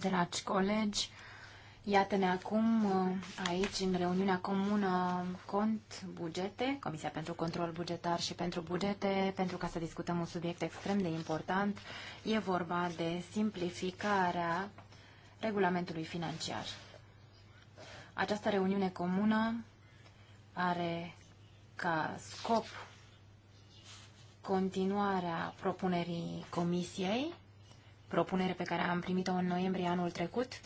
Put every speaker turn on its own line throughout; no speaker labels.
Dragi colegi, iată-ne acum uh, aici în reuniunea comună cont bugete, Comisia pentru Control Bugetar și pentru Bugete, pentru ca să discutăm un subiect extrem de important. E vorba de simplificarea regulamentului financiar. Această reuniune comună are ca scop continuarea propunerii comisiei, propunere pe care am primit-o în noiembrie anul trecut,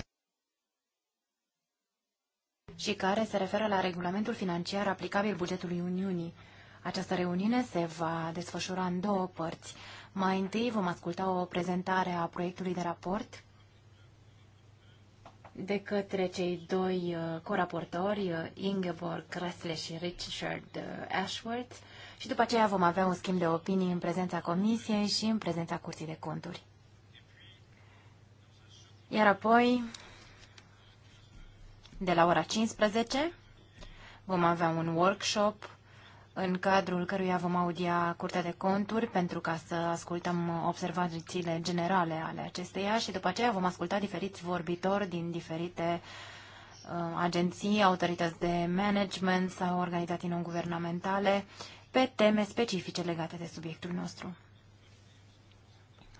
și care se referă la regulamentul financiar aplicabil bugetului Uniunii. Această reuniune se va desfășura în două părți. Mai întâi vom asculta o prezentare a proiectului de raport de către cei doi uh, coraportori, uh, Ingeborg Kressle și Richard uh, Ashworth, și după aceea vom avea un schimb de opinii în prezența Comisiei și în prezența Curții de Conturi. Iar apoi, de la ora 15, vom avea un workshop în cadrul căruia vom audia Curtea de Conturi pentru ca să ascultăm observațiile generale ale acesteia și după aceea vom asculta diferiți vorbitori din diferite uh, agenții, autorități de management sau organizații non-guvernamentale pe teme specifice legate de subiectul nostru.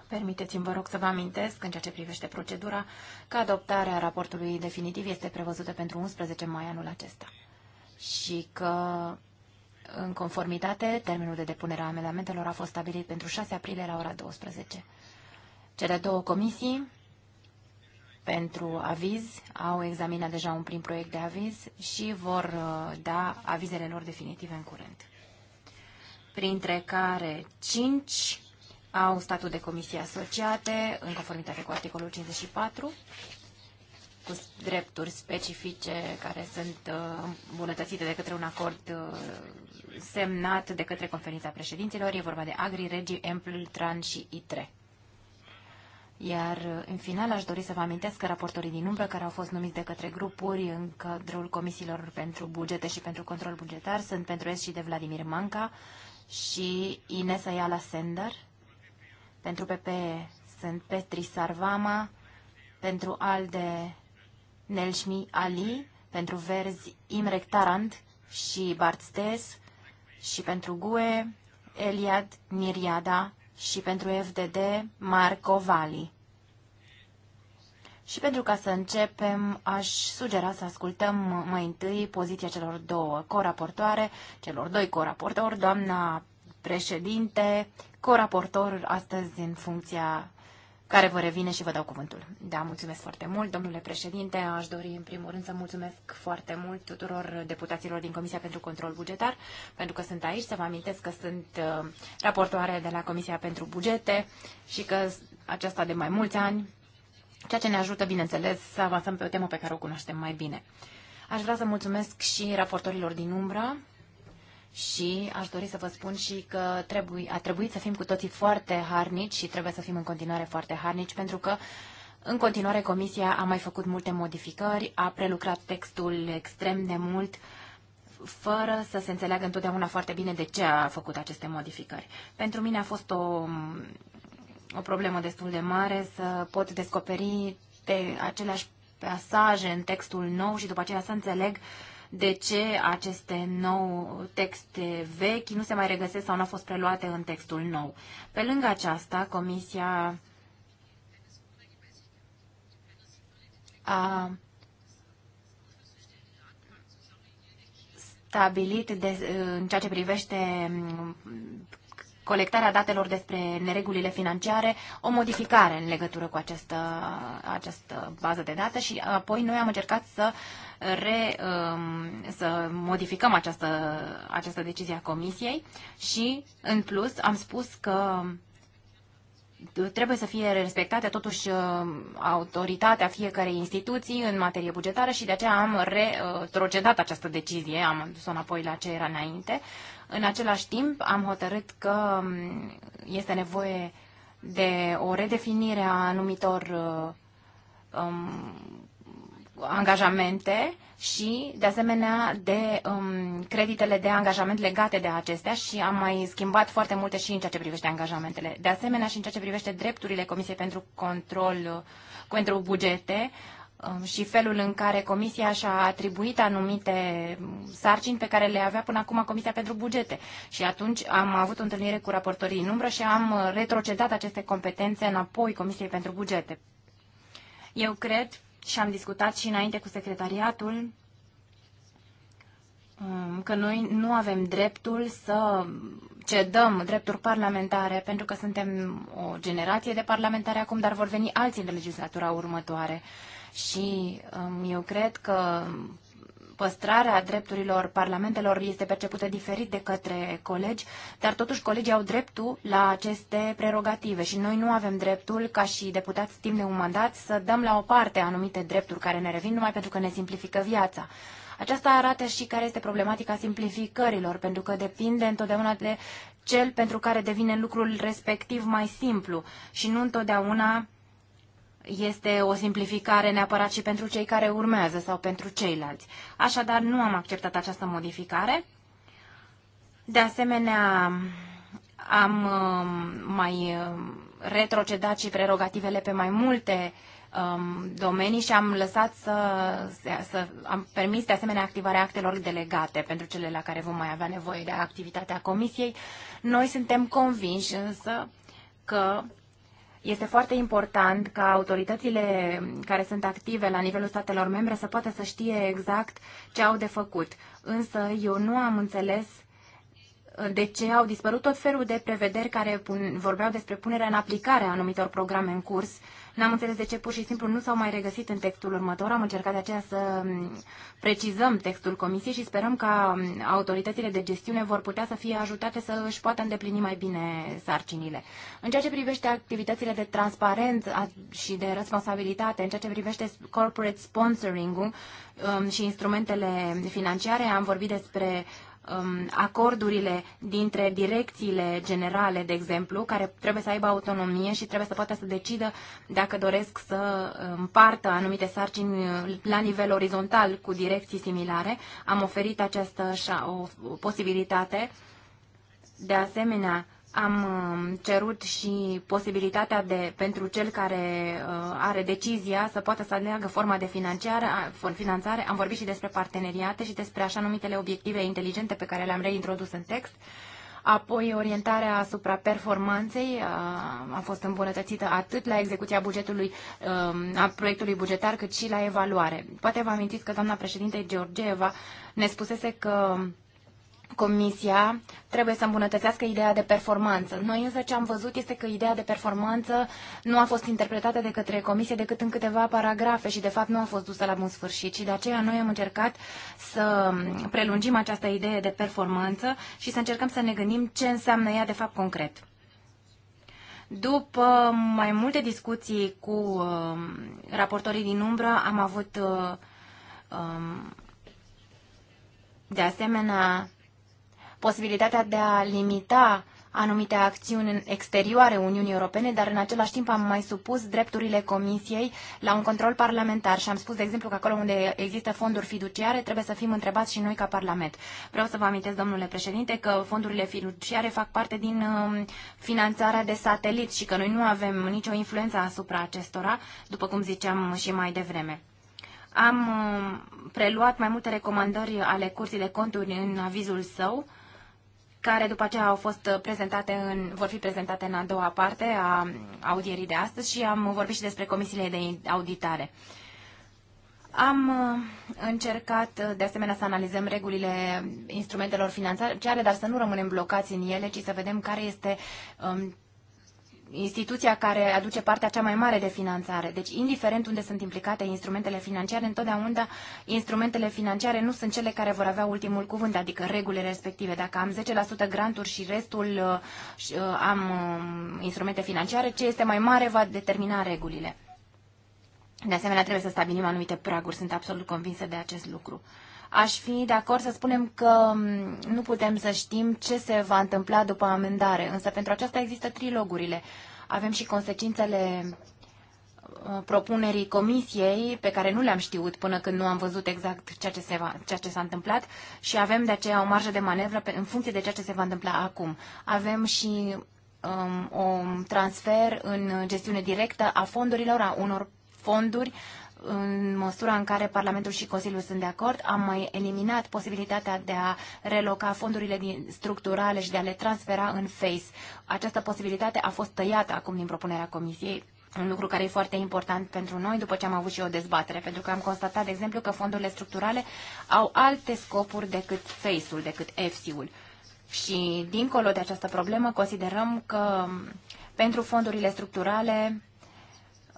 Permiteți-mi, vă rog, să vă amintesc, în ceea ce privește procedura, că adoptarea raportului definitiv este prevăzută pentru 11 mai anul acesta și că, în conformitate, termenul de depunere a amendamentelor a fost stabilit pentru 6 aprilie la ora 12. Cele două comisii pentru aviz au examinat deja un prim proiect de aviz și vor uh, da avizele lor definitive în curând printre care 5 au statut de comisie asociate în conformitate cu articolul 54 cu drepturi specifice care sunt uh, îmbunătățite de către un acord uh, semnat de către conferința președinților. E vorba de Agri, Regi, Empl, Tran și ITRE. Iar uh, în final aș dori să vă amintesc că raportorii din umbră care au fost numiți de către grupuri în cadrul comisiilor pentru bugete și pentru control bugetar sunt pentru S și de Vladimir Manca, și Inesa Iala Sender. Pentru PP sunt Petri Sarvama, pentru ALDE Nelșmi Ali, pentru Verzi Imrek Tarant și Bart Stes și pentru GUE Eliad Niriada și pentru FDD Marco Vali. Și pentru ca să începem, aș sugera să ascultăm mai întâi poziția celor două coraportoare, celor doi coraportori, doamna președinte, coraportor astăzi în funcția care vă revine și vă dau cuvântul. Da, mulțumesc foarte mult, domnule președinte. Aș dori, în primul rând, să mulțumesc foarte mult tuturor deputaților din Comisia pentru Control Bugetar, pentru că sunt aici. Să vă amintesc că sunt uh, raportoare de la Comisia pentru Bugete și că aceasta de mai mulți ani ceea ce ne ajută, bineînțeles, să avansăm pe o temă pe care o cunoaștem mai bine. Aș vrea să mulțumesc și raportorilor din umbra și aș dori să vă spun și că trebuie, a trebuit să fim cu toții foarte harnici și trebuie să fim în continuare foarte harnici pentru că în continuare comisia a mai făcut multe modificări, a prelucrat textul extrem de mult fără să se înțeleagă întotdeauna foarte bine de ce a făcut aceste modificări. Pentru mine a fost o o problemă destul de mare să pot descoperi pe aceleași pasaje în textul nou și după aceea să înțeleg de ce aceste nou texte vechi nu se mai regăsesc sau nu au fost preluate în textul nou. Pe lângă aceasta, Comisia a stabilit de, în ceea ce privește colectarea datelor despre neregulile financiare, o modificare în legătură cu această, această bază de date și apoi noi am încercat să, re, um, să modificăm această, această decizie a Comisiei și, în plus, am spus că trebuie să fie respectate totuși um, autoritatea fiecarei instituții în materie bugetară și de aceea am retrocedat această decizie, am dus-o înapoi la ce era înainte în același timp, am hotărât că mm, este nevoie de o redefinire a anumitor uh, um, angajamente și, de asemenea, de um, creditele de angajament legate de acestea și am mai schimbat foarte multe și în ceea ce privește angajamentele. De asemenea, și în ceea ce privește drepturile Comisiei pentru Control, uh, pentru bugete, Um, și felul în care Comisia și-a atribuit anumite sarcini pe care le avea până acum Comisia pentru Bugete. Și atunci am avut o întâlnire cu raportorii în umbră și am retrocedat aceste competențe înapoi Comisiei pentru Bugete. Eu cred și am discutat și înainte cu secretariatul um, că noi nu avem dreptul să cedăm drepturi parlamentare, pentru că suntem o generație de parlamentari acum, dar vor veni alții în legislatura următoare. Și um, eu cred că păstrarea drepturilor parlamentelor este percepută diferit de către colegi, dar totuși colegii au dreptul la aceste prerogative și noi nu avem dreptul, ca și deputați timp de un mandat, să dăm la o parte anumite drepturi care ne revin numai pentru că ne simplifică viața. Aceasta arată și care este problematica simplificărilor, pentru că depinde întotdeauna de cel pentru care devine lucrul respectiv mai simplu și nu întotdeauna este o simplificare neapărat și pentru cei care urmează sau pentru ceilalți. Așadar, nu am acceptat această modificare. De asemenea, am um, mai um, retrocedat și prerogativele pe mai multe um, domenii și am lăsat să, să am permis de asemenea activarea actelor delegate pentru cele la care vom mai avea nevoie de activitatea comisiei. Noi suntem convinși însă că este foarte important ca autoritățile care sunt active la nivelul statelor membre să poată să știe exact ce au de făcut. Însă eu nu am înțeles de ce au dispărut tot felul de prevederi care vorbeau despre punerea în aplicare a anumitor programe în curs N-am înțeles de ce pur și simplu nu s-au mai regăsit în textul următor. Am încercat de aceea să mm, precizăm textul comisiei și sperăm că mm, autoritățile de gestiune vor putea să fie ajutate să își poată îndeplini mai bine sarcinile. În ceea ce privește activitățile de transparență și de responsabilitate, în ceea ce privește corporate sponsoring-ul mm, și instrumentele financiare, am vorbit despre uh, um, acordurile dintre direcțiile generale, de exemplu, care trebuie să aibă autonomie și trebuie să poată să decidă dacă doresc să împartă anumite sarcini la nivel orizontal cu direcții similare. Am oferit această o, o posibilitate. De asemenea, am uh, cerut și posibilitatea de, pentru cel care uh, are decizia să poată să aleagă forma de financiară, finanțare. Am vorbit și despre parteneriate și despre așa numitele obiective inteligente pe care le-am reintrodus în text. Apoi, orientarea asupra performanței uh, a fost îmbunătățită atât la execuția bugetului, a proiectului bugetar, cât și la evaluare. Poate vă amintiți că doamna președinte Georgieva ne spusese că Comisia trebuie să îmbunătățească ideea de performanță. Noi însă ce am văzut este că ideea de performanță nu a fost interpretată de către Comisie decât în câteva paragrafe și de fapt nu a fost dusă la bun sfârșit și de aceea noi am încercat să prelungim această idee de performanță și să încercăm să ne gândim ce înseamnă ea de fapt concret. După mai multe discuții cu uh, raportorii din umbră, am avut uh, um, de asemenea posibilitatea de a limita anumite acțiuni în exterioare Uniunii Europene, dar în același timp am mai supus drepturile Comisiei la un control parlamentar și am spus, de exemplu, că acolo unde există fonduri fiduciare trebuie să fim întrebați și noi ca Parlament. Vreau să vă amintesc, domnule președinte, că fondurile fiduciare fac parte din um, finanțarea de satelit și că noi nu avem nicio influență asupra acestora, după cum ziceam și mai devreme. Am um, preluat mai multe recomandări ale Curții de Conturi în avizul său, care după aceea au fost prezentate în, vor fi prezentate în a doua parte a audierii de astăzi și am vorbit și despre comisiile de auditare. Am uh, încercat uh, de asemenea să analizăm regulile instrumentelor financiare, dar să nu rămânem blocați în ele, ci să vedem care este um, instituția care aduce partea cea mai mare de finanțare. Deci, indiferent unde sunt implicate instrumentele financiare, întotdeauna instrumentele financiare nu sunt cele care vor avea ultimul cuvânt, adică regulile respective. Dacă am 10% granturi și restul uh, uh, am um, instrumente financiare, ce este mai mare va determina regulile. De asemenea, trebuie să stabilim anumite praguri. Sunt absolut convinsă de acest lucru aș fi de acord să spunem că mm, nu putem să știm ce se va întâmpla după amendare, însă pentru aceasta există trilogurile. Avem și consecințele uh, propunerii comisiei pe care nu le-am știut până când nu am văzut exact ceea ce, se va, ceea ce s-a întâmplat și avem de aceea o marjă de manevră pe, în funcție de ceea ce se va întâmpla acum. Avem și um, un transfer în gestiune directă a fondurilor, a unor fonduri în măsura în care Parlamentul și Consiliul sunt de acord, am mai eliminat posibilitatea de a reloca fondurile din structurale și de a le transfera în FACE. Această posibilitate a fost tăiată acum din propunerea Comisiei un lucru care e foarte important pentru noi după ce am avut și o dezbatere, pentru că am constatat, de exemplu, că fondurile structurale au alte scopuri decât FACE-ul, decât EFSI-ul. Și, dincolo de această problemă, considerăm că mm, pentru fondurile structurale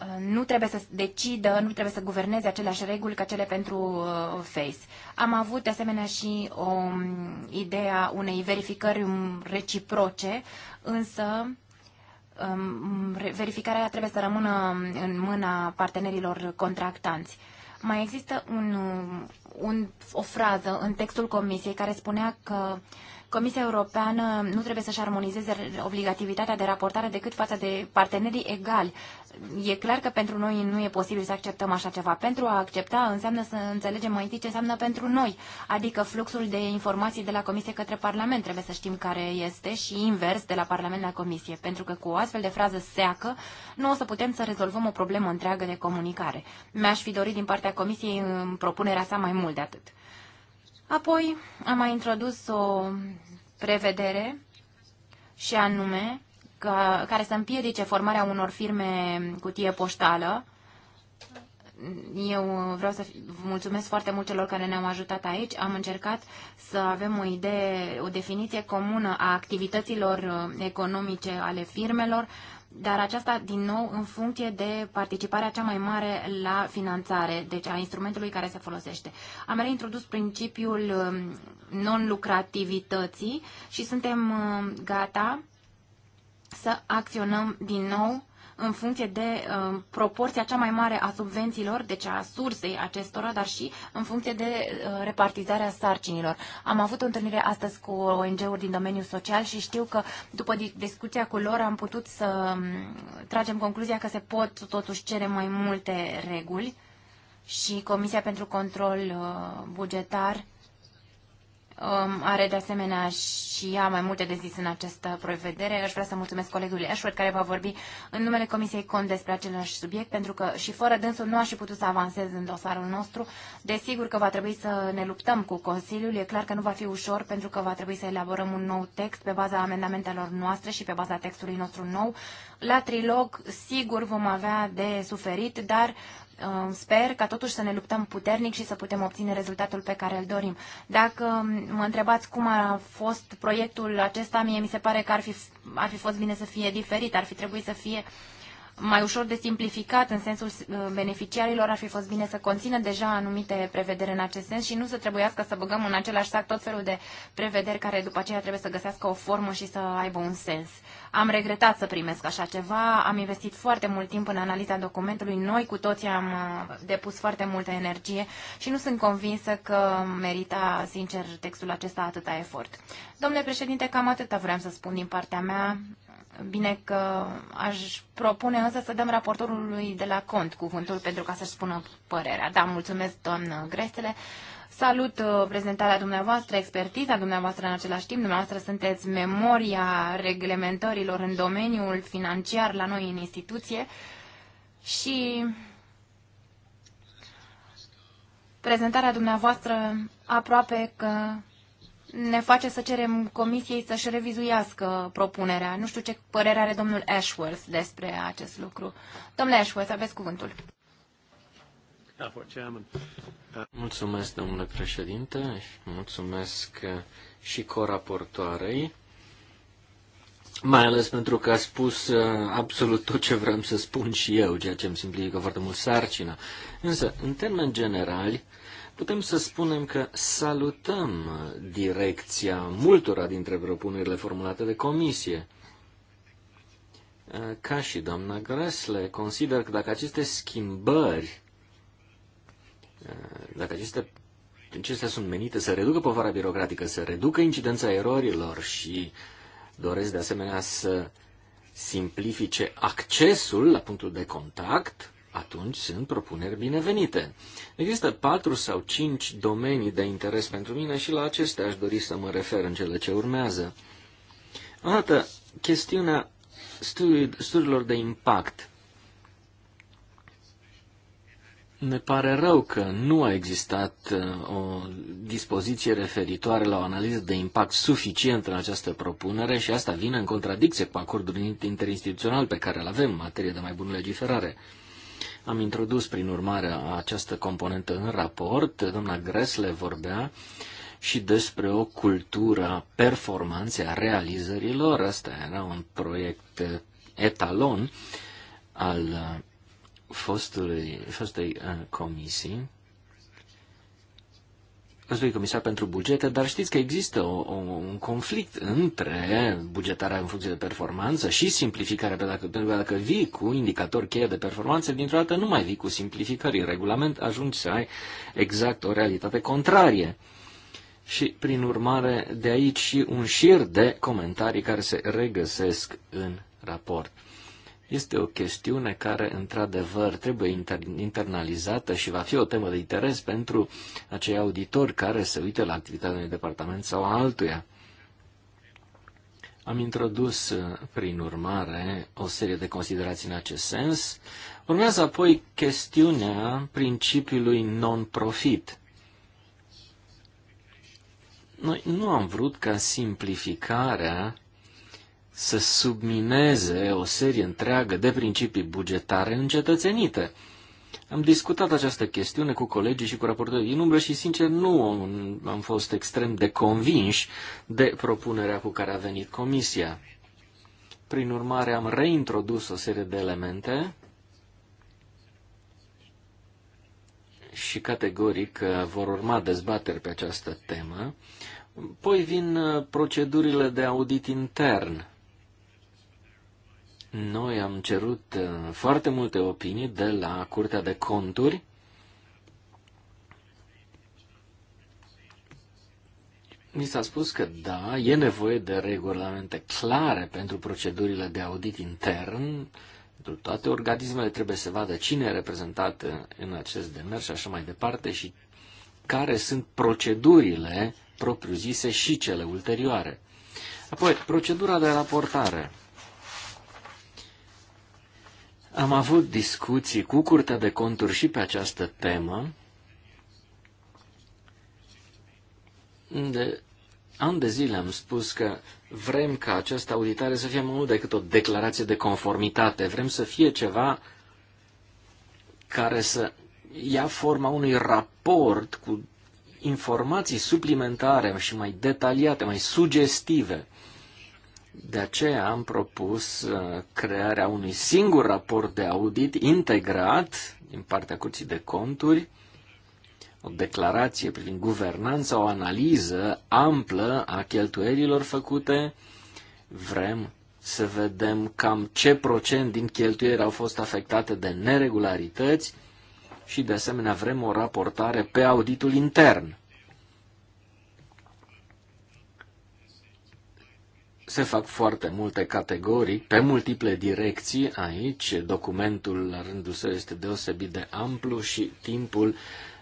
Uh, nu trebuie să decidă, nu trebuie să guverneze aceleași reguli ca cele pentru uh, Face. Am avut de asemenea și o um, ideea unei verificări um, reciproce, însă um, verificarea trebuie să rămână în mâna partenerilor contractanți. Mai există un, un, o frază în textul Comisiei care spunea că Comisia Europeană nu trebuie să-și armonizeze obligativitatea de raportare decât față de partenerii egali e clar că pentru noi nu e posibil să acceptăm așa ceva. Pentru a accepta înseamnă să înțelegem mai întâi ce înseamnă pentru noi, adică fluxul de informații de la Comisie către Parlament. Trebuie să știm care este și invers de la Parlament la Comisie, pentru că cu o astfel de frază seacă nu o să putem să rezolvăm o problemă întreagă de comunicare. Mi-aș fi dorit din partea Comisiei în propunerea sa mai mult de atât. Apoi am mai introdus o prevedere și anume ca, care să împiedice formarea unor firme cutie poștală. Eu vreau să mulțumesc foarte mult celor care ne-au ajutat aici. Am încercat să avem o idee, o definiție comună a activităților uh, economice ale firmelor, dar aceasta din nou în funcție de participarea cea mai mare la finanțare, deci a instrumentului care se folosește. Am reintrodus principiul um, non-lucrativității și suntem uh, gata să acționăm din nou în funcție de uh, proporția cea mai mare a subvențiilor, deci a sursei acestora, dar și în funcție de uh, repartizarea sarcinilor. Am avut o întâlnire astăzi cu ONG-uri din domeniul social și știu că după discuția cu lor am putut să um, tragem concluzia că se pot totuși cere mai multe reguli și Comisia pentru Control uh, Bugetar Um, are de asemenea și ea mai multe de zis în această prevedere. Aș vrea să mulțumesc colegului Ashworth care va vorbi în numele Comisiei Cont despre același subiect, pentru că și fără dânsul nu aș fi putut să avansez în dosarul nostru. Desigur că va trebui să ne luptăm cu Consiliul. E clar că nu va fi ușor pentru că va trebui să elaborăm un nou text pe baza amendamentelor noastre și pe baza textului nostru nou. La trilog, sigur, vom avea de suferit, dar Sper ca totuși să ne luptăm puternic și să putem obține rezultatul pe care îl dorim. Dacă mă întrebați cum a fost proiectul acesta, mie mi se pare că ar fi, ar fi fost bine să fie diferit, ar fi trebuit să fie uh, mai ușor de simplificat în sensul uh, beneficiarilor, ar fi fost bine să conțină deja anumite prevederi în acest sens și nu să trebuiască să băgăm în același sac tot felul de prevederi care după aceea trebuie să găsească o formă și să aibă un sens. Am regretat să primesc așa ceva, am investit foarte mult timp în analiza documentului, noi cu toții am uh, depus foarte multă energie și nu sunt convinsă că merita, sincer, textul acesta atâta efort. Domnule președinte, cam atâta vreau să spun din partea mea. Bine că aș propune însă să dăm raportorului de la cont cuvântul pentru ca să-și spună părerea. Da, mulțumesc, doamnă Grestele. Salut uh, prezentarea dumneavoastră, expertiza dumneavoastră în același timp. Dumneavoastră sunteți memoria reglementărilor în domeniul financiar la noi în instituție și prezentarea dumneavoastră aproape că ne face să cerem comisiei să-și revizuiască propunerea. Nu știu ce părere are domnul Ashworth despre acest lucru. Domnule Ashworth, aveți cuvântul.
Mulțumesc, domnule președinte, și mulțumesc și coraportoarei, mai ales pentru că a spus uh, absolut tot ce vreau să spun și eu, ceea ce îmi simplifică foarte mult sarcina. Însă, în termeni generali, Putem să spunem că salutăm direcția multora dintre propunerile formulate de comisie. Ca și doamna Gresle, consider că dacă aceste schimbări, dacă aceste acestea sunt menite să reducă povara birocratică, să reducă incidența erorilor și doresc de asemenea să simplifice accesul la punctul de contact, atunci sunt propuneri binevenite. Există patru sau cinci domenii de interes pentru mine și la acestea aș dori să mă refer în cele ce urmează. dată, chestiunea studi studiilor de impact. Ne pare rău că nu a existat uh, o dispoziție referitoare la o analiză de impact suficientă în această propunere și asta vine în contradicție cu acordul interinstituțional pe care îl avem în materie de mai bună legiferare. Am introdus, prin urmare, această componentă în raport. Doamna Gresle vorbea și despre o cultură a performanței, a realizărilor. Asta era un proiect etalon al fostului, fostei uh, comisii postului comisar pentru bugete, dar știți că există o, o, un conflict între bugetarea în funcție de performanță și simplificarea, pentru că dacă, dacă vii cu indicator cheie de performanță, dintr-o dată nu mai vii cu simplificări. În regulament ajungi să ai exact o realitate contrarie. Și, prin urmare, de aici și un șir de comentarii care se regăsesc în raport. Este o chestiune care, într-adevăr, trebuie inter- internalizată și va fi o temă de interes pentru acei auditori care se uită la activitatea unui departament sau altuia. Am introdus, uh, prin urmare, o serie de considerații în acest sens. Urmează apoi chestiunea principiului non-profit. Noi nu am vrut ca simplificarea să submineze o serie întreagă de principii bugetare încetățenite. Am discutat această chestiune cu colegii și cu raportorii din umbră și, sincer, nu am fost extrem de convinși de propunerea cu care a venit Comisia. Prin urmare, am reintrodus o serie de elemente și categoric uh, vor urma dezbateri pe această temă. Poi vin uh, procedurile de audit intern. Noi am cerut uh, foarte multe opinii de la Curtea de Conturi Mi s-a spus că da, e nevoie de regulamente clare pentru procedurile de audit intern. Pentru toate organismele trebuie să vadă cine e reprezentat uh, în acest demers și așa mai departe și care sunt procedurile propriu-zise și cele ulterioare. Apoi, procedura de raportare. Am avut discuții cu Curtea de Conturi și pe această temă, De ani de zile am spus că vrem ca această auditare să fie mai mult decât o declarație de conformitate. Vrem să fie ceva care să ia forma unui raport cu informații suplimentare și mai detaliate, mai sugestive. De aceea am propus uh, crearea unui singur raport de audit integrat din partea Curții de Conturi, o declarație privind guvernanța, o analiză amplă a cheltuielilor făcute. Vrem să vedem cam ce procent din cheltuieli au fost afectate de neregularități și, de asemenea, vrem o raportare pe auditul intern. Se fac foarte multe categorii, pe multiple direcții aici. Documentul, la rândul său, este deosebit de amplu și timpul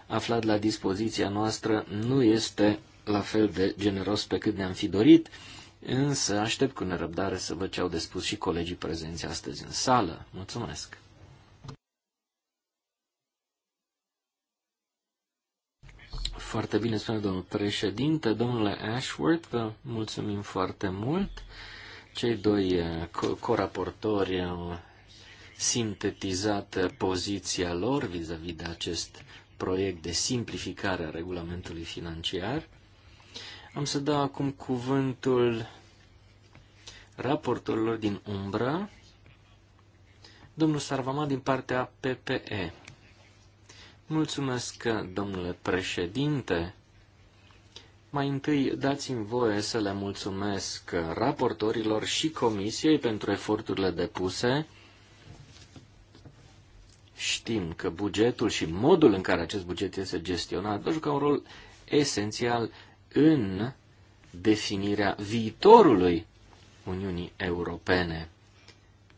aflat la dispoziția noastră nu este la fel de generos pe cât ne-am fi dorit, însă aștept cu nerăbdare să văd ce au de spus și colegii prezenți astăzi în sală. Mulțumesc! Foarte bine spune domnul președinte, domnule Ashworth, vă mulțumim foarte mult. Cei doi eh, coraportori au sintetizat eh, poziția lor vis-a-vis -vis de acest proiect de simplificare a regulamentului financiar. Am să dau acum cuvântul raportorilor din umbră, domnul Sarvama din partea PPE. Mulțumesc, domnule președinte. Mai întâi dați-mi voie să le mulțumesc raportorilor și comisiei pentru eforturile depuse. Știm că bugetul și modul în care acest buget este gestionat joacă un rol esențial în definirea viitorului Uniunii Europene.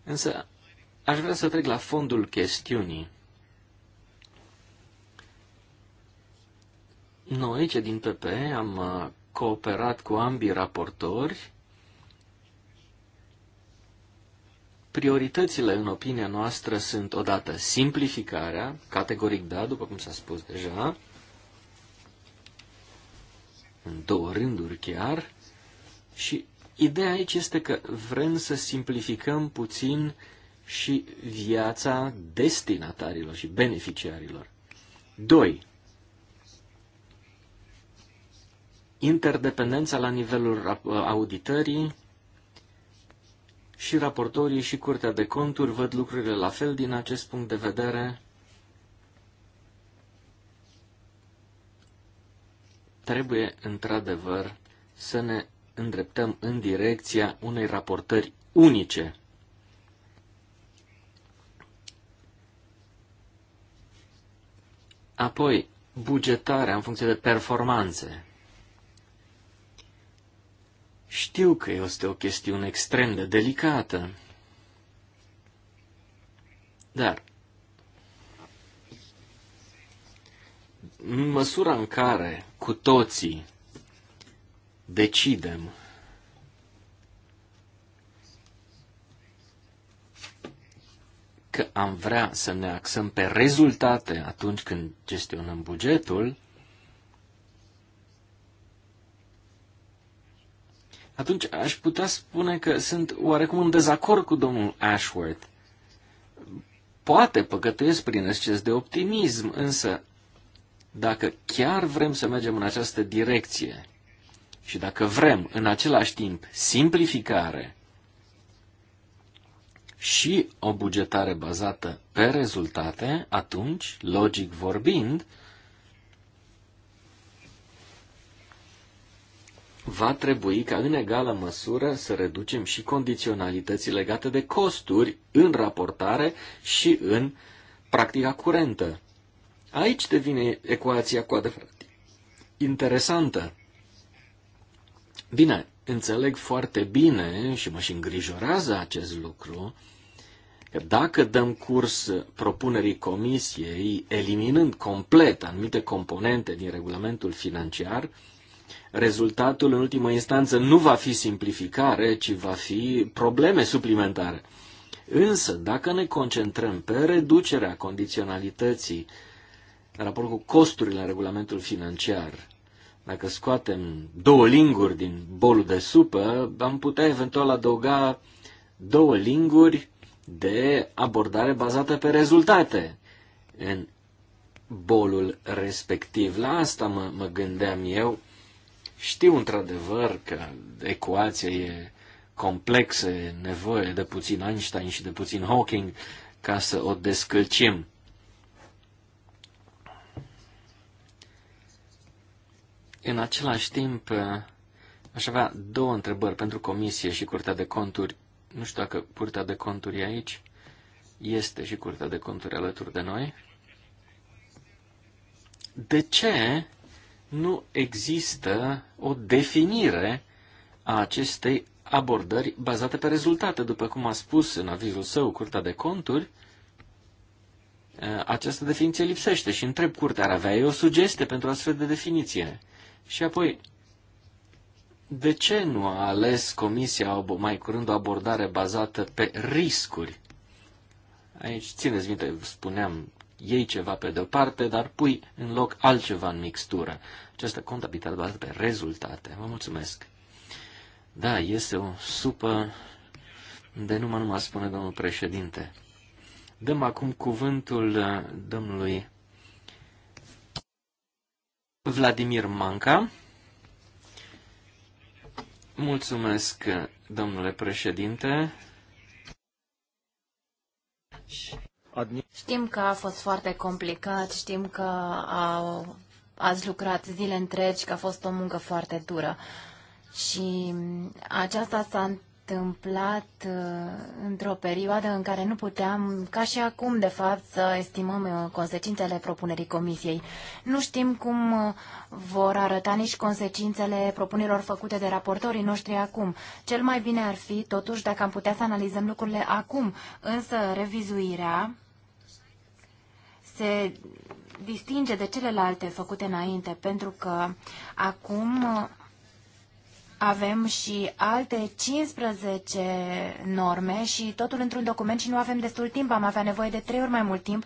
Însă aș vrea să trec la fondul chestiunii. Noi, ce din PP, am uh, cooperat cu ambii raportori. Prioritățile, în opinia noastră, sunt odată simplificarea, categoric da, după cum s-a spus deja, în două rânduri chiar, și ideea aici este că vrem să simplificăm puțin și viața destinatarilor și beneficiarilor. 2. interdependența la nivelul auditării și raportorii și Curtea de Conturi văd lucrurile la fel din acest punct de vedere. Trebuie, într-adevăr, să ne îndreptăm în direcția unei raportări unice. Apoi, bugetarea în funcție de performanțe. Știu că este o chestiune extrem de delicată, dar în măsura în care cu toții decidem că am vrea să ne axăm pe rezultate atunci când gestionăm bugetul, atunci aș putea spune că sunt oarecum în dezacord cu domnul Ashworth. Poate păcătuiesc prin exces de optimism, însă dacă chiar vrem să mergem în această direcție și dacă vrem în același timp simplificare și o bugetare bazată pe rezultate, atunci, logic vorbind, va trebui ca în egală măsură să reducem și condiționalității legate de costuri în raportare și în practica curentă. Aici devine ecuația cu adevărat interesantă. Bine, înțeleg foarte bine și mă și îngrijorează acest lucru, că dacă dăm curs propunerii comisiei, eliminând complet anumite componente din regulamentul financiar, rezultatul în ultimă instanță nu va fi simplificare, ci va fi probleme suplimentare. Însă, dacă ne concentrăm pe reducerea condiționalității în raport cu costurile în regulamentul financiar, dacă scoatem două linguri din bolul de supă, am putea eventual adăuga două linguri de abordare bazată pe rezultate în bolul respectiv. La asta mă, mă gândeam eu știu într-adevăr că ecuația e complexă, e nevoie de puțin Einstein și de puțin Hawking ca să o descălcim. În același timp, aș avea două întrebări pentru Comisie și Curtea de Conturi. Nu știu dacă Curtea de Conturi e aici. Este și Curtea de Conturi alături de noi. De ce nu există o definire a acestei abordări bazate pe rezultate. După cum a spus în avizul său Curtea de Conturi, eh, această definiție lipsește și întreb Curtea, ar avea o sugestie pentru astfel de definiție? Și apoi, de ce nu a ales Comisia mai curând o abordare bazată pe riscuri? Aici, țineți minte, spuneam iei ceva pe de-o parte, dar pui în loc altceva în mixtură. Această contabilitate bazată pe rezultate. Vă mulțumesc. Da, este o supă de numai numai spune domnul președinte. Dăm acum cuvântul uh, domnului Vladimir Manca. Mulțumesc, uh, domnule președinte.
Știm că a fost foarte complicat, știm că au, ați lucrat zile întregi, că a fost o muncă foarte dură. Și aceasta s-a întâmplat uh, într-o perioadă în care nu puteam, ca și acum, de fapt, să estimăm uh, consecințele propunerii comisiei. Nu știm cum uh, vor arăta nici consecințele propunerilor făcute de raportorii noștri acum. Cel mai bine ar fi, totuși, dacă am putea să analizăm lucrurile acum, însă revizuirea se distinge de celelalte făcute înainte, pentru că acum avem și alte 15 norme și totul într-un document și nu avem destul timp. Am avea nevoie de trei ori mai mult timp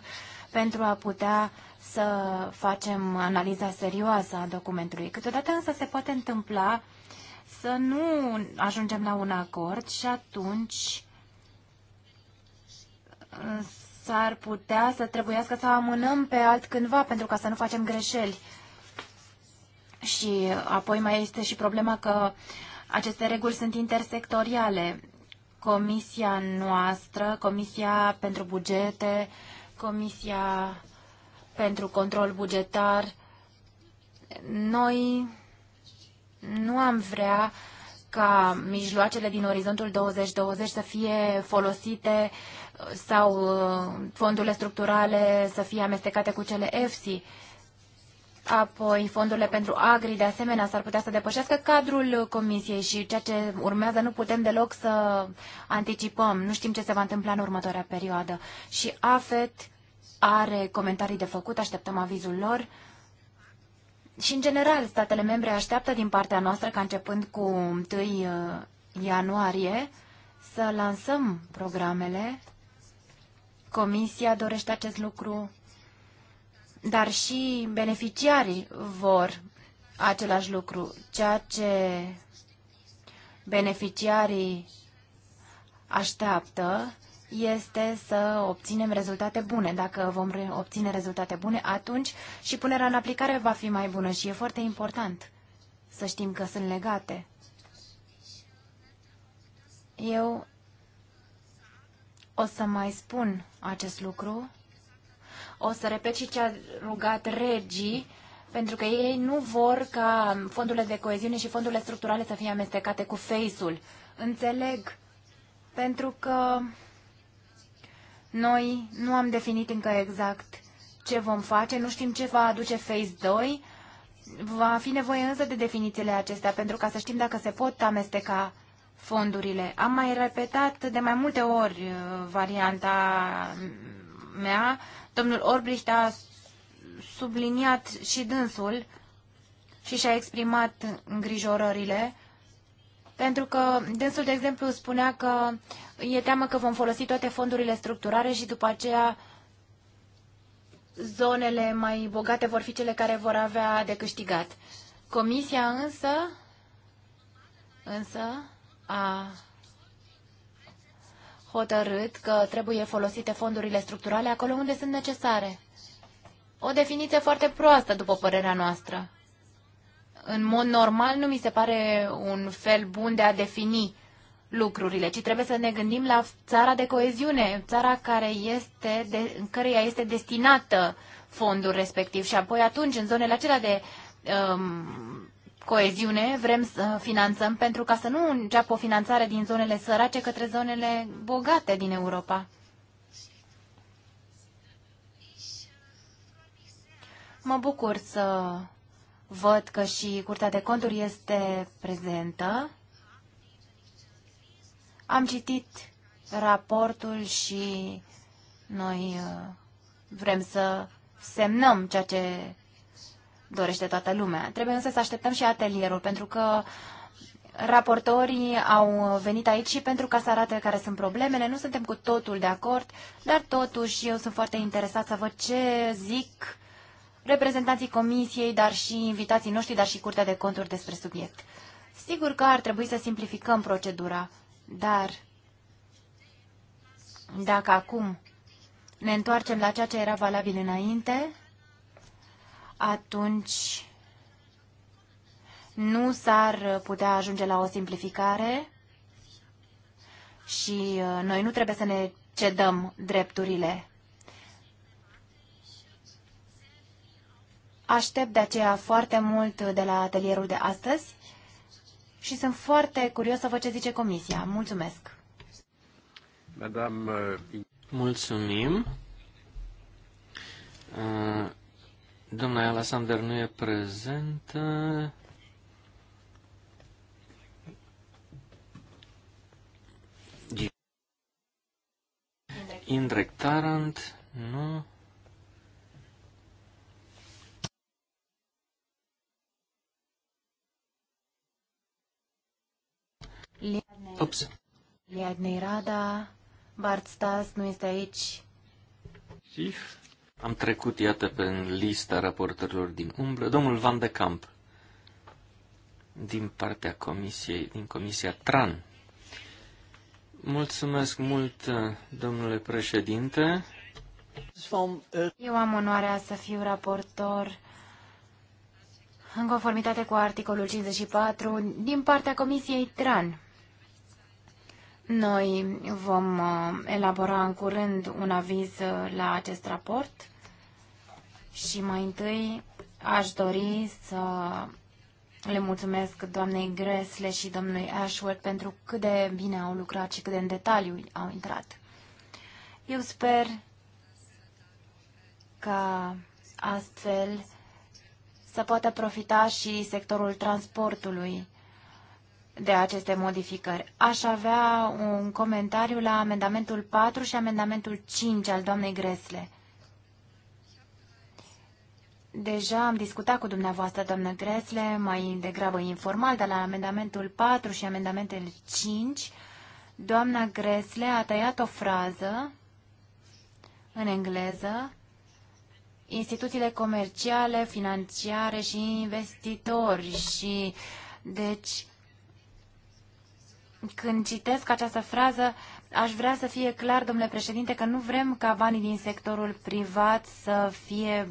pentru a putea să facem analiza serioasă a documentului. Câteodată însă se poate întâmpla să nu ajungem la un acord și atunci s-ar putea să trebuiască să amânăm pe cândva pentru ca să nu facem greșeli. Și apoi mai este și problema că aceste reguli sunt intersectoriale. Comisia noastră, Comisia pentru bugete, Comisia pentru control bugetar, noi nu am vrea ca mijloacele din orizontul 2020 să fie folosite uh, sau uh, fondurile structurale să fie amestecate cu cele EFSI. Apoi, fondurile pentru agri, de asemenea, s-ar putea să depășească cadrul comisiei și ceea ce urmează nu putem deloc să anticipăm. Nu știm ce se va întâmpla în următoarea perioadă. Și AFET are comentarii de făcut, așteptăm avizul lor. Și, în general, statele membre așteaptă din partea noastră ca începând cu 1 uh, ianuarie să lansăm programele Comisia dorește acest lucru, dar și beneficiarii vor același lucru, ceea ce beneficiarii așteaptă este să obținem rezultate bune. Dacă vom obține rezultate bune, atunci și punerea în aplicare va fi mai bună și e foarte important să știm că sunt legate. Eu o să mai spun acest lucru. O să repet și ce a rugat regii, pentru că ei nu vor ca fondurile de coeziune și fondurile structurale să fie amestecate cu face-ul. Înțeleg, pentru că noi nu am definit încă exact ce vom face, nu știm ce va aduce Phase 2, va fi nevoie însă de definițiile acestea pentru ca să știm dacă se pot amesteca fondurile. Am mai repetat de mai multe ori uh, varianta mea. Domnul Orbricht a subliniat și dânsul și și-a exprimat îngrijorările, pentru că dânsul, de exemplu, spunea că e teamă că vom folosi toate fondurile structurare și după aceea zonele mai bogate vor fi cele care vor avea de câștigat. Comisia însă, însă a hotărât că trebuie folosite fondurile structurale acolo unde sunt necesare. O definiție foarte proastă, după părerea noastră. În mod normal, nu mi se pare un fel bun de a defini lucrurile, ci trebuie să ne gândim la țara de coeziune, țara care este de, în căreia este destinată fondul respectiv și apoi atunci, în zonele acelea de um, coeziune vrem să finanțăm pentru ca să nu înceapă o finanțare din zonele sărace către zonele bogate din Europa. Mă bucur să văd că și Curtea de Conturi este prezentă. Am citit raportul și noi uh, vrem să semnăm ceea ce dorește toată lumea. Trebuie însă să așteptăm și atelierul, pentru că raportorii au venit aici și pentru ca să arate care sunt problemele. Nu suntem cu totul de acord, dar totuși eu sunt foarte interesat să văd ce zic reprezentanții comisiei, dar și invitații noștri, dar și Curtea de Conturi despre subiect. Sigur că ar trebui să simplificăm procedura, dar dacă acum ne întoarcem la ceea ce era valabil înainte, atunci nu s-ar putea ajunge la o simplificare și uh, noi nu trebuie să ne cedăm drepturile. Aștept de aceea foarte mult de la atelierul de astăzi și sunt foarte curios să văd ce zice comisia. Mulțumesc!
Madame... Uh, Mulțumim! Uh, Doamna Alexander nu e prezentă. Indrek Tarant, nu. Ops.
Liadnei Rada, Bart Stas nu este aici.
Sif. Am trecut, iată, pe lista raportărilor din umbră. Domnul Van de Camp, din partea comisiei, din Comisia TRAN. Mulțumesc mult, domnule președinte.
Eu am onoarea să fiu raportor în conformitate cu articolul 54 din partea Comisiei TRAN. Noi vom uh, elabora în curând un aviz uh, la acest raport și mai întâi aș dori să le mulțumesc doamnei Gresle și domnului Ashworth pentru cât de bine au lucrat și cât de în detaliu au intrat. Eu sper ca astfel să poată profita și sectorul transportului de aceste modificări. Aș avea un comentariu la amendamentul 4 și amendamentul 5 al doamnei Gresle. Deja am discutat cu dumneavoastră, doamnă Gresle, mai degrabă informal, dar la amendamentul 4 și amendamentul 5, doamna Gresle a tăiat o frază în engleză instituțiile comerciale, financiare și investitori și deci când citesc această frază aș vrea să fie clar, domnule președinte, că nu vrem ca banii din sectorul privat să fie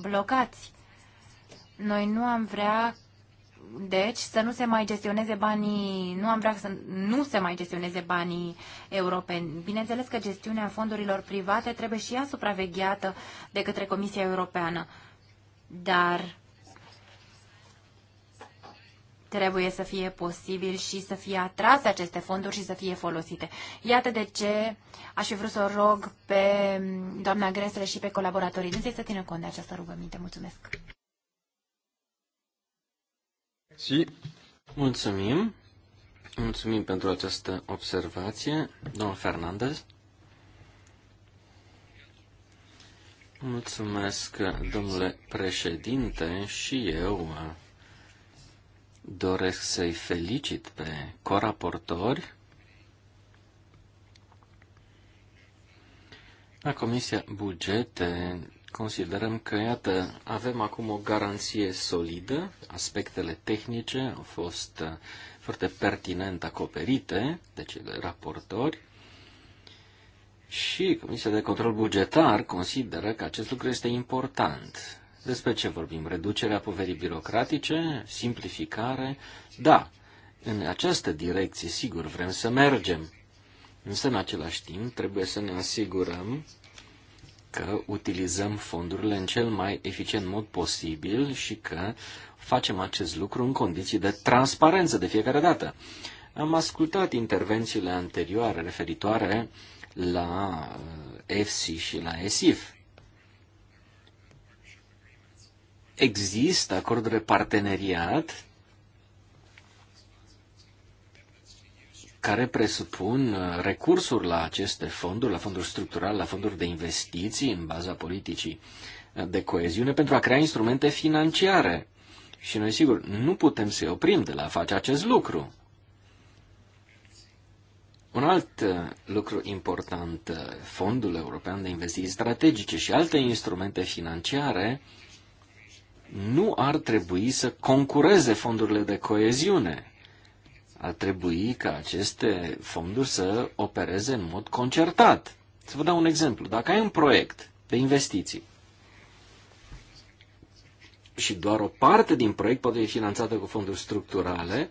blocați. Noi nu am vrea deci să nu se mai gestioneze banii, nu am vrea să nu se mai gestioneze banii europeni. Bineînțeles că gestiunea fondurilor private trebuie și ea supravegheată de către Comisia Europeană. Dar Trebuie să fie posibil și să fie atrase aceste fonduri și să fie folosite. Iată de ce aș fi vrut să o rog pe doamna Gresle și pe colaboratorii din să țină cont de această rugăminte. Mulțumesc!
Și Mulțumim! Mulțumim pentru această observație, domnul Fernandez. Mulțumesc, domnule președinte, și eu Doresc să-i felicit pe coraportori La Comisia Bugete considerăm că, iată, avem acum o garanție solidă, aspectele tehnice au fost uh, foarte pertinent acoperite de cele raportori și Comisia de Control Bugetar consideră că acest lucru este important. Despre ce vorbim? Reducerea poverii birocratice? Simplificare? Da, în această direcție, sigur, vrem să mergem. Însă, în același timp, trebuie să ne asigurăm că utilizăm fondurile în cel mai eficient mod posibil și că facem acest lucru în condiții de transparență de fiecare dată. Am ascultat intervențiile anterioare referitoare la EFSI uh, și la ESIF. Există acorduri de parteneriat care presupun uh, recursuri la aceste fonduri, la fonduri structurale, la fonduri de investiții în baza politicii uh, de coeziune pentru a crea instrumente financiare. Și noi, sigur, nu putem să-i oprim de la a face acest lucru. Un alt uh, lucru important, Fondul European de Investiții Strategice și alte instrumente financiare nu ar trebui să concureze fondurile de coeziune. Ar trebui ca aceste fonduri să opereze în mod concertat. Să vă dau un exemplu. Dacă ai un proiect de investiții și doar o parte din proiect poate fi finanțată cu fonduri structurale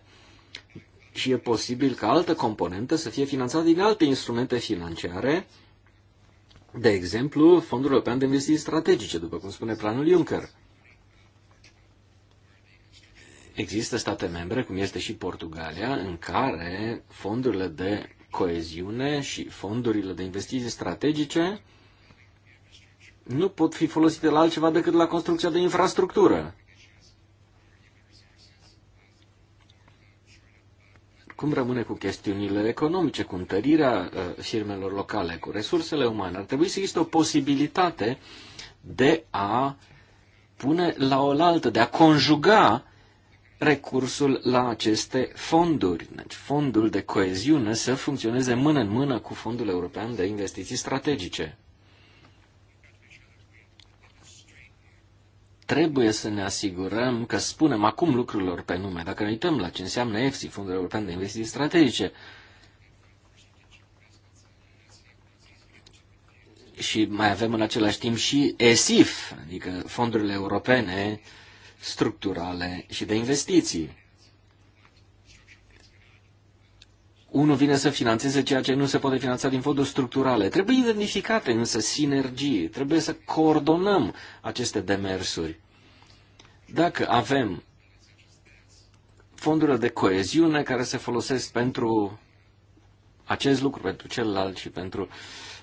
și e posibil ca altă componentă să fie finanțată din alte instrumente financiare, de exemplu, Fondul European de Investiții Strategice, după cum spune planul Juncker. Există state membre, cum este și Portugalia, în care fondurile de coeziune și fondurile de investiții strategice nu pot fi folosite la altceva decât la construcția de infrastructură. Cum rămâne cu chestiunile economice, cu întărirea uh, firmelor locale, cu resursele umane? Ar trebui să există o posibilitate de a pune la oaltă, de a conjuga recursul la aceste fonduri. Deci fondul de coeziune să funcționeze mână în mână cu Fondul European de Investiții Strategice. Trebuie să ne asigurăm că spunem acum lucrurilor pe nume. Dacă ne uităm la ce înseamnă EFSI, Fondul European de Investiții Strategice, și mai avem în același timp și ESIF, adică fondurile europene uh, structurale și de investiții. Unul vine să financeze ceea ce nu se poate finanța din fonduri structurale. Trebuie identificate însă sinergii, trebuie să coordonăm aceste demersuri. Dacă avem fondurile de coeziune care se folosesc pentru acest lucru, pentru celălalt și pentru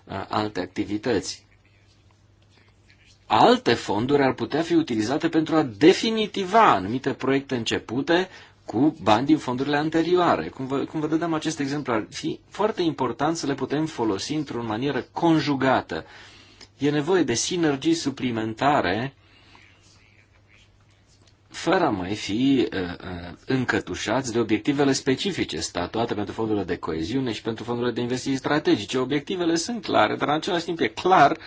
uh, alte activități alte fonduri ar putea fi utilizate pentru a definitiva anumite proiecte începute cu bani din fondurile anterioare. Cum vă, cum vă dădeam acest exemplu, ar fi foarte important să le putem folosi într-o manieră conjugată. E nevoie de sinergii suplimentare fără a mai fi uh, uh, încătușați de obiectivele specifice statuate pentru fondurile de coeziune și pentru fondurile de investiții strategice. Obiectivele sunt clare, dar în același timp e clar uh,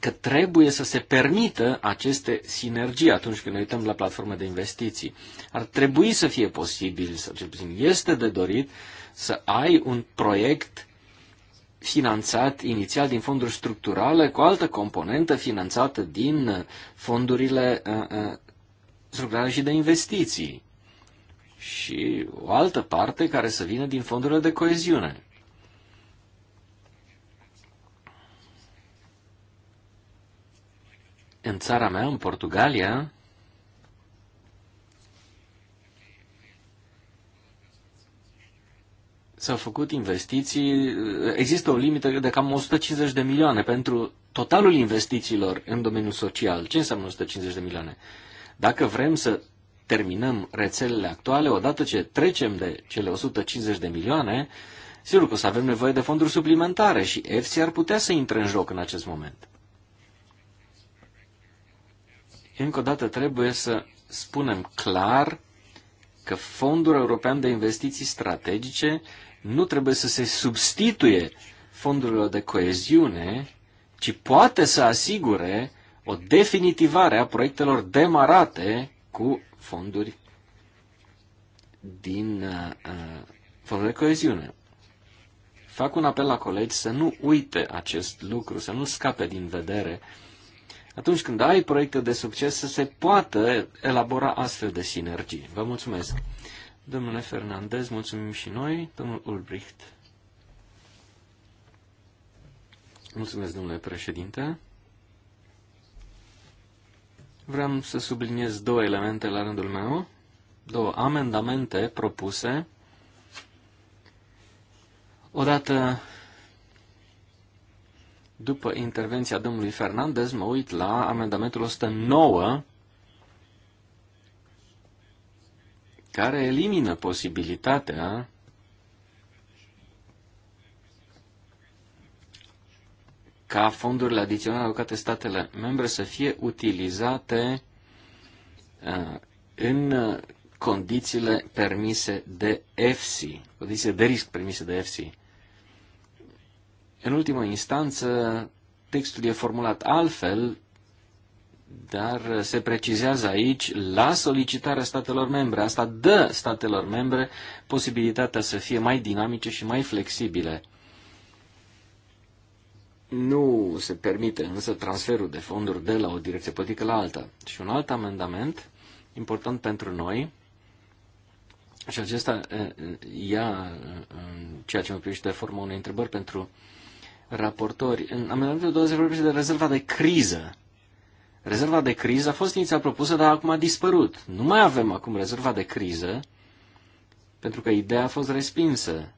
că trebuie să se permită aceste sinergii atunci când ne uităm la platforme de investiții. Ar trebui să fie posibil, sau cel puțin este de dorit, să ai un proiect finanțat inițial din fonduri structurale cu altă componentă finanțată din fondurile uh, uh, structurale și de investiții și o altă parte care să vină din fondurile de coeziune. În țara mea, în Portugalia, s-au făcut investiții, există o limită de cam 150 de milioane pentru totalul investițiilor în domeniul social. Ce înseamnă 150 de milioane? Dacă vrem să terminăm rețelele actuale, odată ce trecem de cele 150 de milioane, sigur că o să avem nevoie de fonduri suplimentare și EFSI ar putea să intre în joc în acest moment. Încă o dată trebuie să spunem clar că Fondul European de Investiții Strategice nu trebuie să se substituie fondurilor de coeziune, ci poate să asigure o definitivare a proiectelor demarate cu fonduri din uh, uh fondul de coeziune. Fac un apel la colegi să nu uite acest lucru, să nu scape din vedere uh, atunci când ai proiecte de succes, să se poată elabora astfel de sinergii. Vă mulțumesc. Domnule Fernandez, mulțumim și noi. Domnul Ulbricht. Mulțumesc, domnule președinte. Vreau să subliniez două elemente la rândul meu, două amendamente propuse. Odată după intervenția domnului Fernandez, mă uit la amendamentul 109, care elimină posibilitatea ca fondurile adiționale alocate statele membre să fie utilizate uh, în condițiile permise de EFSI, condițiile de risc permise de EFSI. În ultimă instanță, textul e formulat altfel, dar se precizează aici la solicitarea statelor membre. Asta dă statelor membre posibilitatea să fie mai dinamice și mai flexibile. Nu se permite însă transferul de fonduri de la o direcție politică la alta. Și un alt amendament important pentru noi, și acesta ia ceea ce mă privește de formă unei întrebări pentru raportori. În amendamentul 20 vorbește de rezerva de criză. Rezerva de criză a fost inițial propusă, dar acum a dispărut. Nu mai avem acum rezerva de criză, pentru că ideea a fost respinsă.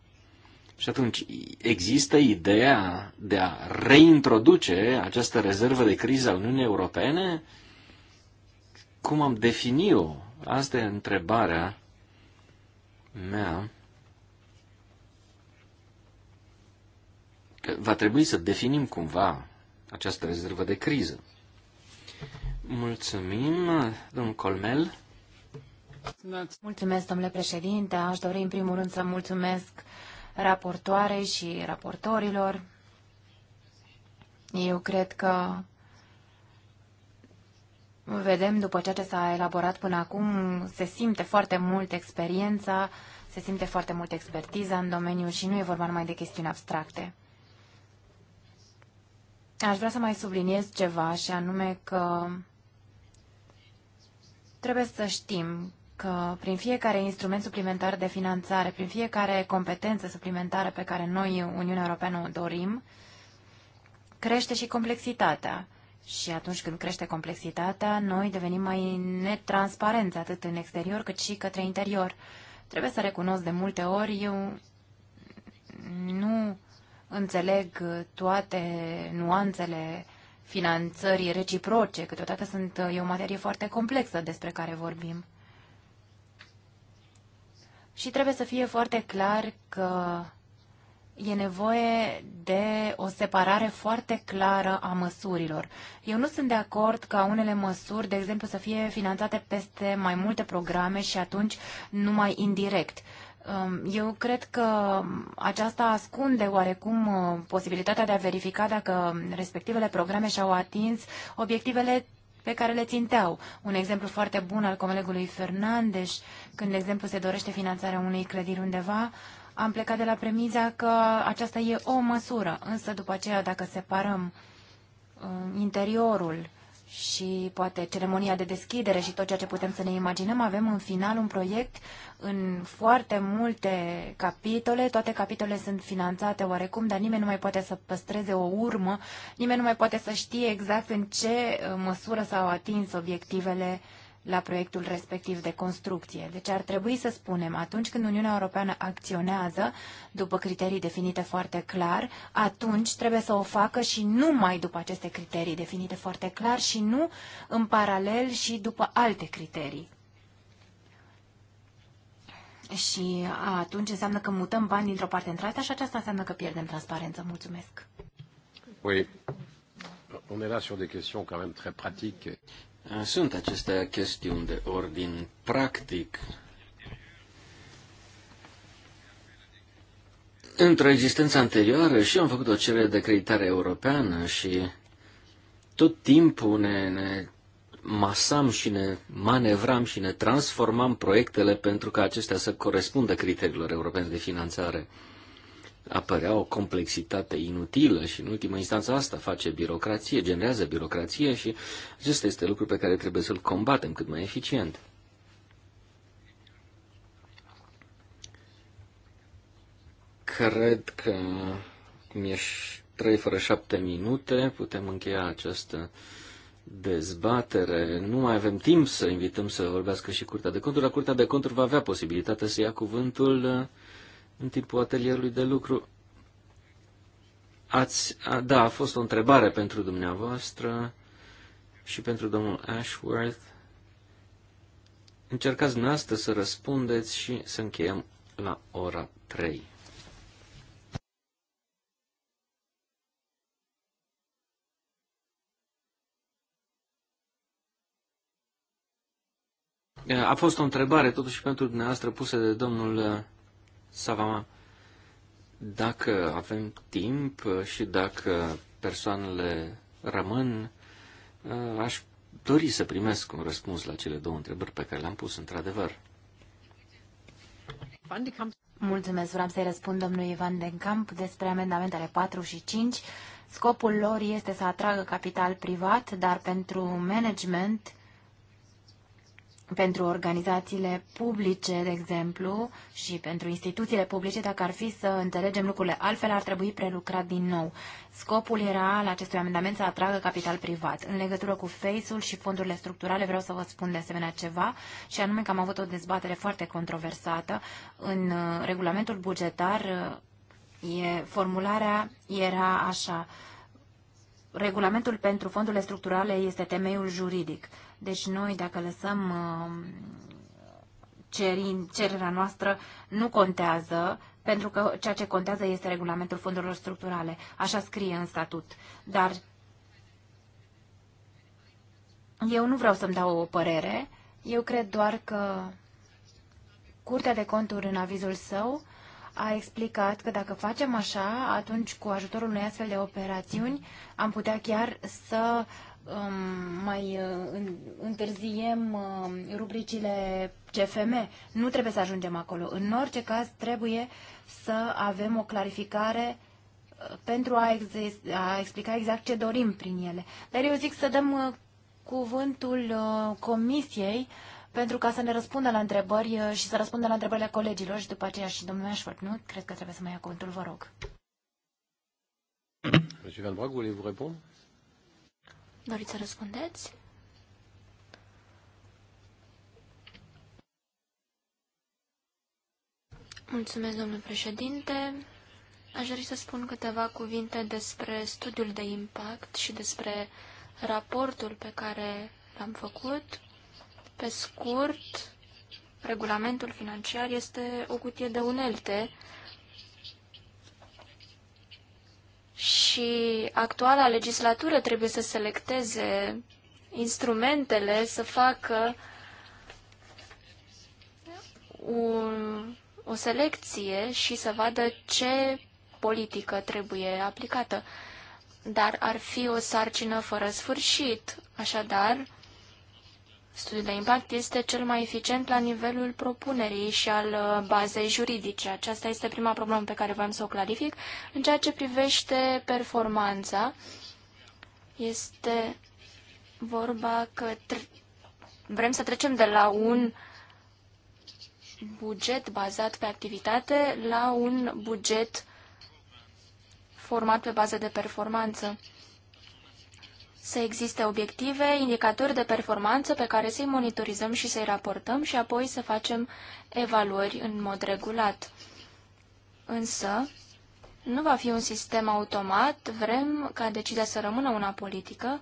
Și atunci există ideea de a reintroduce această rezervă de criză a Uniunii Europene? Cum am defini-o? Asta e întrebarea mea. că va trebui să definim cumva această rezervă de criză. Mulțumim, domnul Colmel.
Mulțumesc, domnule președinte. Aș dori în primul rând să mulțumesc raportoarei și raportorilor. Eu cred că vedem după ceea ce s-a elaborat până acum, se simte foarte mult experiența, se simte foarte mult expertiza în domeniu și nu e vorba numai de chestiuni abstracte. Aș vrea să mai subliniez ceva și anume că trebuie să știm că prin fiecare instrument suplimentar de finanțare, prin fiecare competență suplimentară pe care noi, Uniunea Europeană, o dorim, crește și complexitatea. Și atunci când crește complexitatea, noi devenim mai netransparenți atât în exterior cât și către interior. Trebuie să recunosc de multe ori, eu nu înțeleg toate nuanțele finanțării reciproce, câteodată sunt, e o materie foarte complexă despre care vorbim. Și trebuie să fie foarte clar că e nevoie de o separare foarte clară a măsurilor. Eu nu sunt de acord ca unele măsuri, de exemplu, să fie finanțate peste mai multe programe și atunci numai indirect. Uh, Um, eu cred că aceasta ascunde oarecum uh, posibilitatea de a verifica dacă respectivele programe și-au atins obiectivele pe care le ținteau. Un exemplu foarte bun al colegului Fernandes, când, de exemplu, se dorește finanțarea unei clădiri undeva, am plecat de la premiza că aceasta e o măsură, însă după aceea, dacă separăm uh, interiorul și poate ceremonia de deschidere și tot ceea ce putem să ne imaginăm, avem în final un proiect în foarte multe capitole, toate capitolele sunt finanțate oarecum, dar nimeni nu mai poate să păstreze o urmă, nimeni nu mai poate să știe exact în ce uh, măsură s-au atins obiectivele uh, la proiectul respectiv de construcție. Deci ar trebui să spunem, atunci când Uniunea Europeană acționează după criterii definite foarte clar, atunci trebuie să o facă și numai după aceste criterii definite foarte clar și nu în paralel și după alte criterii. Și atunci înseamnă că mutăm bani dintr-o parte într alta și aceasta înseamnă că pierdem transparență. Mulțumesc.
Oui. On est là sur des questions quand même très pratiques. Sunt acestea chestiuni de ordin practic. Într-o existență anterioară și eu am făcut o cerere de creditare europeană și tot timpul ne, ne masam și ne manevram și ne transformam proiectele pentru ca acestea să corespundă criteriilor europene de finanțare apărea o complexitate inutilă și în ultima instanță asta face birocrație, generează birocrație și acesta este lucru pe care trebuie să-l combatem cât mai eficient. Cred că cum ești 3 fără 7 minute, putem încheia această dezbatere. Nu mai avem timp să invităm să vorbească și Curtea de Conturi. La Curtea de Conturi va avea posibilitatea să ia cuvântul în timpul atelierului de lucru. Ați, a, da, a fost o întrebare pentru dumneavoastră și pentru domnul Ashworth. Încercați dumneavoastră să răspundeți și să încheiem la ora 3. A fost o întrebare totuși pentru dumneavoastră pusă de domnul Savama, dacă avem timp și dacă persoanele rămân, uh, aș dori să primesc un răspuns la cele două întrebări pe care le-am pus într-adevăr.
Mulțumesc, vreau să-i răspund domnului Ivan Denkamp despre amendamentele 4 și 5. Scopul lor este să atragă capital privat, dar pentru management pentru organizațiile publice, de exemplu, și pentru instituțiile publice, dacă ar fi să înțelegem lucrurile altfel, ar trebui prelucrat din nou. Scopul era la acestui amendament să atragă capital privat. În legătură cu FACE-ul și fondurile structurale vreau să vă spun de asemenea ceva, și anume că am avut o dezbatere foarte controversată în uh, regulamentul bugetar. Uh, e, formularea era așa. Regulamentul pentru fondurile structurale este temeiul juridic. Deci noi, dacă lăsăm uh, cerin, cererea noastră, nu contează, pentru că ceea ce contează este regulamentul fondurilor structurale. Așa scrie în statut. Dar eu nu vreau să-mi dau o părere. Eu cred doar că Curtea de Conturi, în avizul său, a explicat că dacă facem așa, atunci cu ajutorul unei astfel de operațiuni am putea chiar să Um, mai uh, întârziem uh, rubricile CFM. Nu trebuie să ajungem acolo. În orice caz, trebuie să avem o clarificare uh, pentru a, a explica exact ce dorim prin ele. Dar eu zic să dăm cuvântul comisiei pentru ca să ne răspundă la întrebări și să răspundă la întrebările colegilor și după aceea și domnul Ashford, nu? Cred că trebuie să mai ia cuvântul, vă rog.
Monsieur Van Brag, voulez-vous répondre
Doriți să răspundeți? Mulțumesc, domnule președinte. Aș dori să spun câteva cuvinte despre studiul de impact și despre raportul pe care l-am făcut. Pe scurt, regulamentul financiar este o cutie de unelte și actuala legislatură trebuie să selecteze instrumentele, să facă o o selecție și să vadă ce politică trebuie aplicată. Dar ar fi o sarcină fără sfârșit. Așadar, Studiul de impact este cel mai eficient la nivelul propunerii și al uh, bazei juridice. Aceasta este prima problemă pe care vreau să o clarific. În ceea ce privește performanța, este vorba că vrem să trecem de la un buget bazat pe activitate la un buget format pe bază de performanță să existe obiective, indicatori de performanță pe care să-i monitorizăm și să-i raportăm și apoi să facem evaluări în mod regulat. Însă, nu va fi un sistem automat, vrem ca decizia să rămână una politică,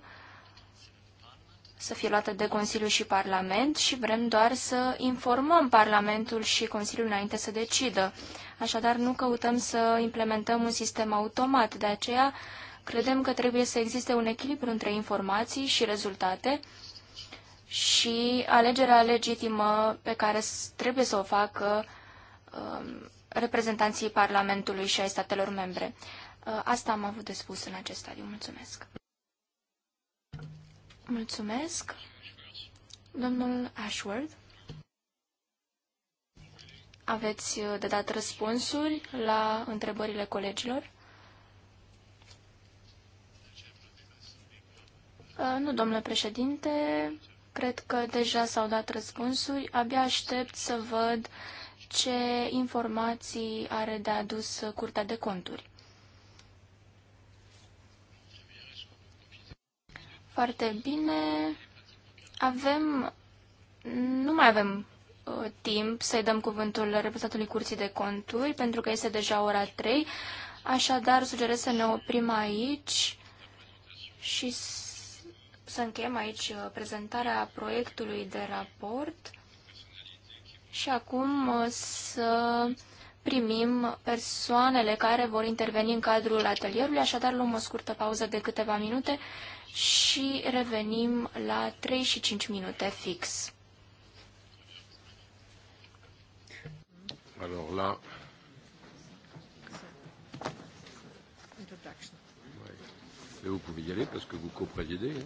să fie luată de Consiliu și Parlament și vrem doar să informăm Parlamentul și Consiliul înainte să decidă. Așadar, nu căutăm să implementăm un sistem automat, de aceea Credem că trebuie să existe un echilibru între informații și rezultate și alegerea legitimă pe care trebuie să o facă um, reprezentanții Parlamentului și ai statelor membre. Uh, asta am avut de spus în acest stadiu. Mulțumesc. Mulțumesc. Domnul Ashworth, aveți uh, de dat răspunsuri la întrebările colegilor? Uh, nu, domnule președinte, cred că deja s-au dat răspunsuri. Abia aștept să văd ce informații are de adus Curtea de Conturi. Foarte bine. Avem... Nu mai avem uh, timp să-i dăm cuvântul reprezentatului Curții de Conturi, pentru că este deja ora 3. Așadar, sugerez să ne oprim aici și să să încheiem aici uh, prezentarea proiectului de raport și acum uh, să primim persoanele care vor interveni în cadrul atelierului, așadar luăm o scurtă pauză de câteva minute și revenim la 3 și 5 minute fix.
Alors là, Et vous pouvez y aller parce que vous co-présidez. Hein.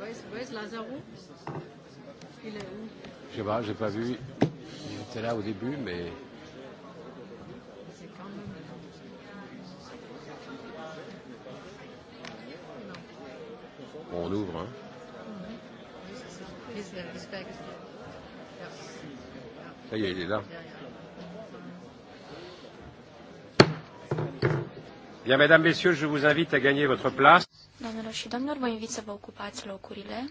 Where's, where's Lazaro Il Je sais pas, j'ai pas vu. Il était là au début, mais. Bon, on ouvre, hein. Ça y est, il est là. Bien, mesdames, messieurs, je vous invite à gagner votre place
domnilor, vă invit să vă ocupați locurile.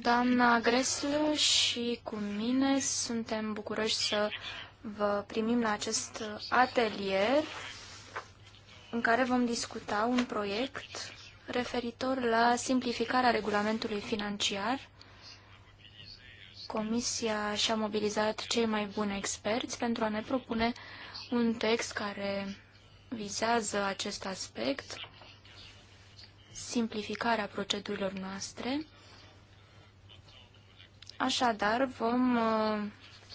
Doamna Greslu și cu mine suntem bucuroși să vă primim la acest atelier în care vom discuta un proiect referitor la simplificarea regulamentului financiar Comisia și-a mobilizat cei mai buni experți pentru a ne propune un text care vizează acest aspect, simplificarea procedurilor noastre. Așadar, vom uh,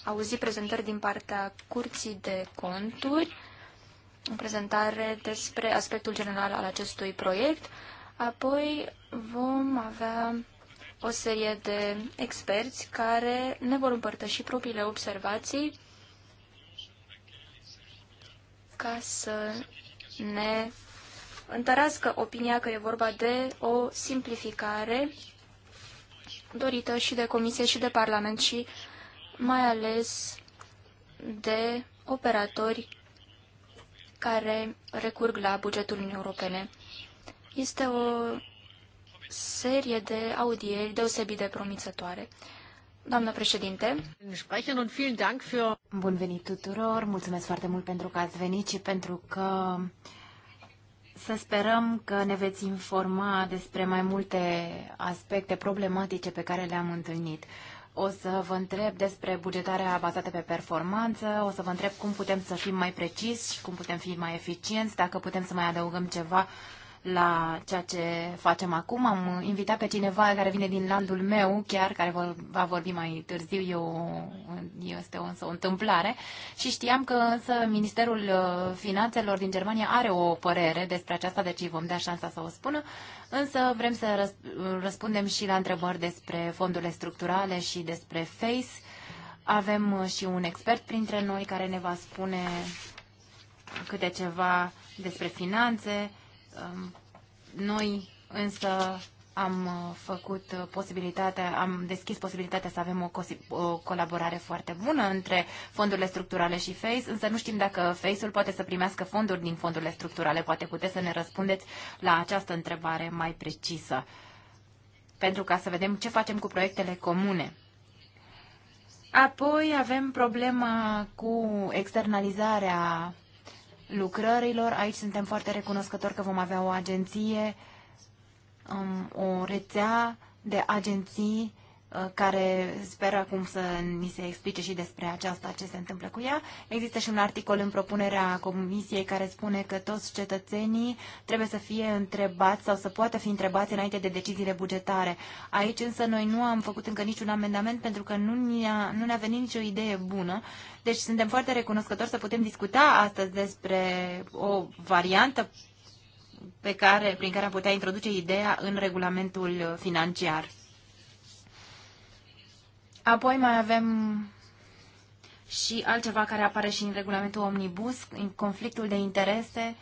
auzi prezentări din partea Curții de Conturi, o prezentare despre aspectul general al acestui proiect, apoi vom avea o serie de experți care ne vor împărtăși propriile observații ca să ne întărească opinia că e vorba de o simplificare dorită și de Comisie și de Parlament și mai ales de operatori care recurg la bugetul Uniunii Europene. Este o serie de audieri deosebit de promițătoare. Doamnă președinte.
Bun venit tuturor, mulțumesc foarte mult pentru că ați venit și pentru că să sperăm că ne veți informa despre mai multe aspecte problematice pe care le-am întâlnit. O să vă întreb despre bugetarea bazată pe performanță, o să vă întreb cum putem să fim mai precisi și cum putem fi mai eficienți, dacă putem să mai adăugăm ceva la ceea ce facem acum. Am invitat pe cineva care vine din landul meu, chiar, care va vorbi mai târziu, eu, o, este o, însă o întâmplare. Și știam că însă Ministerul uh, Finanțelor din Germania are o părere despre aceasta, deci vom da șansa să o spună. Însă vrem să răspundem și la întrebări despre fondurile structurale și despre FACE. Avem uh, și un expert printre noi care ne va spune câte ceva despre finanțe noi însă am uh, făcut uh, posibilitatea, am deschis posibilitatea să avem o, o colaborare foarte bună între fondurile structurale și FACE, însă nu știm dacă FACE-ul poate să primească fonduri din fondurile structurale. Poate puteți să ne răspundeți la această întrebare mai precisă, pentru ca să vedem ce facem cu proiectele comune. Apoi avem problema cu externalizarea lucrărilor. Aici suntem foarte recunoscători că vom avea o agenție, um, o rețea de agenții Uh, care sper acum să ni se explice și despre aceasta ce se întâmplă cu ea. Există și un articol în propunerea Comisiei care spune că toți cetățenii trebuie să fie întrebați sau să poată fi întrebați înainte de deciziile bugetare. Aici însă noi nu am făcut încă niciun amendament pentru că nu ne-a, nu ne-a venit nicio idee bună. Deci suntem foarte recunoscători să putem discuta astăzi despre o variantă pe care, prin care am putea introduce ideea în regulamentul financiar. Apoi mai avem și altceva care apare și în regulamentul Omnibus, conflictul de interese,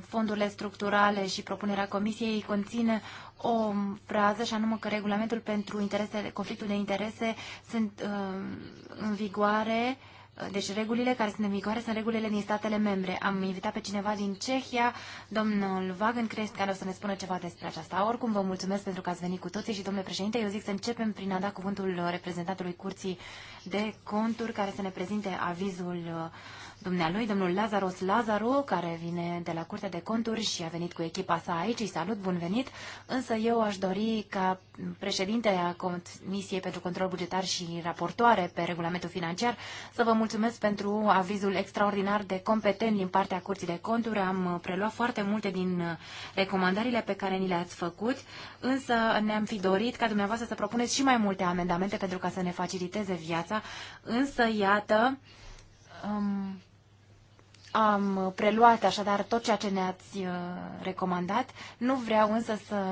fondurile structurale și propunerea comisiei conține o frază și anume că regulamentul pentru interese, conflictul de interese sunt uh, în vigoare uh, deci regulile care sunt în vigoare sunt regulile din statele membre. Am invitat pe cineva din Cehia, domnul Wagen Crest, care o să ne spună ceva despre aceasta. Oricum, vă mulțumesc pentru că ați venit cu toții și, domnule președinte, eu zic să începem prin a da cuvântul reprezentantului Curții de Conturi, care să ne prezinte avizul uh, dumnealui, domnul Lazaros Lazaru, care vine de la Curtea de Conturi și a venit cu echipa sa aici. Îi salut, bun venit! Însă eu aș dori ca președinte a Comisiei pentru Control Bugetar și raportoare pe regulamentul financiar să vă mulțumesc pentru avizul extraordinar de competent din partea Curții de Conturi. Am preluat foarte multe din recomandările pe care ni le-ați făcut, însă ne-am fi dorit ca dumneavoastră să propuneți și mai multe amendamente pentru ca să ne faciliteze viața. Însă, iată, um, am preluat așadar tot ceea ce ne-ați uh, recomandat. Nu vreau însă să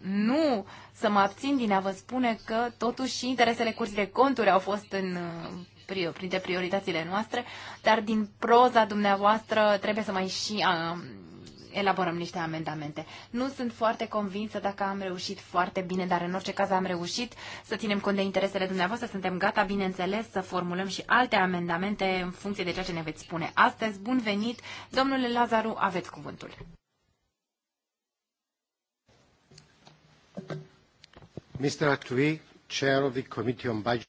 nu să mă abțin din a vă spune că totuși interesele curții de conturi au fost în uh, printre prioritățile noastre, dar din proza dumneavoastră trebuie să mai și uh, elaborăm niște amendamente. Nu sunt foarte convinsă dacă am reușit foarte bine, dar în orice caz am reușit să ținem cont de interesele dumneavoastră. Suntem gata, bineînțeles, să formulăm și alte amendamente în funcție de ceea ce ne veți spune astăzi. Bun venit! Domnule Lazaru, aveți cuvântul.
Mr. Actui, Chair of the Committee on Budget.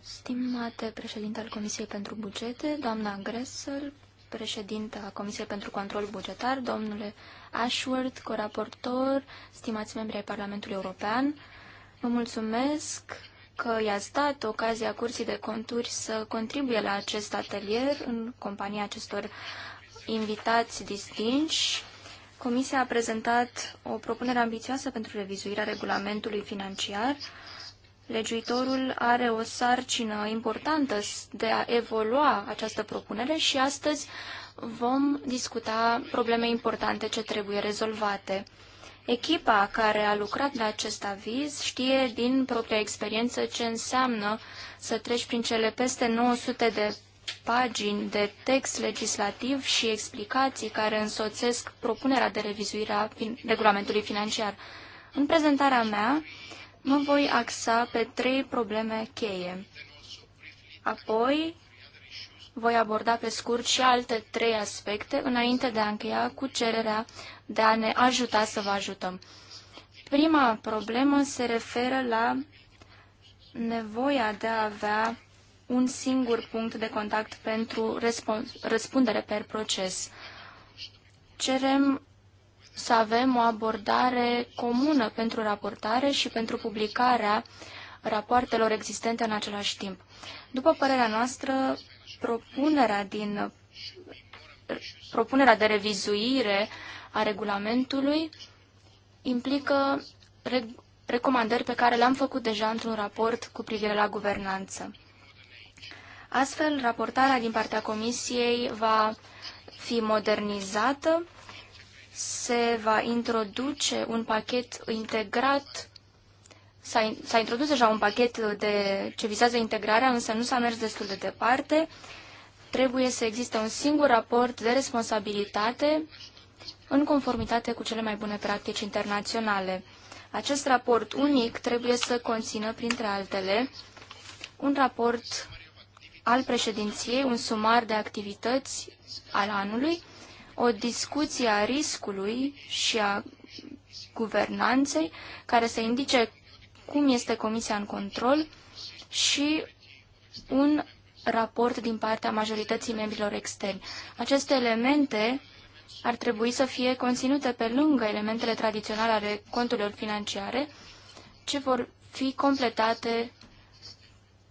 Stimate președinte al Comisiei pentru Bugete, doamna Gressel, președintă a Comisiei pentru Control Bugetar, domnule Ashworth, coraportor, stimați membri ai Parlamentului European, vă mulțumesc că i-ați dat ocazia Curții de Conturi să contribuie la acest atelier în compania acestor invitați distinși. Comisia a prezentat o propunere ambițioasă pentru revizuirea regulamentului financiar, Legiuitorul are o sarcină importantă de a evolua această propunere și astăzi vom discuta probleme importante ce trebuie rezolvate. Echipa care a lucrat la acest aviz știe din propria experiență ce înseamnă să treci prin cele peste 900 de pagini de text legislativ și explicații care însoțesc propunerea de revizuire a regulamentului financiar. În prezentarea mea Mă voi axa pe trei probleme cheie. Apoi voi aborda pe scurt și alte trei aspecte înainte de a încheia cu cererea de a ne ajuta să vă ajutăm. Prima problemă se referă la nevoia de a avea un singur punct de contact pentru răspundere per proces. Cerem să avem o abordare comună pentru raportare și pentru publicarea rapoartelor existente în același timp. După părerea noastră, propunerea, din, propunerea de revizuire a regulamentului implică re, recomandări pe care le-am făcut deja într-un raport cu privire la guvernanță. Astfel, raportarea din partea Comisiei va fi modernizată se va introduce un pachet integrat. S-a introdus deja un pachet de, ce vizează integrarea, însă nu s-a mers destul de departe. Trebuie să existe un singur raport de responsabilitate în conformitate cu cele mai bune practici internaționale. Acest raport unic trebuie să conțină, printre altele, un raport al președinției, un sumar de activități al anului, o discuție a riscului și a guvernanței, care să indice cum este comisia în control și un raport din partea majorității membrilor externi. Aceste elemente ar trebui să fie conținute pe lângă elementele tradiționale ale conturilor financiare, ce vor fi completate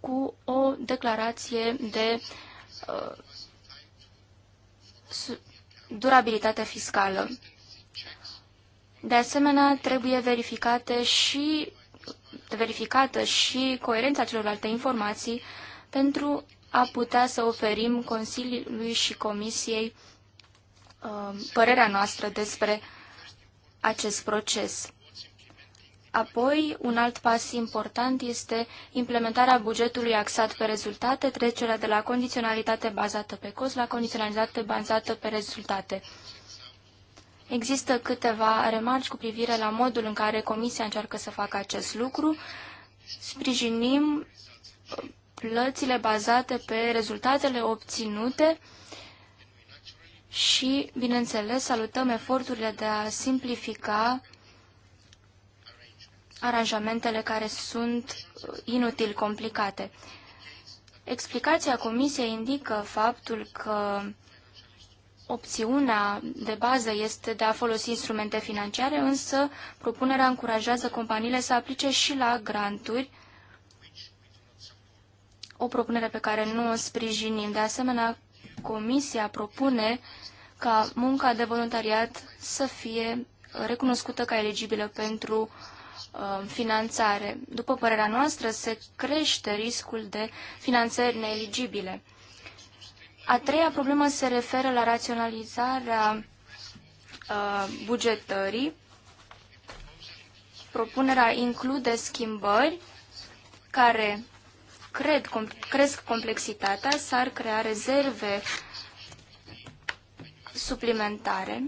cu o declarație de uh, durabilitatea fiscală. De asemenea, trebuie verificate și, verificată și coerența celorlalte informații pentru a putea să oferim Consiliului și Comisiei uh, părerea noastră despre acest proces. Apoi, un alt pas important este implementarea bugetului axat pe rezultate, trecerea de la condiționalitate bazată pe cost la condiționalitate bazată pe rezultate. Există câteva remarci cu privire la modul în care Comisia încearcă să facă acest lucru. Sprijinim uh, plățile bazate pe rezultatele obținute și, bineînțeles, salutăm eforturile de a simplifica aranjamentele care sunt uh, inutil complicate. Explicația Comisiei indică faptul că opțiunea de bază este de a folosi instrumente financiare, însă propunerea încurajează companiile să aplice și la granturi, o propunere pe care nu o sprijinim. De asemenea, Comisia propune ca munca de voluntariat să fie recunoscută ca eligibilă pentru Uh, finanțare. După părerea noastră, se crește riscul de finanțări neeligibile. A treia problemă se referă la raționalizarea uh, bugetării. Propunerea include schimbări care cred, com, cresc complexitatea, s-ar crea rezerve suplimentare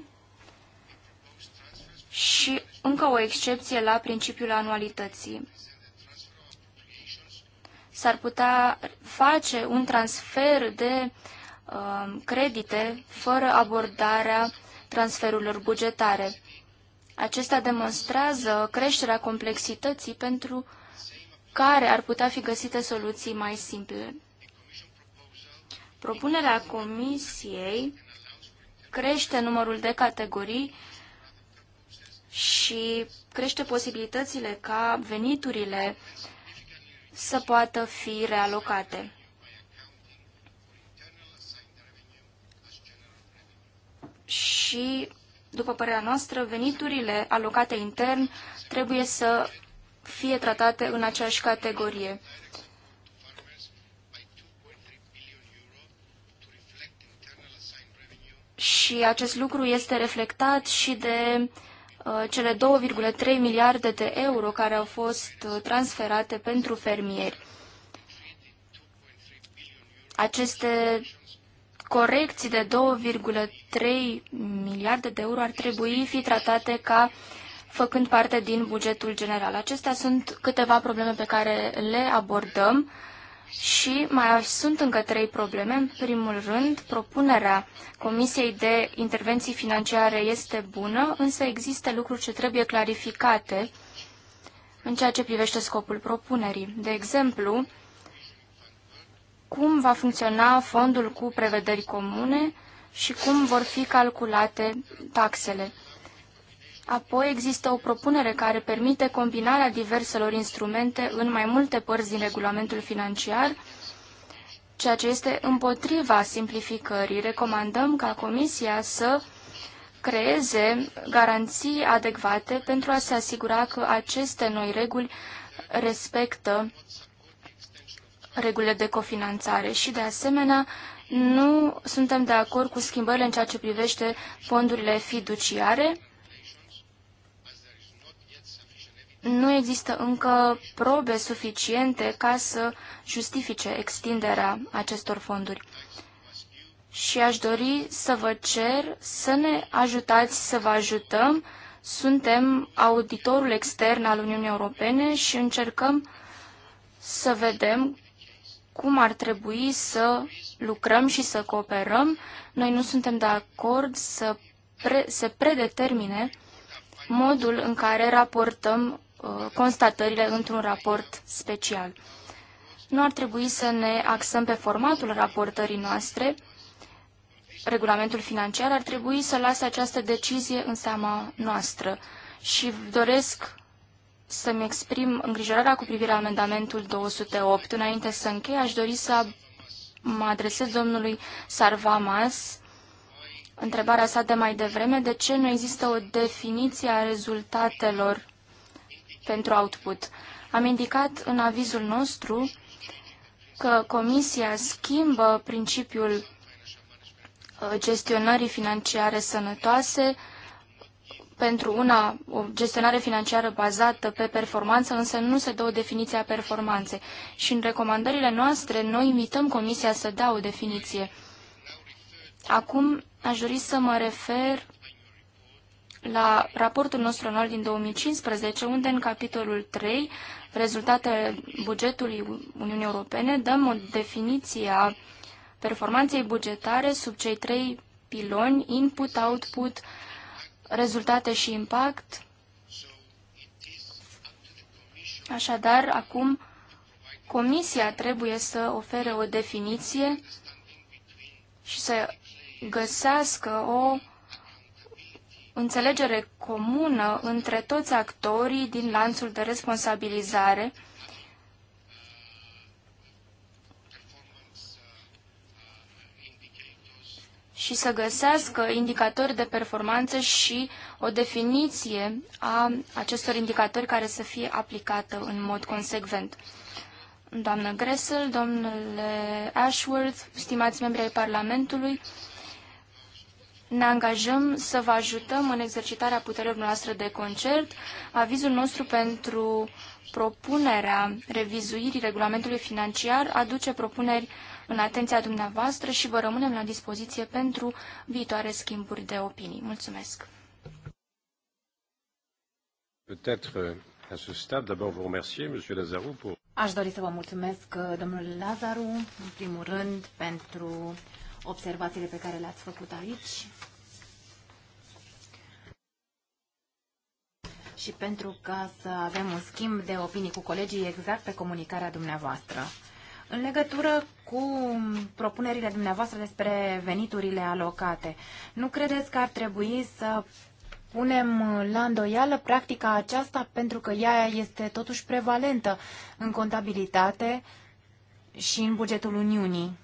și încă o excepție la principiul anualității. S-ar putea face un transfer de uh, credite fără abordarea transferurilor bugetare. Acesta demonstrează creșterea complexității pentru care ar putea fi găsite soluții mai simple. Propunerea Comisiei crește numărul de categorii și crește posibilitățile ca veniturile să poată fi realocate. Și, după părerea noastră, veniturile alocate intern trebuie să fie tratate în aceeași categorie. Și acest lucru este reflectat și de uh, Uh, cele 2,3 miliarde de euro care au fost uh, transferate pentru fermieri. Aceste corecții de 2,3 miliarde de euro ar trebui fi tratate ca făcând parte din bugetul general. Acestea sunt câteva probleme pe care le abordăm și mai sunt încă trei probleme. În primul rând, propunerea Comisiei de Intervenții Financiare este bună, însă există lucruri ce trebuie clarificate în ceea ce privește scopul propunerii. De exemplu, cum va funcționa fondul cu prevederi comune și cum vor fi calculate taxele. Apoi există o propunere care permite combinarea diverselor instrumente în mai multe părți din regulamentul financiar, ceea ce este împotriva simplificării. Recomandăm ca Comisia să creeze garanții adecvate pentru a se asigura că aceste noi reguli respectă regulile de cofinanțare și, de asemenea, nu suntem de acord cu schimbările în ceea ce privește fondurile fiduciare, nu există încă probe suficiente ca să justifice extinderea acestor fonduri. Și aș dori să vă cer să ne ajutați să vă ajutăm. Suntem auditorul extern al Uniunii Europene și încercăm să vedem cum ar trebui să lucrăm și să cooperăm. Noi nu suntem de acord să pre- se predetermine modul în care raportăm Uh, constatările într-un raport special. Nu ar trebui să ne axăm pe formatul raportării noastre. Regulamentul financiar ar trebui să lase această decizie în seama noastră și doresc să-mi exprim îngrijorarea cu privire la amendamentul 208. Înainte să închei, aș dori să mă adresez domnului Sarvamas întrebarea sa de mai devreme, de ce nu există o definiție a rezultatelor pentru output. Am indicat în avizul nostru că Comisia schimbă principiul uh, gestionării financiare sănătoase pentru una, o gestionare financiară bazată pe performanță, însă nu se dă o definiție a performanței. Și în recomandările noastre, noi invităm Comisia să dea o definiție. Acum aș dori să mă refer la raportul nostru anual din 2015, unde în capitolul 3, rezultatele bugetului Uniunii Europene, dăm o definiție a performanței bugetare sub cei trei piloni, input, output, rezultate și impact. Așadar, acum Comisia trebuie să ofere o definiție și să găsească o înțelegere comună între toți actorii din lanțul de responsabilizare și să găsească indicatori de performanță și o definiție a acestor indicatori care să fie aplicată în mod consecvent. Doamnă Gressel, domnule Ashworth, stimați membri ai Parlamentului, ne angajăm să vă ajutăm în exercitarea puterilor noastre de concert. Avizul nostru pentru propunerea revizuirii regulamentului financiar aduce propuneri în atenția dumneavoastră și vă rămânem la dispoziție pentru viitoare schimburi de opinii. Mulțumesc!
Euh,
Aș dori să vă mulțumesc, euh, domnul Lazaru, în primul rând, pentru observațiile pe care le-ați făcut aici. Și pentru ca să avem un schimb de opinii cu colegii exact pe comunicarea dumneavoastră. În legătură cu propunerile dumneavoastră despre veniturile alocate, nu credeți că ar trebui să punem la îndoială practica aceasta pentru că ea este totuși prevalentă în contabilitate și în bugetul Uniunii?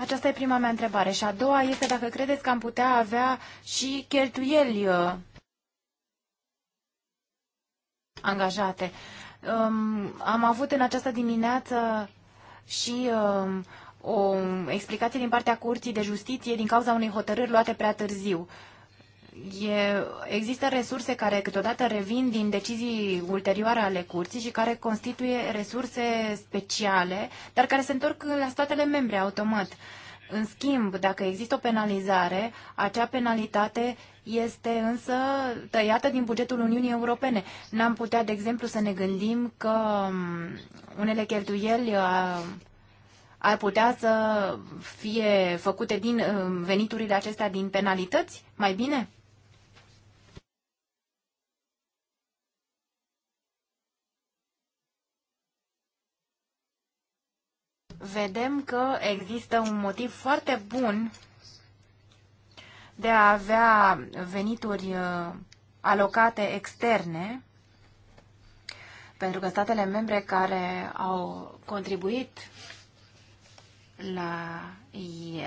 Aceasta e prima mea întrebare. Și a doua este dacă credeți că am putea avea și cheltuieli uh, angajate. Um, am avut în această dimineață și um, o explicație din partea Curții de Justiție din cauza unei hotărâri luate prea târziu. Uh, e, există resurse care câteodată revin din decizii ulterioare ale curții și care constituie resurse speciale, dar care se întorc la statele membre automat. În schimb, dacă există o penalizare, acea penalitate este însă tăiată din bugetul Uniunii Europene. N-am putea, de exemplu, să ne gândim că mm, unele cheltuieli uh, ar putea să fie făcute din uh, veniturile acestea din penalități? Mai bine? vedem că există un motiv foarte bun de a avea venituri uh, alocate externe, pentru că statele membre care au contribuit la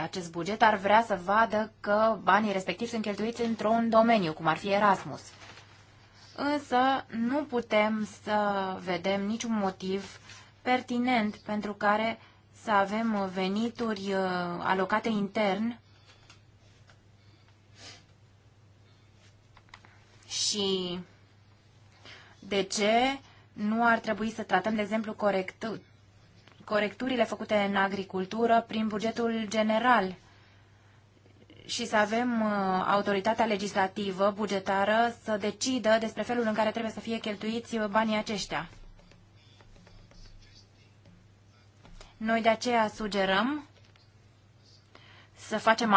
acest buget ar vrea să vadă că banii respectivi sunt cheltuiți într-un domeniu, cum ar fi Erasmus. Însă nu putem să vedem niciun motiv pertinent pentru care să avem uh, venituri uh, alocate intern și de ce nu ar trebui să tratăm, de exemplu, corect, corecturile făcute în agricultură prin bugetul general și să avem uh, autoritatea legislativă, bugetară, să decidă despre felul în care trebuie să fie cheltuiți banii aceștia. Noi de aceea sugerăm să facem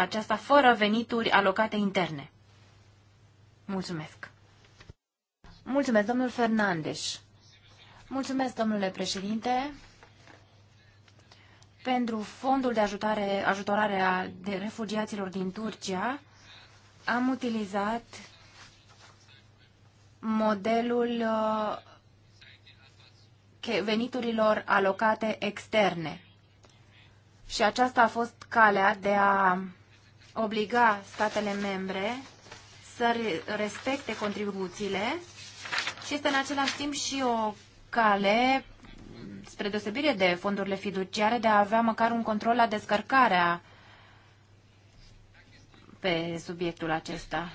aceasta fără venituri alocate interne. Mulțumesc. Mulțumesc, domnul Fernandes. Mulțumesc, domnule președinte. Pentru fondul de ajutare, ajutorare a de refugiaților din Turcia, am utilizat modelul uh, veniturilor alocate externe. Și aceasta a fost calea de a obliga statele membre să respecte contribuțiile și este în același timp și o cale, spre deosebire de fondurile fiduciare, de a avea măcar un control la descărcarea pe subiectul acesta.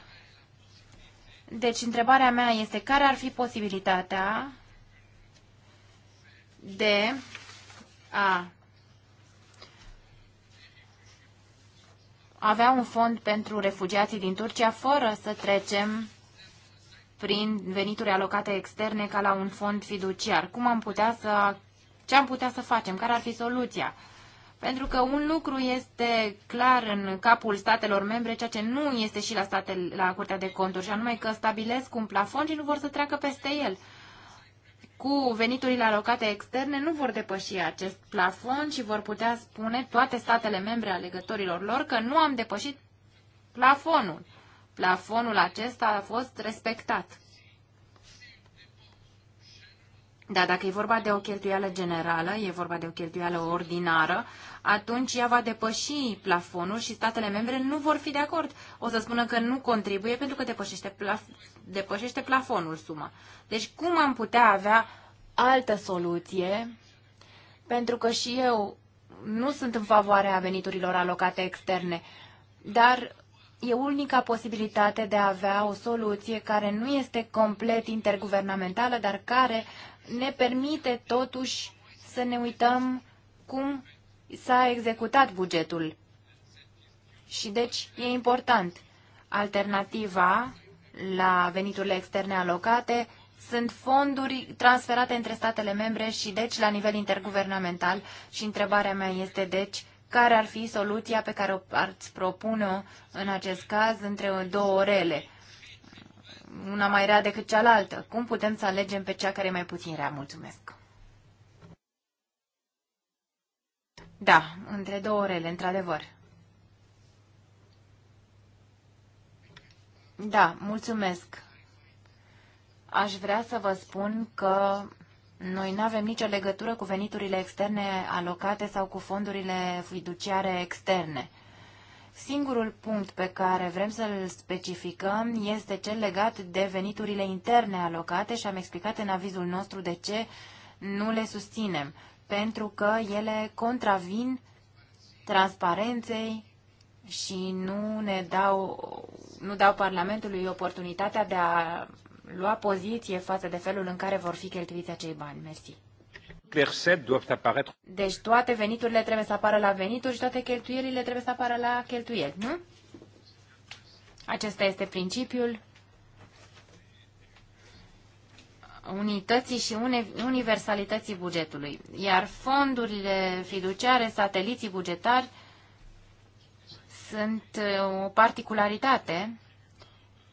Deci, întrebarea mea este care ar fi posibilitatea de a avea un fond pentru refugiații din Turcia fără să trecem prin venituri alocate externe ca la un fond fiduciar. Cum am putea să, ce am putea să facem? Care ar fi soluția? Pentru că un lucru este clar în capul statelor membre, ceea ce nu este și la, state, la Curtea de Conturi, și anume că stabilesc un plafon și nu vor să treacă peste el cu veniturile alocate externe nu vor depăși acest plafon și vor putea spune toate statele membre alegătorilor lor că nu am depășit plafonul. Plafonul acesta a fost respectat. Da, dacă e vorba de o cheltuială generală, e vorba de o cheltuială ordinară, atunci ea va depăși plafonul și statele membre nu vor fi de acord. O să spună că nu contribuie pentru că depășește, plaf- depășește plafonul suma. Deci cum am putea avea altă soluție? Pentru că și eu nu sunt în favoarea veniturilor alocate externe, dar e unica posibilitate de a avea o soluție care nu este complet interguvernamentală, dar care ne permite totuși să ne uităm cum s-a executat bugetul. Și deci e important. Alternativa la veniturile externe alocate sunt fonduri transferate între statele membre și deci la nivel interguvernamental și întrebarea mea este deci care ar fi soluția pe care o ați propune-o în acest caz între două orele una mai rea decât cealaltă. Cum putem să alegem pe cea care e mai puțin rea? Mulțumesc! Da, între două orele, într-adevăr. Da, mulțumesc. Aș vrea să vă spun că noi nu avem nicio legătură cu veniturile externe alocate sau cu fondurile fiduciare externe. Singurul punct pe care vrem să-l specificăm este cel legat de veniturile interne alocate și am explicat în avizul nostru de ce nu le susținem, pentru că ele contravin transparenței și nu ne dau, nu dau Parlamentului oportunitatea de a lua poziție față de felul în care vor fi cheltuiți acei bani. Mersi. Deci toate veniturile trebuie să apară la venituri și toate cheltuielile trebuie să apară la cheltuieli, nu? Acesta este principiul unității și universalității bugetului. Iar fondurile fiduciare, sateliții bugetari, sunt uh, o particularitate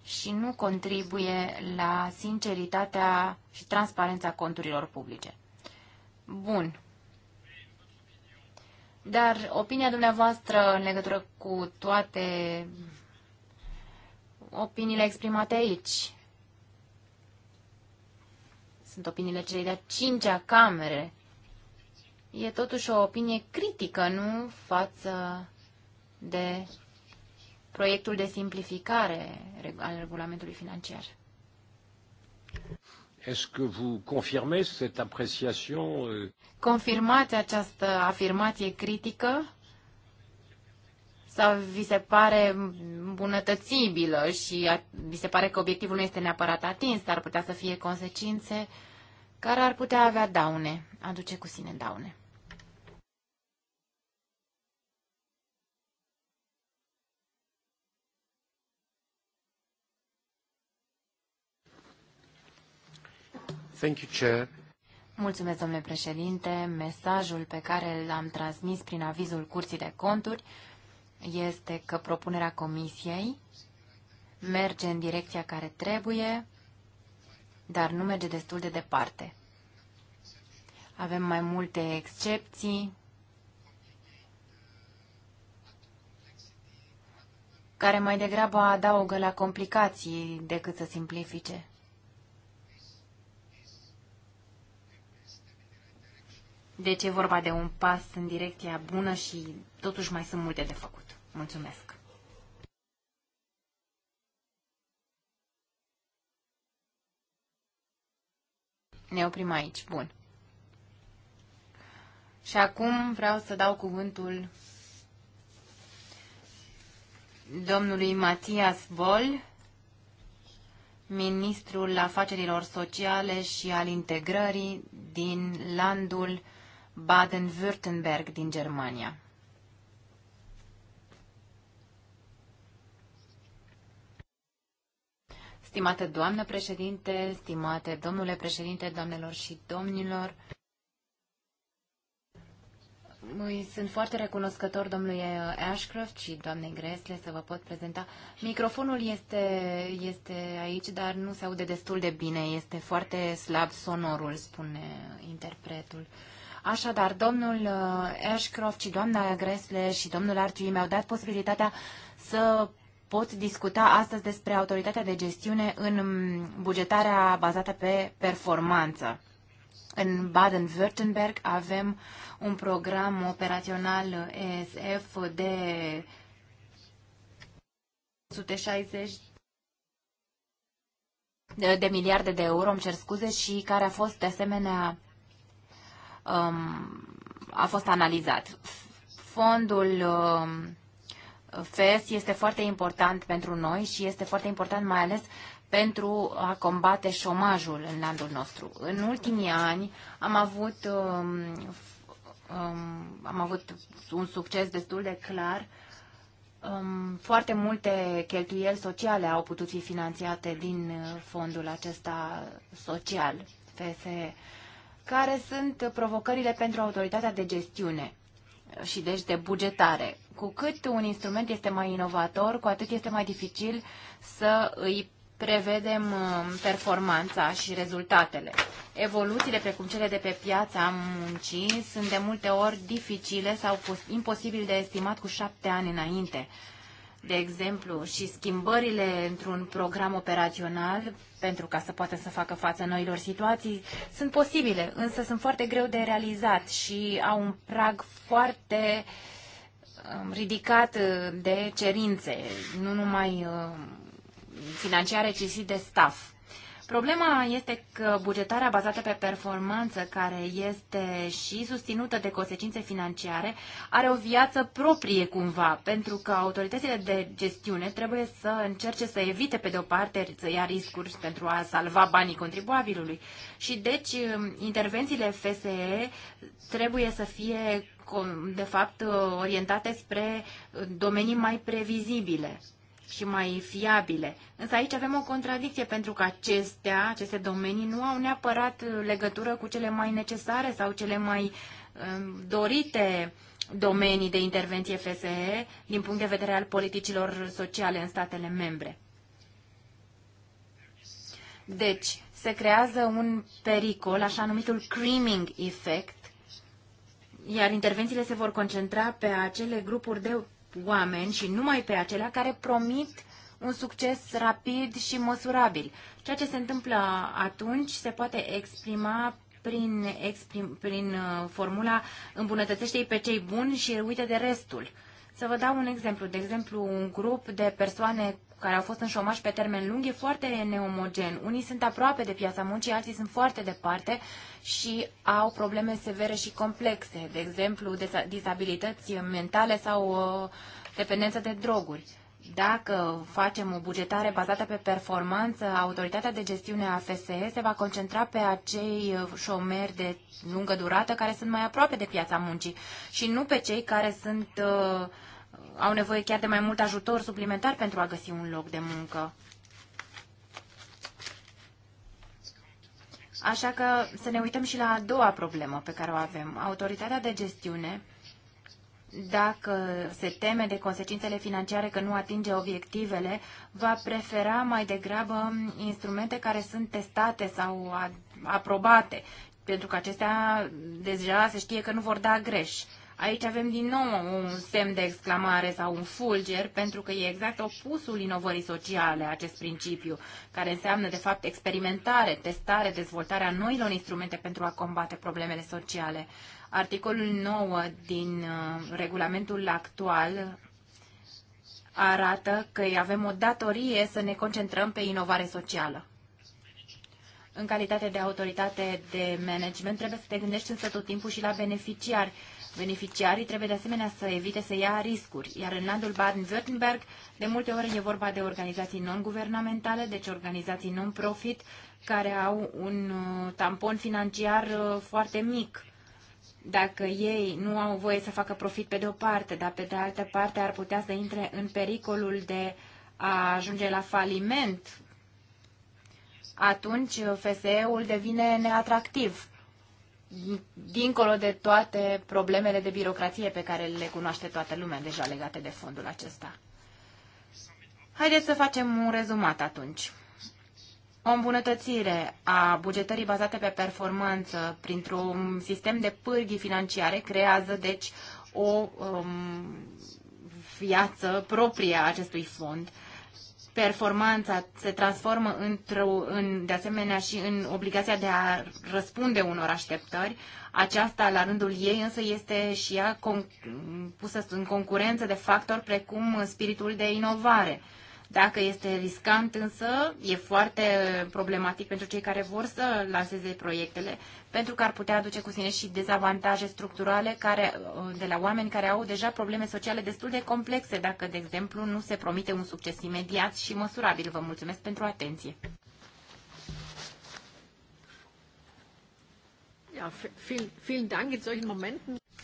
și nu contribuie la sinceritatea și transparența conturilor publice. Bun. Dar opinia dumneavoastră în legătură cu toate opiniile exprimate aici, sunt opiniile celei de-a cincea camere, e totuși o opinie critică, nu față de proiectul de simplificare al regulamentului financiar.
Est-ce que vous confirmez cette appréciation euh,
Confirmați această afirmație critică? Sau vi se pare bunătățibilă și vi se pare că obiectivul nu este neapărat atins, dar ar putea să fie consecințe care ar putea avea daune, aduce cu sine daune?
Thank you, Chair.
Mulțumesc, domnule președinte. Mesajul pe care l-am transmis prin avizul Curții de Conturi este că propunerea Comisiei merge în direcția care trebuie, dar nu merge destul de departe. Avem mai multe excepții care mai degrabă adaugă la complicații decât să simplifice. Deci e vorba de un pas în direcția bună și totuși mai sunt multe de făcut. Mulțumesc! Ne oprim aici. Bun. Și acum vreau să dau cuvântul domnului Matias Bol, ministrul afacerilor sociale și al integrării din landul Baden-Württemberg din Germania. Stimată doamnă președinte, stimate domnule președinte, doamnelor și domnilor, îi sunt foarte recunoscător domnului Ashcroft și doamnei Gresle să vă pot prezenta. Microfonul este, este aici, dar nu se aude destul de bine. Este foarte slab sonorul, spune interpretul. Uh, Așadar, domnul uh, Ashcroft și doamna Gresle și domnul Arciu mi-au dat posibilitatea să pot discuta astăzi despre autoritatea de gestiune în bugetarea bazată pe performanță. În Baden-Württemberg avem un program operațional ESF de 160 de miliarde de euro, îmi cer scuze, și care a fost de asemenea um, a fost analizat. Fondul um, FES este foarte important pentru noi și este foarte important mai ales pentru a combate șomajul în landul nostru. În ultimii ani am avut, um, um, am avut un succes destul de clar. Um, foarte multe cheltuieli sociale au putut fi finanțate din uh, fondul acesta social, FSE care sunt provocările pentru autoritatea de gestiune și deci de bugetare. Cu cât un instrument este mai inovator, cu atât este mai dificil să îi prevedem uh, performanța și rezultatele. Evoluțiile precum cele de pe piața muncii sunt de multe ori dificile sau imposibil de estimat cu șapte ani înainte de exemplu, și schimbările într-un program operațional pentru ca să poată să facă față noilor situații sunt posibile, însă sunt foarte greu de realizat și au un prag foarte um, ridicat uh, de cerințe, nu numai uh, financiare, ci și de staff. Problema este că bugetarea bazată pe performanță, care este și susținută de consecințe financiare, are o viață proprie cumva, pentru că autoritățile de gestiune trebuie să încerce să evite, pe de o parte, să ia riscuri pentru a salva banii contribuabilului. Și deci intervențiile FSE trebuie să fie, de fapt, orientate spre domenii mai previzibile și mai fiabile. Însă aici avem o contradicție pentru că acestea, aceste domenii nu au neapărat legătură cu cele mai necesare sau cele mai um, dorite domenii de intervenție FSE din punct de vedere al politicilor sociale în statele membre. Deci, se creează un pericol, așa numitul creaming effect, iar intervențiile se vor concentra pe acele grupuri de oameni și numai pe acelea care promit un succes rapid și măsurabil. Ceea ce se întâmplă atunci se poate exprima prin, exprim, prin uh, formula îmbunătățește-i pe cei buni și uite de restul. Să vă dau un exemplu. De exemplu, un grup de persoane care au fost în șomaj pe termen lung e foarte neomogen. Unii sunt aproape de piața muncii, alții sunt foarte departe și au probleme severe și complexe, de exemplu, disabilități mentale sau uh, dependență de droguri. Dacă facem o bugetare bazată pe performanță, autoritatea de gestiune a FSE se va concentra pe acei uh, șomeri de lungă durată care sunt mai aproape de piața muncii și nu pe cei care sunt uh, au nevoie chiar de mai mult ajutor suplimentar pentru a găsi un loc de muncă. Așa că să ne uităm și la a doua problemă pe care o avem. Autoritatea de gestiune, dacă se teme de consecințele financiare că nu atinge obiectivele, va prefera mai degrabă instrumente care sunt testate sau aprobate, pentru că acestea deja se știe că nu vor da greș. Aici avem din nou un semn de exclamare sau un fulger, pentru că e exact opusul inovării sociale acest principiu, care înseamnă, de fapt, experimentare, testare, dezvoltarea noilor instrumente pentru a combate problemele sociale. Articolul 9 din uh, regulamentul actual arată că avem o datorie să ne concentrăm pe inovare socială. În calitate de autoritate de management, trebuie să te gândești însă tot timpul și la beneficiari Beneficiarii trebuie de asemenea să evite să ia riscuri, iar în landul Baden-Württemberg de multe ori e vorba de organizații non-guvernamentale, deci organizații non-profit, care au un uh, tampon financiar uh, foarte mic. Dacă ei nu au voie să facă profit pe de o parte, dar pe de altă parte ar putea să intre în pericolul de a ajunge la faliment, atunci uh, FSE-ul devine neatractiv dincolo de toate problemele de birocrație pe care le cunoaște toată lumea deja legate de fondul acesta. Haideți să facem un rezumat atunci. O îmbunătățire a bugetării bazate pe performanță printr-un sistem de pârghii financiare creează, deci, o um, viață proprie a acestui fond. Uh, performanța se transformă într-o, în, de asemenea și în obligația de a răspunde unor așteptări. Aceasta, la rândul ei, însă este și ea con- pusă în concurență de factori precum spiritul de inovare. Dacă este riscant însă, e foarte problematic pentru cei care vor să lanseze proiectele, pentru că ar putea aduce cu sine și dezavantaje structurale care, uh, de la oameni care au deja probleme sociale destul de complexe, dacă, de exemplu, nu se promite un succes imediat și măsurabil. Vă mulțumesc pentru atenție.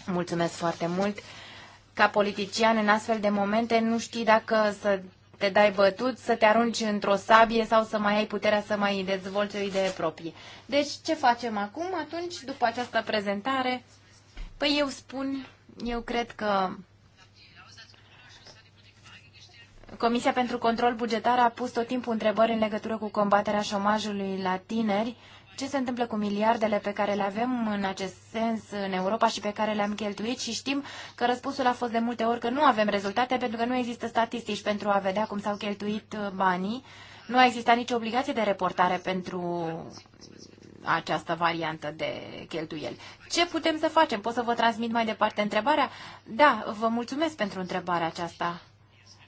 Mulțumesc foarte mult. Ca politician, în astfel de momente, nu știi dacă să te dai bătut, să te arunci într-o sabie sau să mai ai puterea să mai dezvolți o idee proprie. Deci, ce facem acum? Atunci, după această prezentare, păi eu spun, eu cred că Comisia pentru Control Bugetar a pus tot timpul întrebări în legătură cu combaterea șomajului la tineri ce se întâmplă cu miliardele pe care le avem în acest sens în Europa și pe care le-am cheltuit și știm că răspunsul a fost de multe ori că nu avem rezultate pentru că nu există statistici pentru a vedea cum s-au cheltuit uh, banii. Nu a existat nicio obligație de reportare pentru această variantă de cheltuieli. Ce putem să facem? Pot să vă transmit mai departe întrebarea? Da, vă mulțumesc pentru întrebarea aceasta.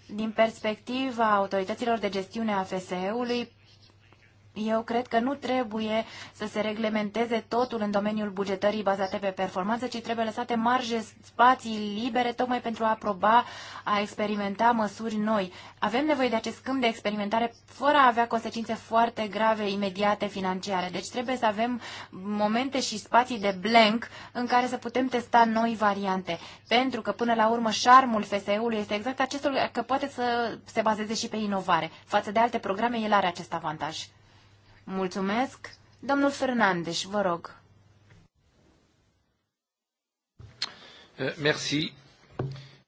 Din perspectiva autorităților de gestiune a FSE-ului, eu cred că nu trebuie să se reglementeze totul în domeniul bugetării bazate pe performanță, ci trebuie lăsate marje, spații libere, tocmai pentru a aproba, a experimenta măsuri noi. Avem nevoie de acest câmp de experimentare fără a avea consecințe foarte grave, imediate, financiare. Deci trebuie să avem momente și spații de blank în care să putem testa noi variante. Pentru că, până la urmă, șarmul FSE-ului este exact acestul că poate să se bazeze și pe inovare. Față de alte programe, el are acest avantaj. Mulțumesc. Domnul Fernandes, vă rog.
Eh, merci.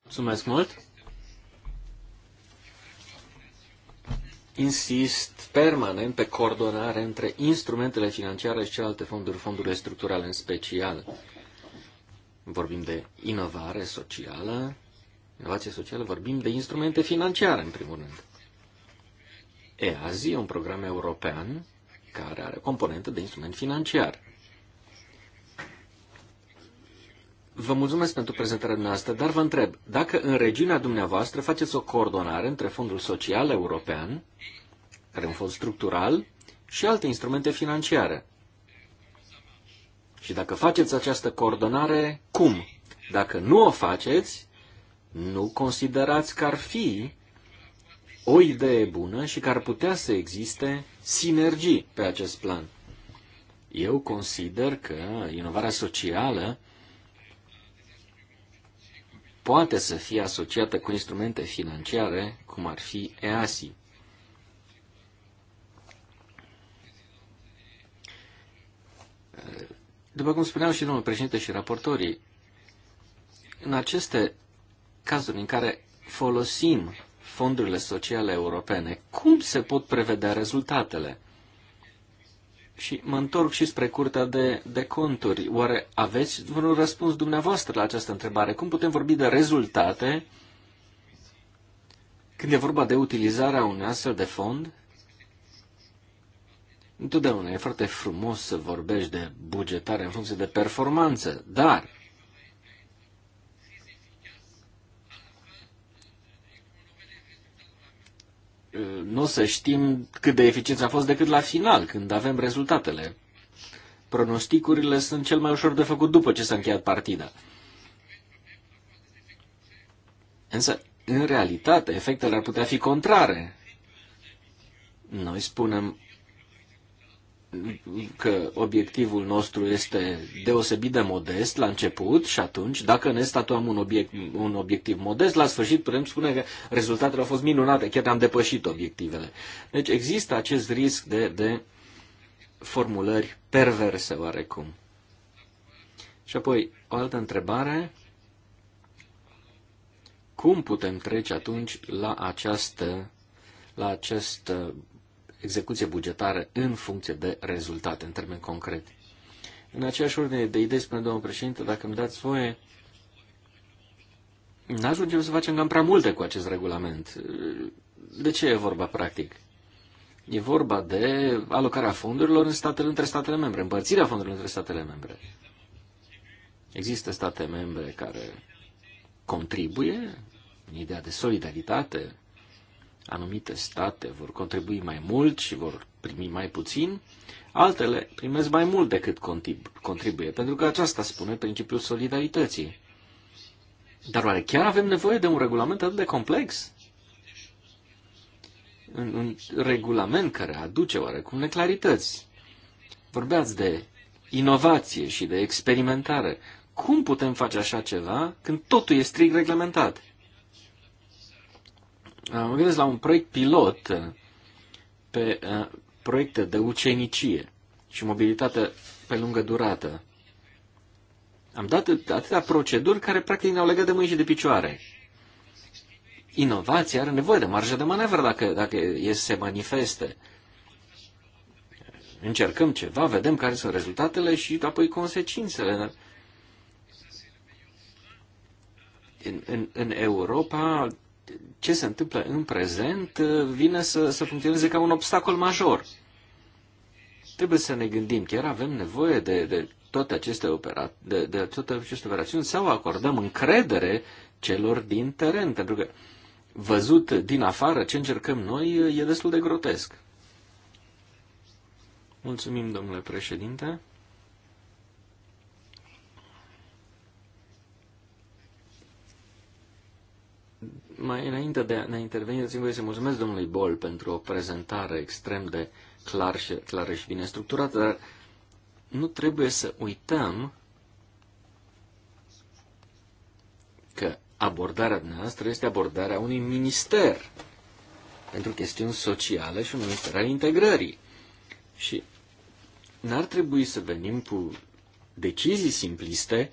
Mulțumesc mult. Insist permanent pe coordonare între instrumentele financiare și celelalte fonduri, fondurile structurale în special. Vorbim de inovare socială, inovație socială, vorbim de instrumente financiare, în primul rând. EASI e un program european care are componentă de instrument financiar. Vă mulțumesc pentru prezentarea dumneavoastră, dar vă întreb, dacă în regiunea dumneavoastră faceți o coordonare între Fondul Social European, care e un fond structural, și alte instrumente financiare. Și dacă faceți această coordonare, cum? Dacă nu o faceți, nu considerați că ar fi o idee bună și că ar putea să existe sinergii pe acest plan. Eu consider că inovarea socială poate să fie asociată cu instrumente financiare, cum ar fi EASI. După cum spuneau și domnul președinte și raportorii, în aceste cazuri în care folosim fondurile sociale europene, cum se pot prevedea rezultatele? Și mă întorc și spre curtea de, de conturi. Oare aveți vreun răspuns dumneavoastră la această întrebare? Cum putem vorbi de rezultate când e vorba de utilizarea unui astfel de fond? Întotdeauna e foarte frumos să vorbești de bugetare în funcție de performanță, dar nu să știm cât de eficient a fost decât la final, când avem rezultatele. Pronosticurile sunt cel mai ușor de făcut după ce s-a încheiat partida. Însă, în realitate, efectele ar putea fi contrare. Noi spunem, că obiectivul nostru este deosebit de modest la început și atunci, dacă ne statuăm un, obiect, un obiectiv modest, la sfârșit putem spune că rezultatele au fost minunate, chiar am depășit obiectivele. Deci există acest risc de, de formulări perverse oarecum. Și apoi, o altă întrebare. Cum putem trece atunci la această la această execuție bugetară în funcție de rezultate, în termeni concret. În aceeași ordine de idei, spune domnul președinte, dacă îmi dați voie, nu ajungem să facem cam prea multe cu acest regulament. De ce e vorba, practic? E vorba de alocarea fondurilor în statele, între statele membre, împărțirea fondurilor între statele membre. Există state membre care contribuie în ideea de solidaritate, Anumite state vor contribui mai mult și vor primi mai puțin, altele primesc mai mult decât contribuie, pentru că aceasta spune principiul solidarității. Dar oare chiar avem nevoie de un regulament atât de complex? Un, un regulament care aduce oarecum neclarități. Vorbeați de inovație și de experimentare. Cum putem face așa ceva când totul e strict reglementat? Uh, mă gândesc la un proiect pilot uh, pe uh, proiecte de ucenicie și mobilitate pe lungă durată. Am dat atâtea proceduri care practic ne-au legat de mâini și de picioare. Inovația are nevoie de marjă de manevră dacă, dacă e se manifeste. Încercăm ceva, vedem care sunt rezultatele și apoi consecințele. În, în, în Europa ce se întâmplă în prezent uh, vine să, să funcționeze ca un obstacol major. Trebuie să ne gândim, chiar avem nevoie de, de toate aceste, opera, de, de toate aceste operațiuni sau acordăm încredere celor din teren, pentru că văzut din afară ce încercăm noi e destul de grotesc. Mulțumim, domnule președinte. Mai înainte de a interveni, dați voie să mulțumesc domnului Bol pentru o prezentare extrem de clar și, clară și bine structurată, dar nu trebuie să uităm că abordarea dumneavoastră este abordarea unui minister pentru chestiuni sociale și un minister al integrării. Și n-ar trebui să venim cu decizii simpliste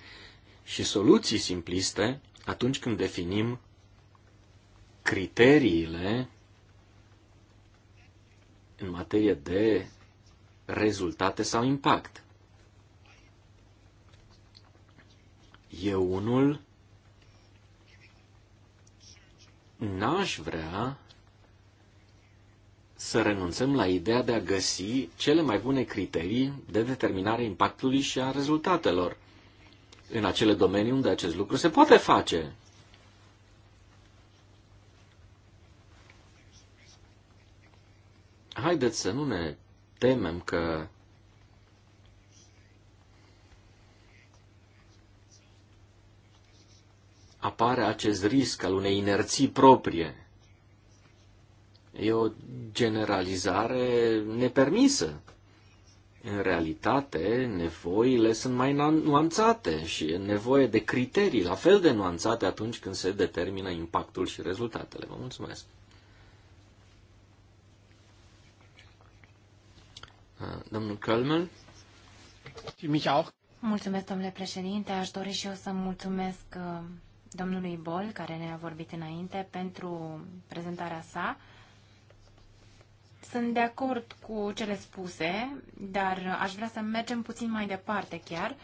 și soluții simpliste atunci când definim criteriile în materie de rezultate sau impact. E unul n-aș vrea să renunțăm la ideea de a găsi cele mai bune criterii de determinare impactului și a rezultatelor în acele domenii unde acest lucru se poate face haideți să nu ne temem că apare acest risc al unei inerții proprie. E o generalizare nepermisă. În realitate, nevoile sunt mai nuanțate și e nevoie de criterii la fel de nuanțate atunci când se determină impactul și rezultatele. Vă mulțumesc! Domnul Kölmel.
Mulțumesc, domnule președinte. Aș dori și eu să mulțumesc uh, domnului Bol, care ne-a vorbit înainte, pentru prezentarea sa. Sunt de acord cu cele spuse, dar aș vrea să mergem puțin mai departe chiar,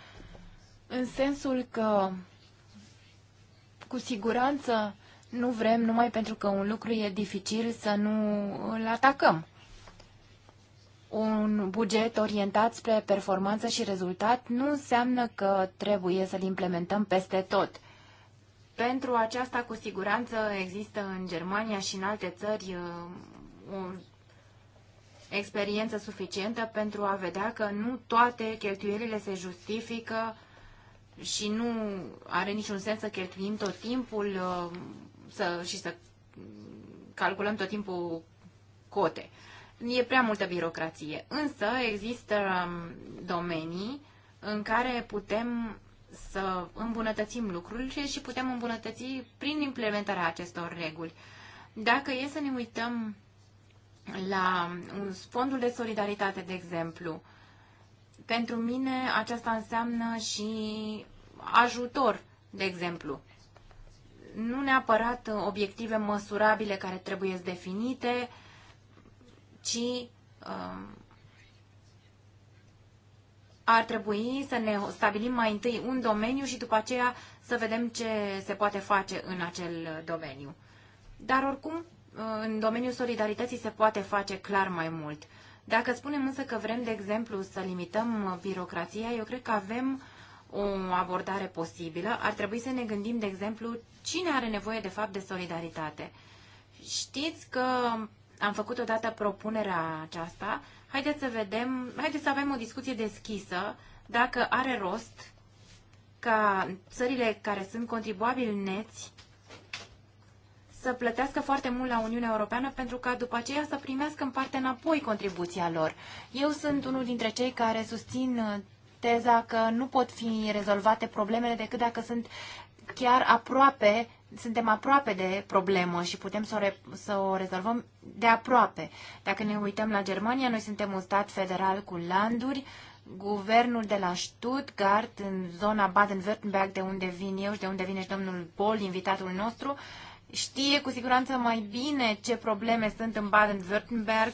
în sensul că cu siguranță nu vrem numai pentru că un lucru e dificil să nu îl atacăm un buget orientat spre performanță și rezultat nu înseamnă că trebuie să-l implementăm peste tot. Pentru aceasta, cu siguranță, există în Germania și în alte țări uh, o experiență suficientă pentru a vedea că nu toate cheltuielile se justifică și nu are niciun sens să cheltuim tot timpul uh, să, și să calculăm tot timpul cote e prea multă birocrație. Însă există um, domenii în care putem să îmbunătățim lucrurile și putem îmbunătăți prin implementarea acestor reguli. Dacă e să ne uităm la um, un fondul de solidaritate, de exemplu, pentru mine aceasta înseamnă și ajutor, de exemplu. Nu neapărat obiective măsurabile care trebuie definite, ci um, ar trebui să ne stabilim mai întâi un domeniu și după aceea să vedem ce se poate face în acel domeniu. Dar oricum, în domeniul solidarității se poate face clar mai mult. Dacă spunem însă că vrem, de exemplu, să limităm birocrația, eu cred că avem o abordare posibilă. Ar trebui să ne gândim, de exemplu, cine are nevoie de fapt de solidaritate. Știți că am făcut odată propunerea aceasta, haideți să vedem, haideți să avem o discuție deschisă dacă are rost ca țările care sunt contribuabili neți să plătească foarte mult la Uniunea Europeană pentru ca după aceea să primească în parte înapoi contribuția lor. Eu sunt unul dintre cei care susțin uh, teza că nu pot fi rezolvate problemele decât dacă sunt chiar aproape suntem aproape de problemă și putem să o, re- să o rezolvăm de aproape. Dacă ne uităm la Germania, noi suntem un stat federal cu landuri, guvernul de la Stuttgart, în zona Baden-Württemberg, de unde vin eu și de unde vine și domnul Paul, invitatul nostru, știe cu siguranță mai bine ce probleme sunt în Baden-Württemberg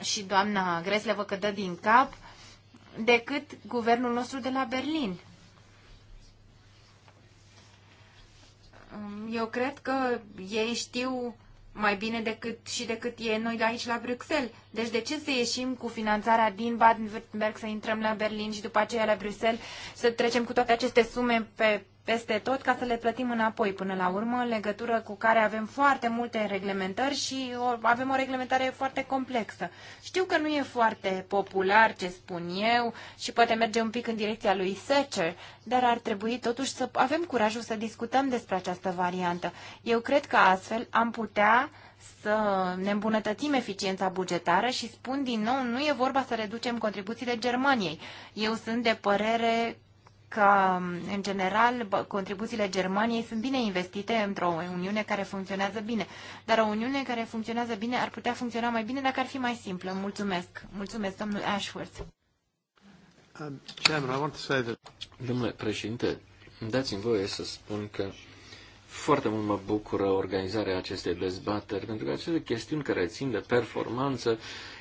și doamna Gresle vă că dă din cap, decât guvernul nostru de la Berlin. Mm, eu cred că ei știu mai bine decât și decât e noi de aici la Bruxelles. Deci de ce să ieșim cu finanțarea din Baden-Württemberg, să intrăm la Berlin și după aceea la Bruxelles, să trecem cu toate aceste sume pe peste tot ca să le plătim înapoi până la urmă, în legătură cu care avem foarte multe reglementări și o, avem o reglementare foarte complexă. Știu că nu e foarte popular ce spun eu și poate merge un pic în direcția lui Secher, dar ar trebui totuși să avem curajul să discutăm despre această variantă. Eu cred că astfel am putea să ne îmbunătățim eficiența bugetară și spun din nou, nu e vorba să reducem contribuțiile Germaniei. Eu sunt de părere că, în general, contribuțiile Germaniei sunt bine investite într-o Uniune care funcționează bine. Dar o Uniune care funcționează bine ar putea funcționa mai bine dacă ar fi mai simplă. Mulțumesc. Mulțumesc, domnul Ashworth.
Um, Domnule președinte, dați-mi voie să spun că foarte mult mă bucură organizarea acestei dezbateri, pentru că aceste chestiuni care țin de performanță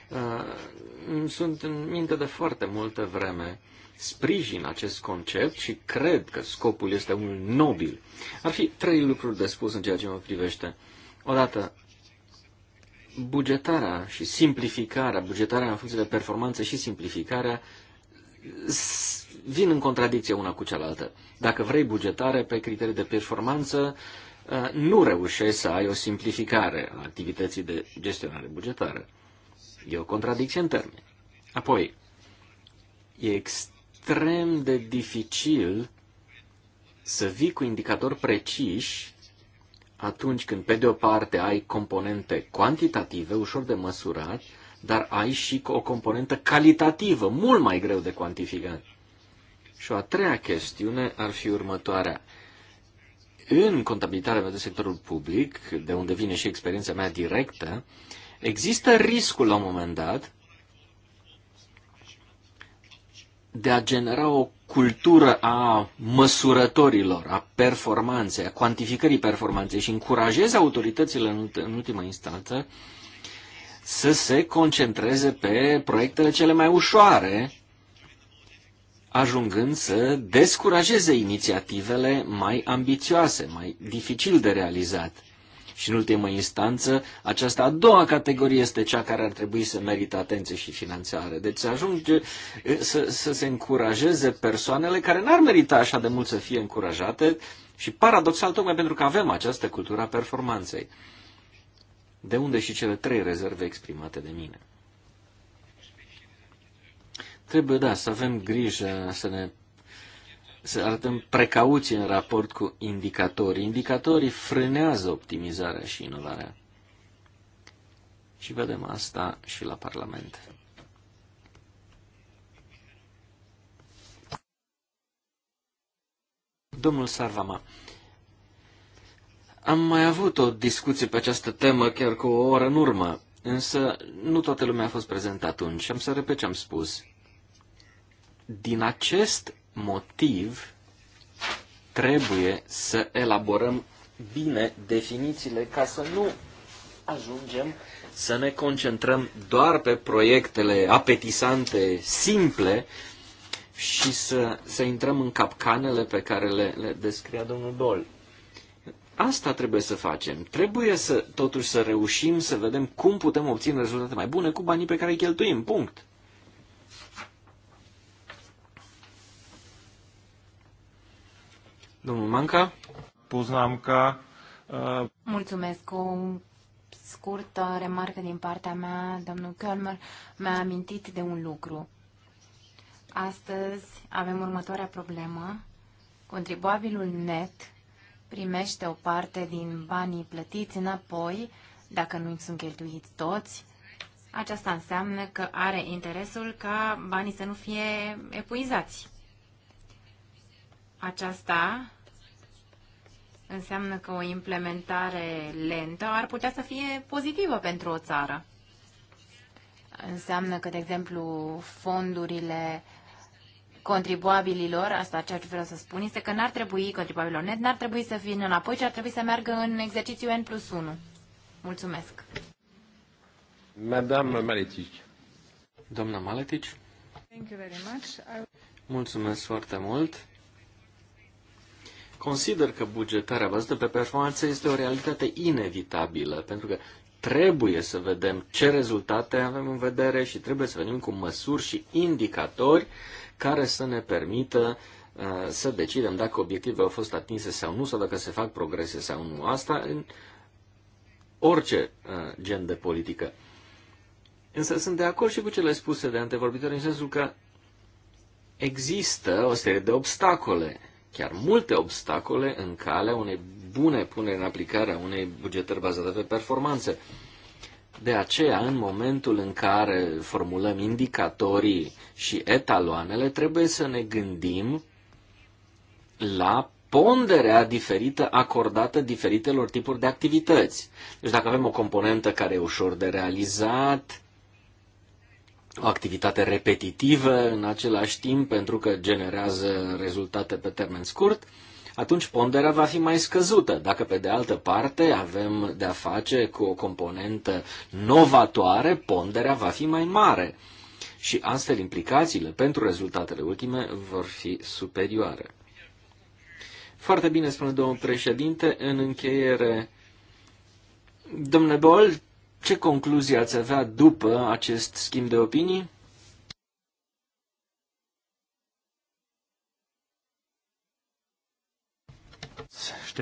uh, sunt în minte de foarte multă vreme. Uh, sprijin acest concept și cred că scopul este unul nobil. Ar fi trei lucruri de spus în ceea ce mă privește. Odată, bugetarea și simplificarea, bugetarea în funcție de performanță și simplificarea vin în contradicție una cu cealaltă. Dacă vrei bugetare pe criterii de performanță, uh, nu reușești să ai o simplificare a activității de gestionare bugetară. E o contradicție în termeni. Apoi, e extrem extrem de dificil să vii cu indicatori preciși atunci când, pe de o parte, ai componente cuantitative, ușor de măsurat, dar ai și o componentă calitativă, mult mai greu de cuantificat. Și o a treia chestiune ar fi următoarea. În contabilitatea mea de sectorul public, de unde vine și experiența mea directă, există riscul la un moment dat de a genera o cultură a măsurătorilor, a performanței, a cuantificării performanței și încurajez autoritățile în ultima instanță să se concentreze pe proiectele cele mai ușoare, ajungând să descurajeze inițiativele mai ambițioase, mai dificil de realizat. Și în ultimă instanță, această a doua categorie este cea care ar trebui să merită atenție și finanțare. Deci să ajunge eh, să, să se încurajeze persoanele care n-ar merita așa de mult să fie încurajate și paradoxal tocmai pentru că avem această cultură a performanței. De unde și cele trei rezerve exprimate de mine. Trebuie, da, să avem grijă să ne să arătăm precauție în raport cu indicatorii. Indicatorii frânează optimizarea și inovarea. Și vedem asta și la Parlament. Domnul Sarvama, am mai avut o discuție pe această temă chiar cu o oră în urmă, însă nu toată lumea a fost prezentă atunci. Am să repet ce am spus. Din acest motiv trebuie să elaborăm bine definițiile ca să nu ajungem să ne concentrăm doar pe proiectele apetisante, simple și să, să intrăm în capcanele pe care le, le descria domnul Dol. Asta trebuie să facem. Trebuie să, totuși să reușim să vedem cum putem obține rezultate mai bune cu banii pe care îi cheltuim. Punct. Domnul
Manca. Poznamca.
Mulțumesc. O scurtă remarcă din partea mea, domnul Kölmer, mi-a amintit de un lucru. Astăzi avem următoarea problemă. Contribuabilul net primește o parte din banii plătiți înapoi, dacă nu sunt cheltuiți toți. Aceasta înseamnă că are interesul ca banii să nu fie epuizați. Aceasta înseamnă că o implementare lentă ar putea să fie pozitivă pentru o țară. Înseamnă că, de exemplu, fondurile contribuabililor, asta ceea ce vreau să spun, este că n-ar trebui, contribuabililor net, n-ar trebui să vină înapoi, ci ar trebui să meargă în exercițiu N plus 1. Mulțumesc.
Madame Maletic. Doamna Maletic.
Thank you very much. I...
Mulțumesc foarte mult. Consider că bugetarea bazată pe performanță este o realitate inevitabilă, pentru că trebuie să vedem ce rezultate avem în vedere și trebuie să venim cu măsuri și indicatori care să ne permită uh, să decidem dacă obiectivele au fost atinse sau nu, sau dacă se fac progrese sau nu. Asta în orice uh, gen de politică. Însă sunt de acord și cu cele spuse de antevorbitori în sensul că există o serie de obstacole chiar multe obstacole în calea unei bune puneri în aplicare a unei bugetări bazate pe performanțe. De aceea, în momentul în care formulăm indicatorii și etaloanele, trebuie să ne gândim la ponderea diferită acordată diferitelor tipuri de activități. Deci dacă avem o componentă care e ușor de realizat, o activitate repetitivă în același timp, pentru că generează rezultate pe termen scurt, atunci ponderea va fi mai scăzută. Dacă, pe de altă parte, avem de-a face cu o componentă novatoare, ponderea va fi mai mare și astfel implicațiile pentru rezultatele ultime vor fi superioare. Foarte bine, spune domnul președinte, în încheiere. Domnule Bol, ce concluzie ați avea după acest schimb de opinii?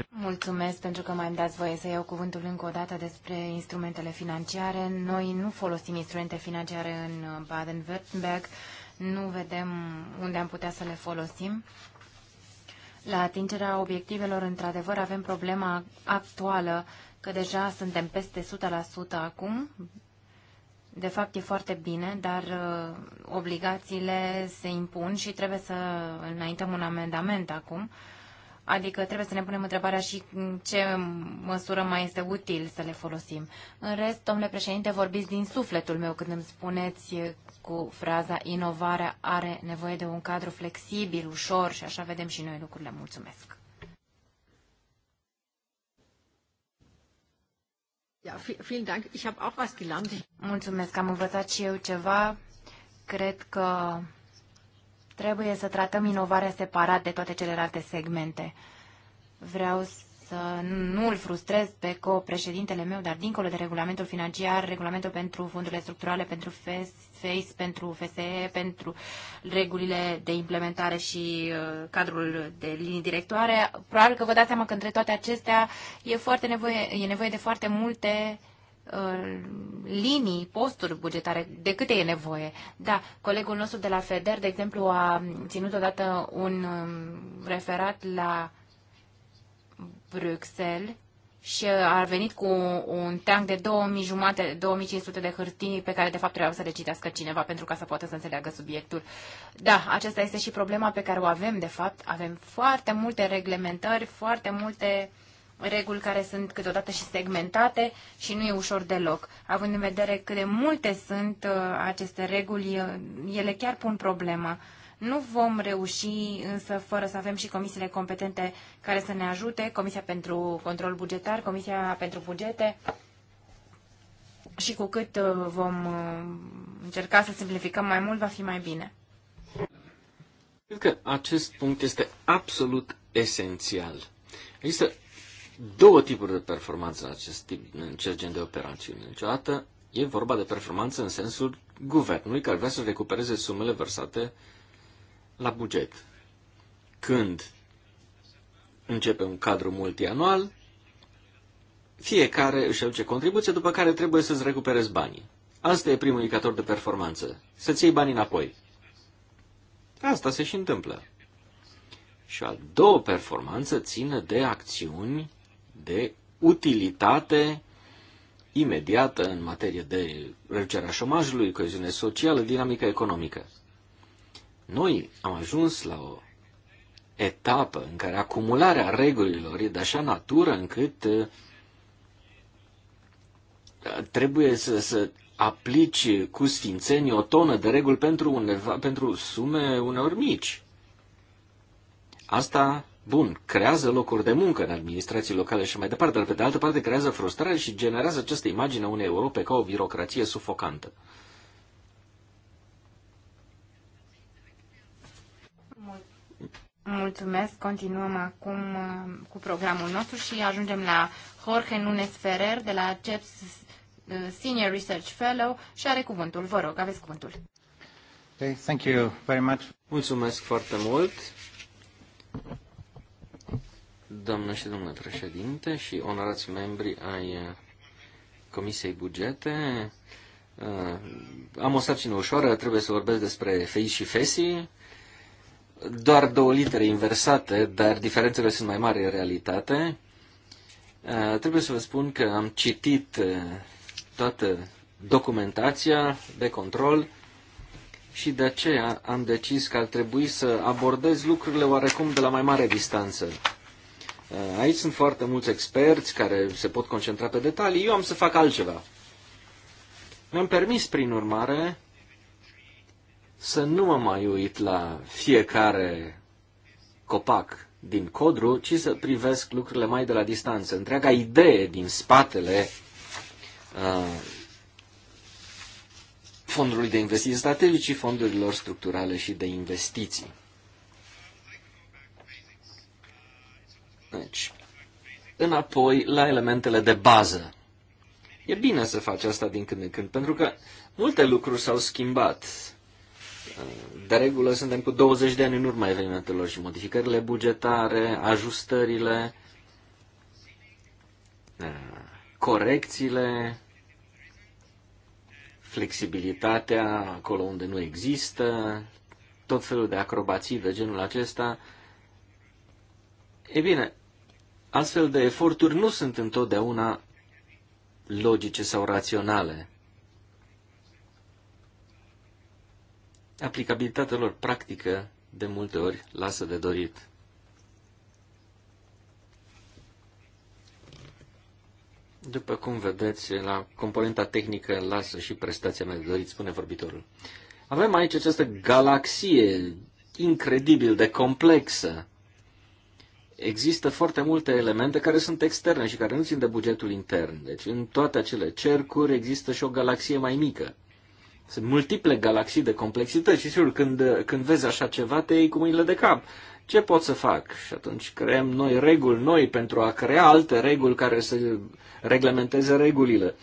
Mulțumesc pentru că mai am dat voie să iau cuvântul încă o dată despre instrumentele financiare. Noi nu folosim instrumente financiare în Baden-Württemberg, nu vedem unde am putea să le folosim. La atingerea obiectivelor, într-adevăr, avem problema actuală că deja suntem peste 100% acum. De fapt, e foarte bine, dar uh, obligațiile se impun și trebuie să înaintăm un amendament acum. Adică trebuie să ne punem întrebarea și ce măsură mai este util să le folosim. În rest, domnule președinte, vorbiți din sufletul meu când îmi spuneți cu fraza inovarea are nevoie de un cadru flexibil, ușor și așa vedem și noi lucrurile. Mulțumesc! Mulțumesc, am învățat și eu ceva. Cred că trebuie să tratăm inovarea separat de toate celelalte segmente. Vreau să să nu îl frustrez pe co-președintele meu, dar dincolo de regulamentul financiar, regulamentul pentru fondurile structurale, pentru FACE, pentru FSE, pentru regulile de implementare și uh, cadrul de linii directoare, probabil că vă dați seama că între toate acestea e, foarte nevoie, e nevoie de foarte multe uh, linii, posturi bugetare, de câte e nevoie. Da, colegul nostru de la FEDER, de exemplu, a ținut odată un um, referat la Bruxelles și uh, a venit cu un teanc de 2000 jumate, 2500 de hârtii pe care de fapt trebuia să le citească cineva pentru ca să poată să înțeleagă subiectul. Da, aceasta este și problema pe care o avem de fapt. Avem foarte multe reglementări, foarte multe reguli care sunt câteodată și segmentate și nu e ușor deloc. Având în vedere cât de multe sunt uh, aceste reguli, uh, ele chiar pun problema. Nu vom reuși însă fără să avem și comisiile competente care să ne ajute, Comisia pentru Control Bugetar, Comisia pentru Bugete și cu cât uh, vom uh, încerca să simplificăm mai mult, va fi mai bine.
Cred că acest punct este absolut esențial. Există două tipuri de performanță în acest tip, în acest gen de operațiuni. Niciodată e vorba de performanță în sensul guvernului care vrea să recupereze sumele versate la buget. Când începe un cadru multianual, fiecare își aduce contribuție, după care trebuie să-ți recuperezi banii. Asta e primul indicator de performanță. Să-ți iei banii înapoi. Asta se și întâmplă. Și a doua performanță ține de acțiuni de utilitate imediată în materie de reducerea șomajului, coeziune socială, dinamică economică. Noi am ajuns la o etapă în care acumularea regulilor e de așa natură încât uh, trebuie să, să aplici cu sfințenie o tonă de reguli pentru, undeva, pentru sume uneori mici. Asta, bun, creează locuri de muncă în administrații locale și mai departe, dar pe de altă parte creează frustrare și generează această imagine a unei Europe ca o birocrație sufocantă.
Mulțumesc. Continuăm acum uh, cu programul nostru și ajungem la Jorge Nunes Ferrer de la CEPS uh, Senior Research Fellow și are cuvântul. Vă rog, aveți cuvântul.
Okay, thank you very much. Mulțumesc foarte mult. Doamnă și domnule președinte și onorați membri ai uh, Comisiei Bugete, am o sarcină ușoară, trebuie să vorbesc despre FEI și FESI doar două litere inversate, dar diferențele sunt mai mari în realitate. Uh, trebuie să vă spun că am citit uh, toată documentația de control și de aceea am decis că ar trebui să abordez lucrurile oarecum de la mai mare distanță. Uh, aici sunt foarte mulți experți care se pot concentra pe detalii, eu am să fac altceva. Mi-am permis, prin urmare, să nu mă mai uit la fiecare copac din codru, ci să privesc lucrurile mai de la distanță. Întreaga idee din spatele uh, fondului de investiții strategici și fondurilor structurale și de investiții. Deci, înapoi la elementele de bază. E bine să faci asta din când în când, pentru că multe lucruri s-au schimbat de regulă suntem cu 20 de ani în urma evenimentelor și modificările bugetare, ajustările, eh, corecțiile, flexibilitatea acolo unde nu există, tot felul de acrobații de genul acesta. E bine, astfel de eforturi nu sunt întotdeauna logice sau raționale. aplicabilitatea lor practică de multe ori lasă de dorit. După cum vedeți, la componenta tehnică lasă și prestația mea de dorit, spune vorbitorul. Avem aici această galaxie incredibil de complexă. Există foarte multe elemente care sunt externe și care nu țin de bugetul intern. Deci în toate acele cercuri există și o galaxie mai mică. Sunt multiple galaxii de complexități și sigur când, când vezi așa ceva te iei cu mâinile de cap. Ce pot să fac? Și atunci creăm noi reguli noi pentru a crea alte reguli care să reglementeze regulile.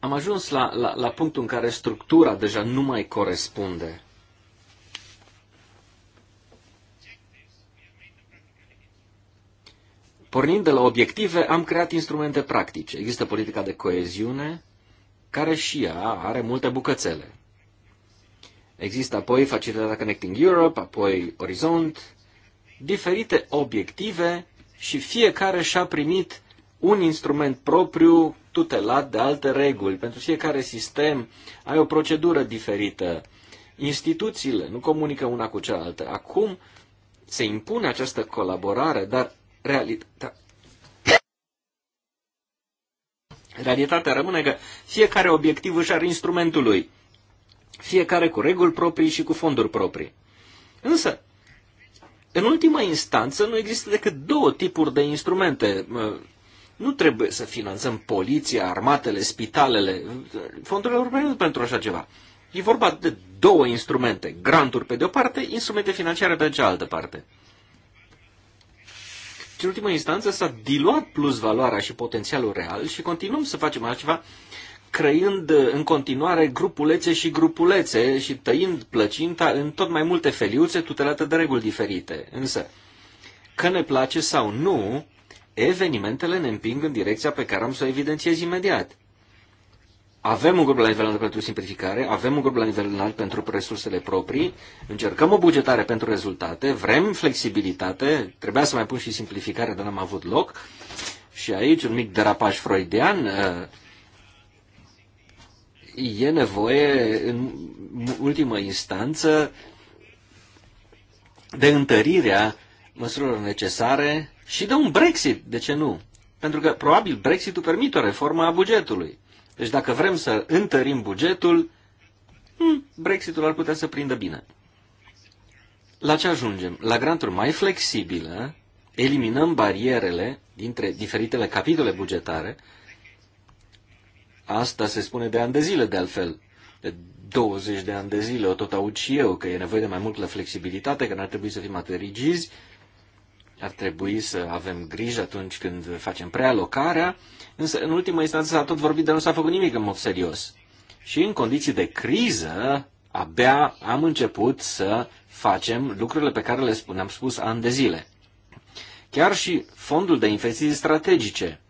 Am ajuns la, la, la punctul în care structura deja nu mai corespunde. Pornind de la obiective, am creat instrumente practice. Există politica de coeziune, care și ea are multe bucățele. Există apoi facilitatea Connecting Europe, apoi Orizont, diferite obiective și fiecare și-a primit un instrument propriu tutelat de alte reguli. Pentru fiecare sistem ai o procedură diferită. Instituțiile nu comunică una cu cealaltă. Acum se impune această colaborare, dar realitatea Realitatea rămâne că fiecare obiectiv își are instrumentul lui, fiecare cu reguli proprii și cu fonduri proprii. Însă, în ultima instanță, nu există decât două tipuri de instrumente. Nu trebuie să finanțăm poliția, armatele, spitalele, fondurile europene pentru așa ceva. E vorba de două instrumente, granturi pe de o parte, instrumente financiare pe de cealaltă parte în ultimă instanță s-a diluat plus valoarea și potențialul real și continuăm să facem altceva creând în continuare grupulețe și grupulețe și tăind plăcinta în tot mai multe feliuțe tutelate de reguli diferite. Însă, că ne place sau nu, evenimentele ne împing în direcția pe care am să o evidențiez imediat. Avem un grup la nivel înalt pentru simplificare, avem un grup la nivel înalt pentru resursele proprii, încercăm o bugetare pentru rezultate, vrem flexibilitate, trebuia să mai pun și simplificare, dar n-am avut loc. Și aici un mic derapaj freudian, uh, e nevoie în ultimă instanță de întărirea măsurilor necesare și de un Brexit, de ce nu? Pentru că probabil Brexitul permite o reformă a bugetului. Deci dacă vrem să întărim bugetul, hmm, Brexitul ar putea să prindă bine. La ce ajungem? La granturi mai flexibile, eliminăm barierele dintre diferitele capitole bugetare. Asta se spune de ani de zile, de altfel. De 20 de ani de zile o tot aud și eu, că e nevoie de mai multă flexibilitate, că n-ar trebui să fim atât rigizi, ar trebui să avem grijă atunci când facem prealocarea Însă, în ultima instanță s-a tot vorbit, dar nu s-a făcut nimic în mod serios. Și în condiții de criză, abia am început să facem lucrurile pe care le spuneam spus ani de zile. Chiar și fondul de investiții strategice.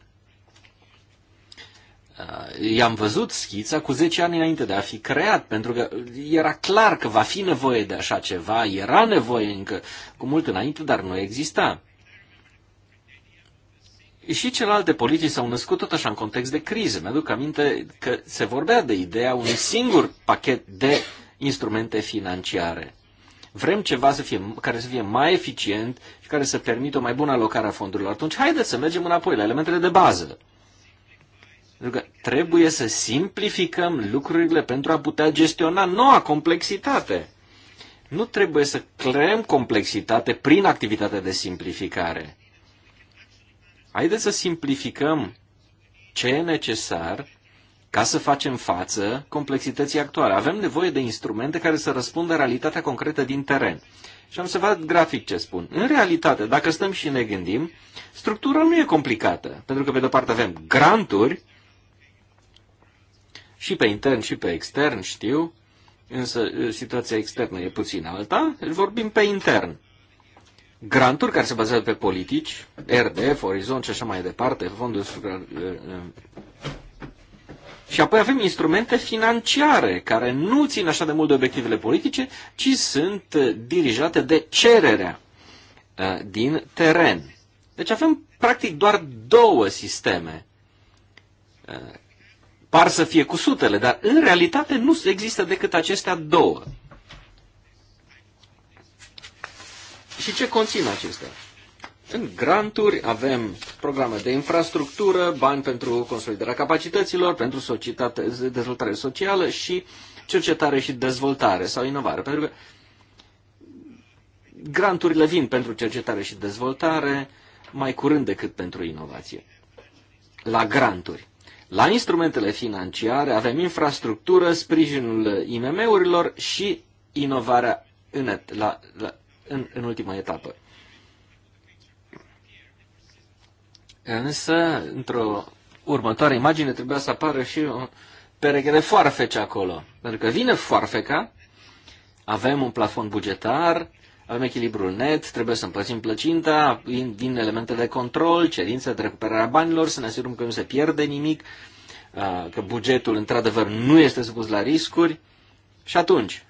Uh, i-am văzut schița cu 10 ani înainte de a fi creat, pentru că era clar că va fi nevoie de așa ceva, era nevoie încă cu mult înainte, dar nu exista. Și celelalte politici s-au născut tot așa în context de criză. Mi-aduc aminte că se vorbea de ideea unui singur pachet de instrumente financiare. Vrem ceva să fie, care să fie mai eficient și care să permită o mai bună alocare a fondurilor. Atunci haideți să mergem înapoi la elementele de bază. Pentru că trebuie să simplificăm lucrurile pentru a putea gestiona noua complexitate. Nu trebuie să creăm complexitate prin activitatea de simplificare. Haideți să simplificăm ce e necesar ca să facem față complexității actuale. Avem nevoie de instrumente care să răspundă realitatea concretă din teren. Și am să văd grafic ce spun. În realitate, dacă stăm și ne gândim, structura nu e complicată. Pentru că, pe de-o parte, avem granturi, și pe intern și pe extern, știu, însă uh, situația externă e puțin alta, vorbim pe intern granturi care se bazează pe politici, RDF, Orizont și așa mai departe, fonduri eh, eh. și apoi avem instrumente financiare care nu țin așa de mult de obiectivele politice, ci sunt eh, dirijate de cererea din teren. Deci avem practic doar două sisteme. Par să fie cu sutele, dar în realitate nu există decât acestea două. Și ce conțin acestea? În granturi avem programe de infrastructură, bani pentru consolidarea capacităților, pentru societate, dezvoltare socială și cercetare și dezvoltare sau inovare. Pentru că granturile vin pentru cercetare și dezvoltare mai curând decât pentru inovație. La granturi. La instrumentele financiare avem infrastructură, sprijinul IMM-urilor și inovarea în, la, la, în, în ultima etapă. Însă, într-o următoare imagine trebuia să apară și o pereche de foarfece acolo. Pentru că vine foarfeca, avem un plafon bugetar, avem echilibrul net, trebuie să împărțim plăcinta, vin elemente de control, cerințe de recuperare a banilor, să ne asigurăm că nu se pierde nimic, că bugetul într-adevăr nu este supus la riscuri. Și atunci,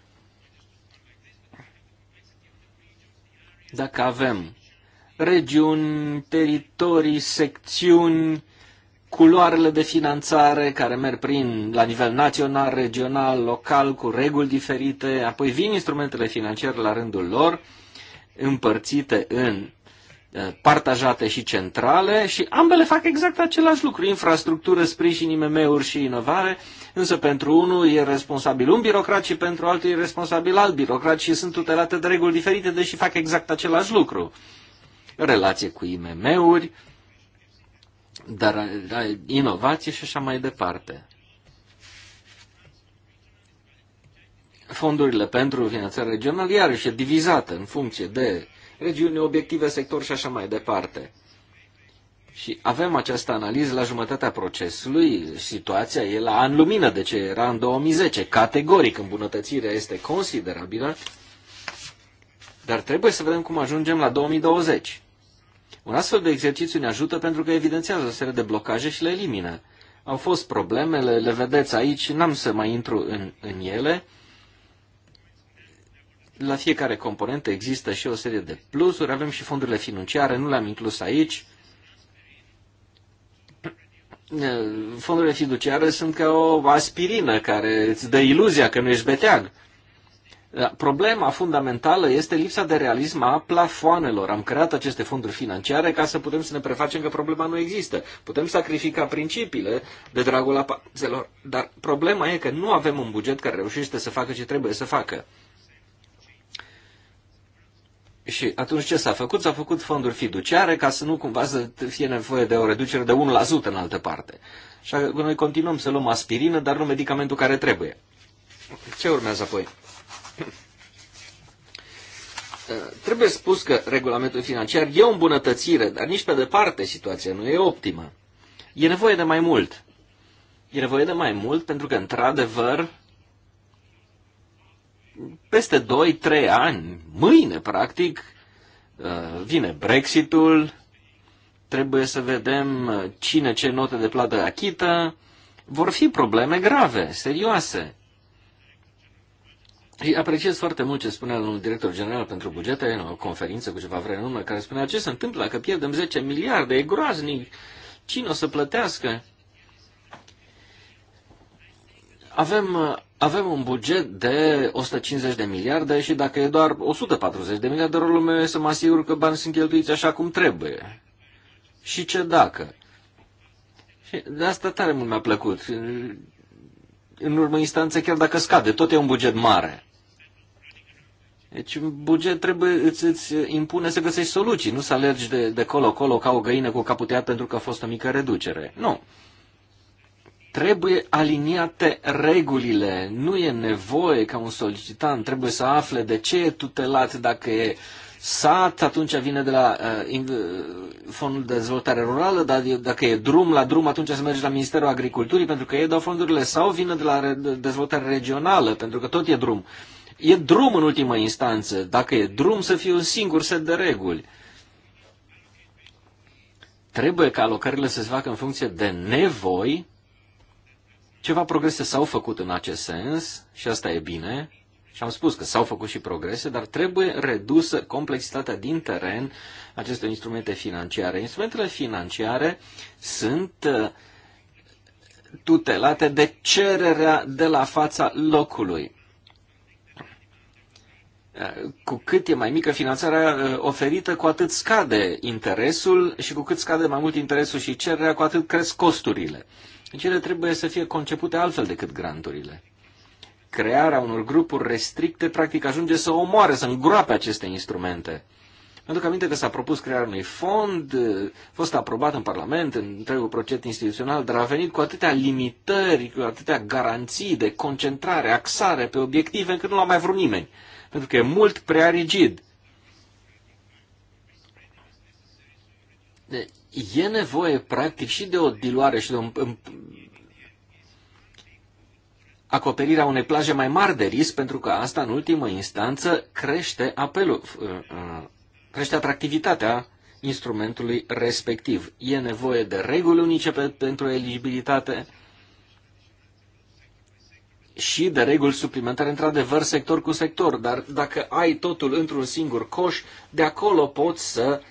Dacă avem regiuni, teritorii, secțiuni, culoarele de finanțare care merg prin la nivel național, regional, local, cu reguli diferite, apoi vin instrumentele financiare la rândul lor, împărțite în partajate și centrale și ambele fac exact același lucru, infrastructură, sprijin, IMM-uri și inovare, însă pentru unul e responsabil un birocrat și pentru altul e responsabil alt birocrat și sunt tutelate de reguli diferite, deși fac exact același lucru. Relație cu IMM-uri, dar inovație și așa mai departe. Fondurile pentru finanțare regională iarăși e divizată în funcție de regiuni, obiective, sector și așa mai departe. Și avem această analiză la jumătatea procesului, situația e la an lumină de ce era în 2010, categoric îmbunătățirea este considerabilă, dar trebuie să vedem cum ajungem la 2020. Un astfel de exercițiu ne ajută pentru că evidențiază o serie de blocaje și le elimină. Au fost problemele, le vedeți aici, n-am să mai intru în, în ele, la fiecare componentă există și o serie de plusuri, avem și fondurile financiare, nu le-am inclus aici. Fondurile fiduciare sunt ca o aspirină care îți dă iluzia că nu ești beteag. Problema fundamentală este lipsa de realism a plafoanelor. Am creat aceste fonduri financiare ca să putem să ne prefacem că problema nu există. Putem sacrifica principiile de dragul apațelor, dar problema e că nu avem un buget care reușește să facă ce trebuie să facă. Și atunci ce s-a făcut? s a făcut fonduri fiduciare ca să nu cumva să fie nevoie de o reducere de 1% în altă parte. Și noi continuăm să luăm aspirină, dar nu medicamentul care trebuie. Ce urmează apoi? Trebuie spus că regulamentul financiar e o îmbunătățire, dar nici pe departe situația nu e optimă. E nevoie de mai mult. E nevoie de mai mult pentru că, într-adevăr, peste 2-3 ani, mâine practic, uh, vine Brexitul, trebuie să vedem uh, cine ce note de plată achită, vor fi probleme grave, serioase. Și apreciez foarte mult ce spunea un director general pentru bugete în o conferință cu ceva vreme în urmă, care spunea ce se întâmplă dacă pierdem 10 miliarde, e groaznic, cine o să plătească? Avem uh, avem un buget de 150 de miliarde și dacă e doar 140 de miliarde, rolul meu e să mă asigur că banii sunt cheltuiți așa cum trebuie. Și ce dacă? Și de asta tare mult mi-a plăcut. În urmă instanță, chiar dacă scade, tot e un buget mare. Deci un buget trebuie, îți, îți impune să găsești soluții, nu să alergi de, de colo-colo ca o găină cu capul tăiat pentru că a fost o mică reducere. Nu. Trebuie aliniate regulile. Nu e nevoie ca un solicitant trebuie să afle de ce e tutelat, dacă e sat, atunci vine de la uh, uh Fondul de Dezvoltare Rurală, dar dacă e drum, la drum, atunci se merge la Ministerul Agriculturii, pentru că ei dau fondurile, sau vine de la dezvoltare regională, pentru că tot e drum. E drum în ultimă instanță. Dacă e drum, să fie un singur set de reguli. Trebuie ca alocările să se facă în funcție de nevoi ceva progrese s-au făcut în acest sens și asta e bine. Și am spus că s-au făcut și progrese, dar trebuie redusă complexitatea din teren acestor instrumente financiare. Instrumentele financiare sunt uh, tutelate de cererea de la fața locului uh, cu cât e mai mică finanțarea uh, oferită, cu atât scade interesul și cu cât scade mai mult interesul și cererea, cu atât cresc costurile. Deci ele trebuie să fie concepute altfel decât granturile. Crearea unor grupuri restricte practic ajunge să omoare, să îngroape aceste instrumente. Mi-aduc aminte că s-a propus crearea unui fond, a fost aprobat în Parlament, în întregul proces instituțional, dar a venit cu atâtea limitări, cu atâtea garanții de concentrare, axare pe obiective, încât nu l-a mai vrut nimeni. Pentru că e mult prea rigid e nevoie practic și de o diluare și de un, acoperirea unei plaje mai mari de risc, pentru că asta, în ultimă instanță, crește apelul, uh, uh, crește atractivitatea instrumentului respectiv. E nevoie de reguli unice pe, pentru eligibilitate și de reguli suplimentare, într-adevăr, sector cu sector, dar dacă ai totul într-un singur coș, de acolo poți să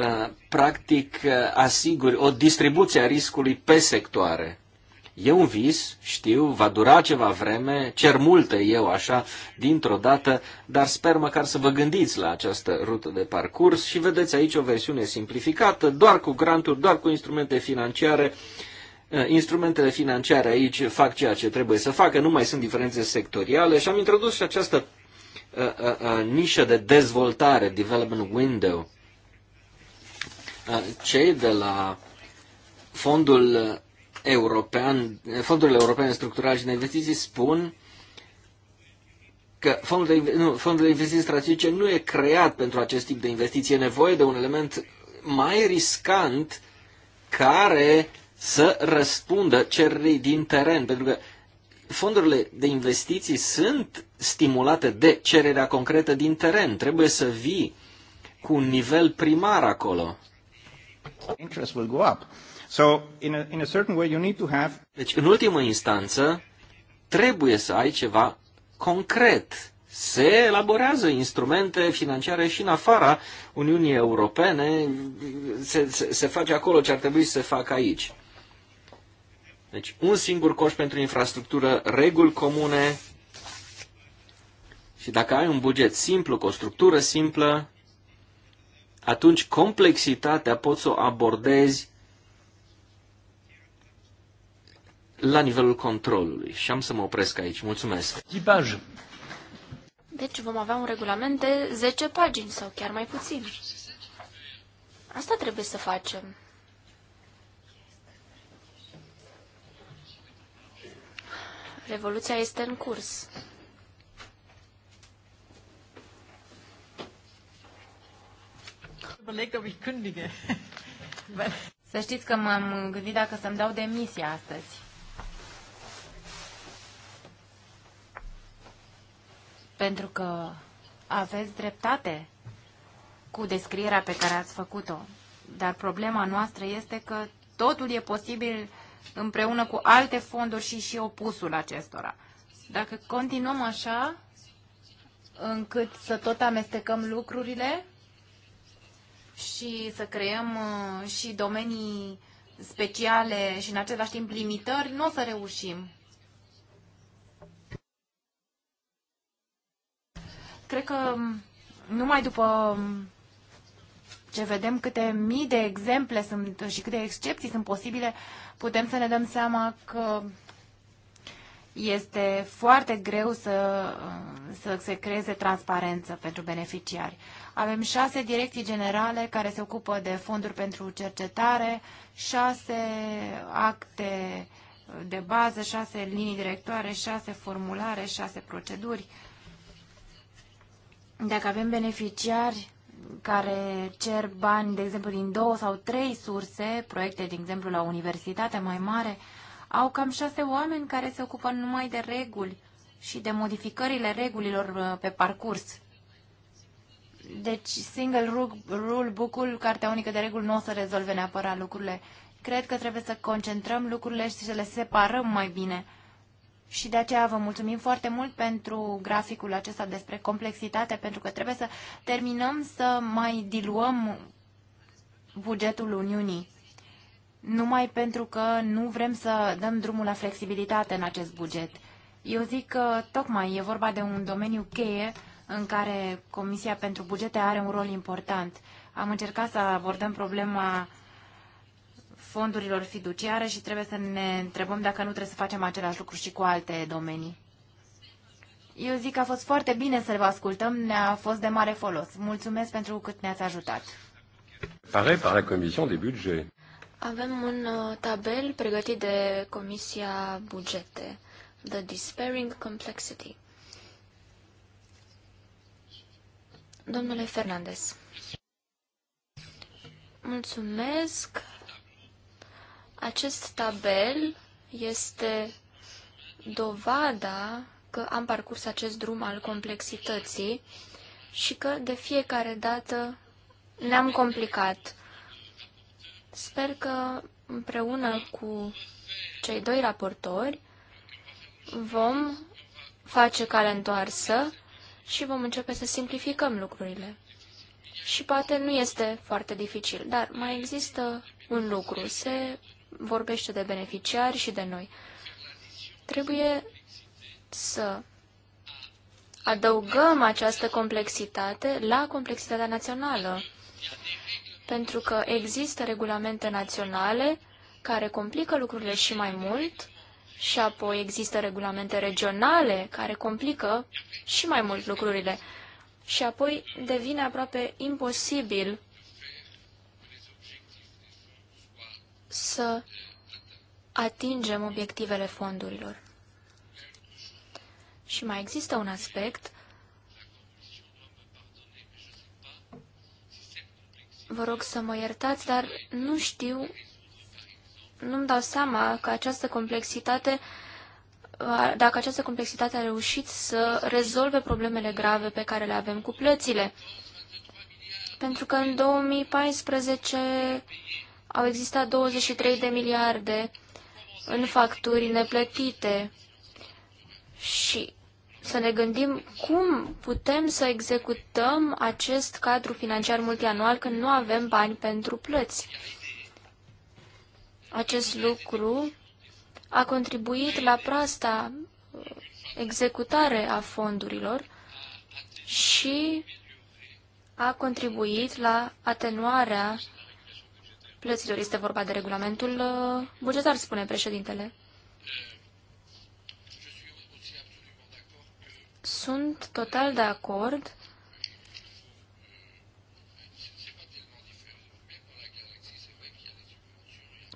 Uh, practic uh, asiguri o distribuție a riscului pe sectoare. E un vis, știu, va dura ceva vreme, cer multe eu așa, dintr-o dată, dar sper măcar să vă gândiți la această rută de parcurs și vedeți aici o versiune simplificată, doar cu granturi, doar cu instrumente financiare. Uh, instrumentele financiare aici fac ceea ce trebuie să facă, nu mai sunt diferențe sectoriale și am introdus și această a, a, a, nișă de dezvoltare, development window cei de la Fondul European, Fondurile Europene Structurale și de Investiții spun că fondul de, nu, fondul de investiții strategice nu e creat pentru acest tip de investiții E nevoie de un element mai riscant care să răspundă cererii din teren, pentru că fondurile de investiții sunt stimulate de cererea concretă din teren. Trebuie să vii cu un nivel primar acolo. Interest will go up. So, in a, in a certain way, you need to have... Deci, în ultimă instanță, trebuie să ai ceva concret. Se elaborează instrumente financiare și în afara Uniunii Europene, se, se, se face acolo ce ar trebui să se facă aici. Deci, un singur coș pentru infrastructură, reguli comune și dacă ai un buget simplu, cu o structură simplă, atunci complexitatea poți să o abordezi la nivelul controlului. Și am să mă opresc aici. Mulțumesc. Tipaj.
Deci vom avea un regulament de 10 pagini sau chiar mai puțin. Asta trebuie să facem. Revoluția este în curs.
überlegt, ob ich kündige.
Să știți că m-am gândit dacă să-mi dau demisia astăzi. Pentru că aveți dreptate cu descrierea pe care ați făcut-o. Dar problema noastră este că totul e posibil împreună cu alte fonduri și și opusul acestora. Dacă continuăm așa, încât să tot amestecăm lucrurile, și să creăm uh, și domenii speciale și în același timp limitări, nu o să reușim. Cred că um, numai după um, ce vedem câte mii de exemple sunt și câte excepții sunt posibile, putem să ne dăm seama că este foarte greu să, să se creeze transparență pentru beneficiari. Avem șase direcții generale care se ocupă de fonduri pentru cercetare, șase acte de bază, șase linii directoare, șase formulare, șase proceduri. Dacă avem beneficiari care cer bani, de exemplu, din două sau trei surse, proiecte, de exemplu, la o universitate mai mare, au cam șase oameni care se ocupă numai de reguli și de modificările regulilor uh, pe parcurs. Deci, single rule book-ul, cartea unică de reguli, nu o să rezolve neapărat lucrurile. Cred că trebuie să concentrăm lucrurile și să le separăm mai bine. Și de aceea vă mulțumim foarte mult pentru graficul acesta despre complexitate, pentru că trebuie să terminăm să mai diluăm bugetul Uniunii numai pentru că nu vrem să dăm drumul la flexibilitate în acest buget. Eu zic că tocmai e vorba de un domeniu cheie în care Comisia pentru Bugete are un rol important. Am încercat să abordăm problema fondurilor fiduciare și trebuie să ne întrebăm dacă nu trebuie să facem același lucru și cu alte domenii. Eu zic că a fost foarte bine să vă ascultăm, ne-a fost de mare folos. Mulțumesc pentru cât ne-ați ajutat.
Pare par la Comision des
avem un uh, tabel pregătit de Comisia Bugete, The Despairing Complexity. Domnule Fernandez. Mulțumesc. Acest tabel este dovada că am parcurs acest drum al complexității și că de fiecare dată ne-am complicat. Sper că împreună cu cei doi raportori vom face cale întoarsă și vom începe să simplificăm lucrurile. Și poate nu este foarte dificil, dar mai există un lucru. Se vorbește de beneficiari și de noi. Trebuie să adăugăm această complexitate la complexitatea națională pentru că există regulamente naționale care complică lucrurile și mai mult și apoi există regulamente regionale care complică și mai mult lucrurile și apoi devine aproape imposibil să atingem obiectivele fondurilor. Și mai există un aspect Vă rog să mă iertați, dar nu știu, nu-mi dau seama că această complexitate, dacă această complexitate a reușit să rezolve problemele grave pe care le avem cu plățile. Pentru că în 2014 au existat 23 de miliarde în facturi neplătite și să ne gândim cum putem să executăm acest cadru financiar multianual când nu avem bani pentru plăți. Acest lucru a contribuit la proasta uh, executare a fondurilor și a contribuit la atenuarea plăților. Este vorba de regulamentul uh, bugetar, spune președintele. Sunt total de acord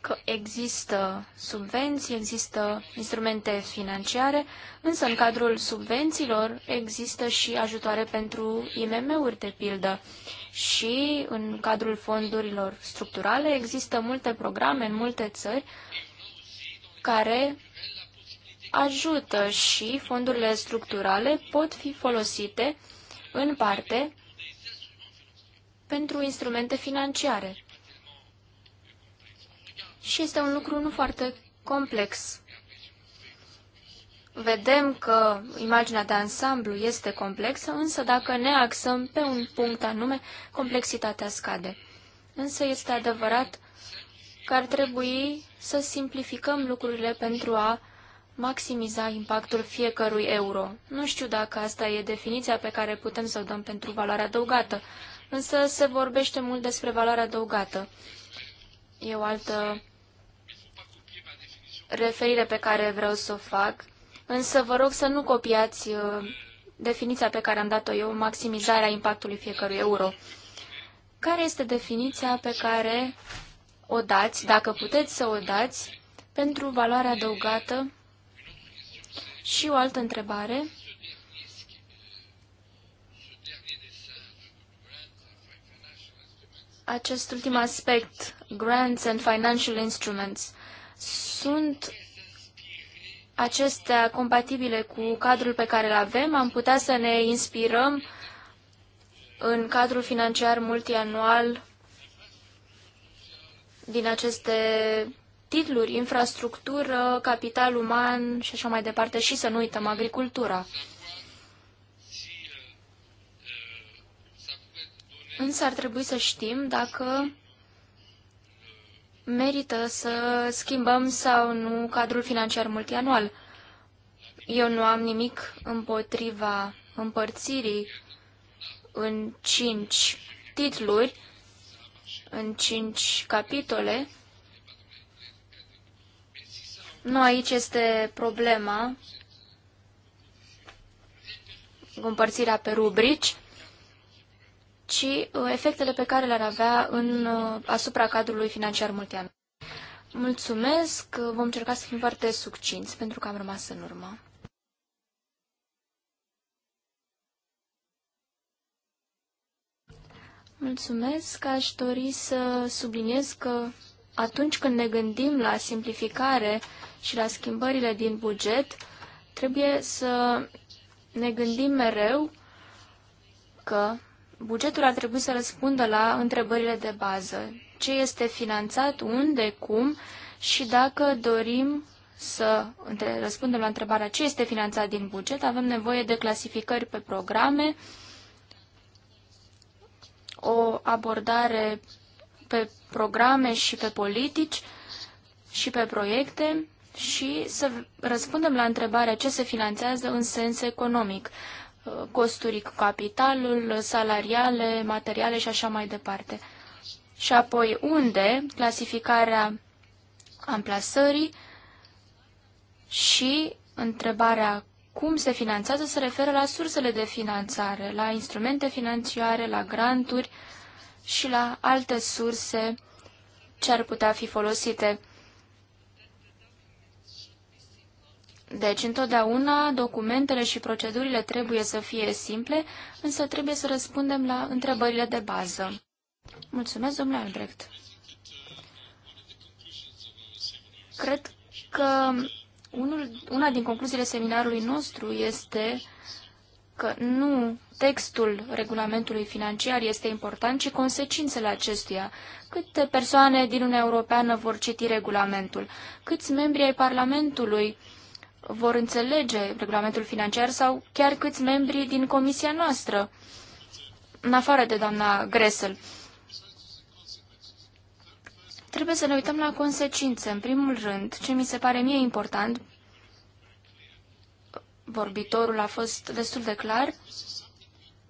că există subvenții, există instrumente financiare, însă în cadrul subvențiilor există și ajutoare pentru IMM-uri, de pildă. Și în cadrul fondurilor structurale există multe programe în multe țări care ajută și fondurile structurale pot fi folosite în parte pentru instrumente financiare. Și este un lucru nu foarte complex. Vedem că imaginea de ansamblu este complexă, însă dacă ne axăm pe un punct anume, complexitatea scade. Însă este adevărat că ar trebui să simplificăm lucrurile pentru a maximiza impactul fiecărui euro. Nu știu dacă asta e definiția pe care putem să o dăm pentru valoarea adăugată, însă se vorbește mult despre valoarea adăugată. E o altă referire pe care vreau să o fac, însă vă rog să nu copiați uh, definiția pe care am dat-o eu, maximizarea impactului fiecărui euro. Care este definiția pe care o dați, dacă puteți să o dați, pentru valoarea adăugată și o altă întrebare. Acest ultim aspect, grants and financial instruments, sunt acestea compatibile cu cadrul pe care îl avem? Am putea să ne inspirăm în cadrul financiar multianual din aceste titluri, infrastructură, capital uman și așa mai departe, și să nu uităm agricultura. Însă ar trebui să știm dacă merită să schimbăm sau nu cadrul financiar multianual. Eu nu am nimic împotriva împărțirii în cinci titluri, în cinci capitole, nu aici este problema împărțirea pe rubrici, ci uh, efectele pe care le-ar avea în, uh, asupra cadrului financiar multian. Mulțumesc, uh, vom încerca să fim foarte succinți, pentru că am rămas în urmă. Mulțumesc, aș dori să subliniez că atunci când ne gândim la simplificare și la schimbările din buget, trebuie să ne gândim mereu că bugetul ar trebui să răspundă la întrebările de bază. Ce este finanțat, unde, cum și dacă dorim să răspundem la întrebarea ce este finanțat din buget, avem nevoie de clasificări pe programe, o abordare pe programe și pe politici și pe proiecte și să răspundem la întrebarea ce se finanțează în sens economic, costuri cu capitalul, salariale, materiale și așa mai departe. Și apoi unde clasificarea amplasării și întrebarea cum se finanțează se referă la sursele de finanțare, la instrumente financiare, la granturi, și la alte surse ce ar putea fi folosite. Deci, întotdeauna, documentele și procedurile trebuie să fie simple, însă trebuie să răspundem la întrebările de bază. Mulțumesc, domnule Albrecht. Cred că unul, una din concluziile seminarului nostru este că nu textul regulamentului financiar este important, ci consecințele acestuia. Câte persoane din Uniunea Europeană vor citi regulamentul? Câți membri ai Parlamentului vor înțelege regulamentul financiar sau chiar câți membri din comisia noastră, în afară de doamna Gresel? Trebuie să ne uităm la consecințe. În primul rând, ce mi se pare mie important, vorbitorul a fost destul de clar.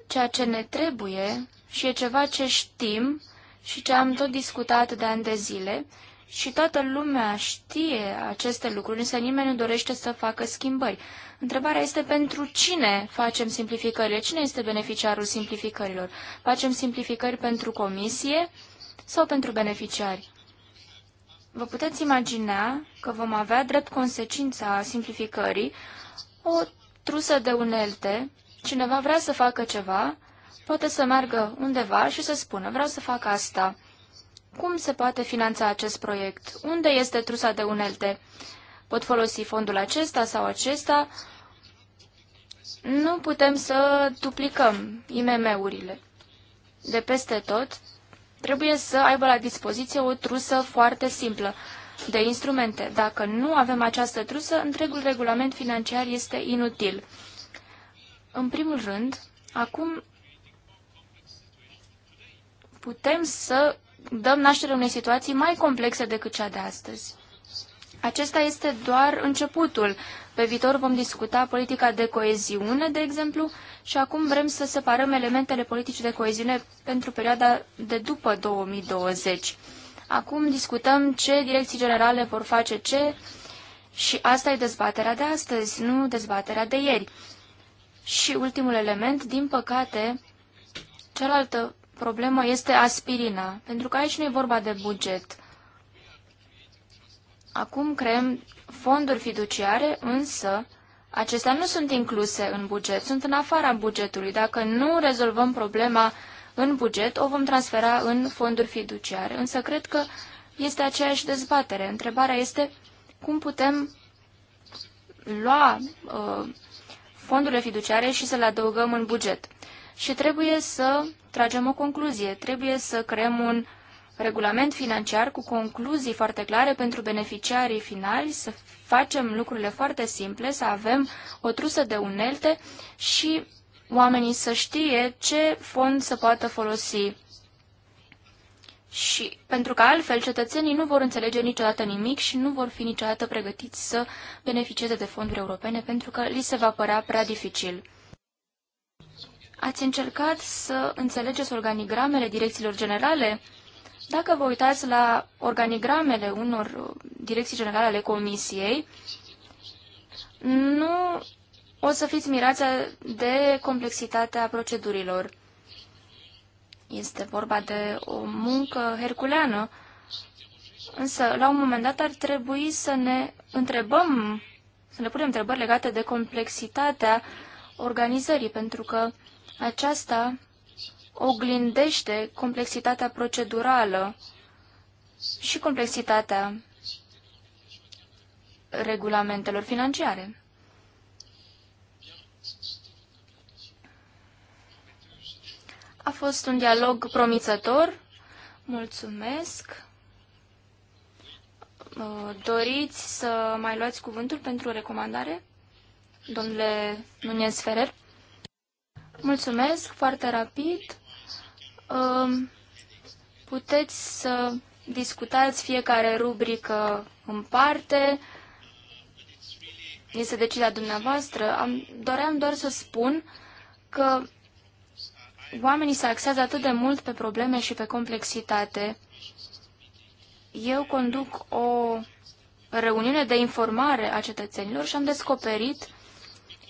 Ceea ce ne trebuie și e ceva ce știm și ce am tot discutat de ani de zile și toată lumea știe aceste lucruri, însă nimeni nu dorește să facă schimbări. Întrebarea este pentru cine facem simplificările, cine este beneficiarul simplificărilor. Facem simplificări pentru comisie sau pentru beneficiari? Vă puteți imagina că vom avea drept consecința simplificării o trusă de unelte, cineva vrea să facă ceva, poate să meargă undeva și să spună vreau să fac asta. Cum se poate finanța acest proiect? Unde este trusa de unelte? Pot folosi fondul acesta sau acesta? Nu putem să duplicăm IMM-urile. De peste tot, trebuie să aibă la dispoziție o trusă foarte simplă de instrumente. Dacă nu avem această trusă, întregul regulament financiar este inutil. În primul rând, acum putem să dăm naștere unei situații mai complexe decât cea de astăzi. Acesta este doar începutul. Pe viitor vom discuta politica de coeziune, de exemplu, și acum vrem să separăm elementele politice de coeziune pentru perioada de după 2020. Acum discutăm ce direcții generale vor face ce și asta e dezbaterea de astăzi, nu dezbaterea de ieri. Și ultimul element, din păcate, cealaltă problemă este aspirina, pentru că aici nu e vorba de buget. Acum creăm fonduri fiduciare, însă acestea nu sunt incluse în buget, sunt în afara bugetului. Dacă nu rezolvăm problema în buget, o vom transfera în fonduri fiduciare. Însă cred că este aceeași dezbatere. Întrebarea este cum putem lua uh, fondurile fiduciare și să le adăugăm în buget. Și trebuie să tragem o concluzie, trebuie să creăm un regulament financiar cu concluzii foarte clare pentru beneficiarii finali, să facem lucrurile foarte simple, să avem o trusă de unelte și oamenii să știe ce fond să poată folosi. Și pentru că altfel cetățenii nu vor înțelege niciodată nimic și nu vor fi niciodată pregătiți să beneficieze de fonduri europene pentru că li se va părea prea dificil. Ați încercat să înțelegeți organigramele direcțiilor generale? Dacă vă uitați la organigramele unor direcții generale ale Comisiei, nu o să fiți mirați de complexitatea procedurilor. Este vorba de o muncă herculeană, însă la un moment dat ar trebui să ne întrebăm, să ne punem întrebări legate de complexitatea organizării, pentru că aceasta oglindește complexitatea procedurală și complexitatea regulamentelor financiare. A fost un dialog promițător. Mulțumesc. Uh, doriți să mai luați cuvântul pentru recomandare, domnule Nunez Ferrer? Mulțumesc, foarte rapid. Um, puteți să discutați fiecare rubrică în parte. Este decizia dumneavoastră. Am, doream doar să spun că oamenii se axează atât de mult pe probleme și pe complexitate. Eu conduc o reuniune de informare a cetățenilor și am descoperit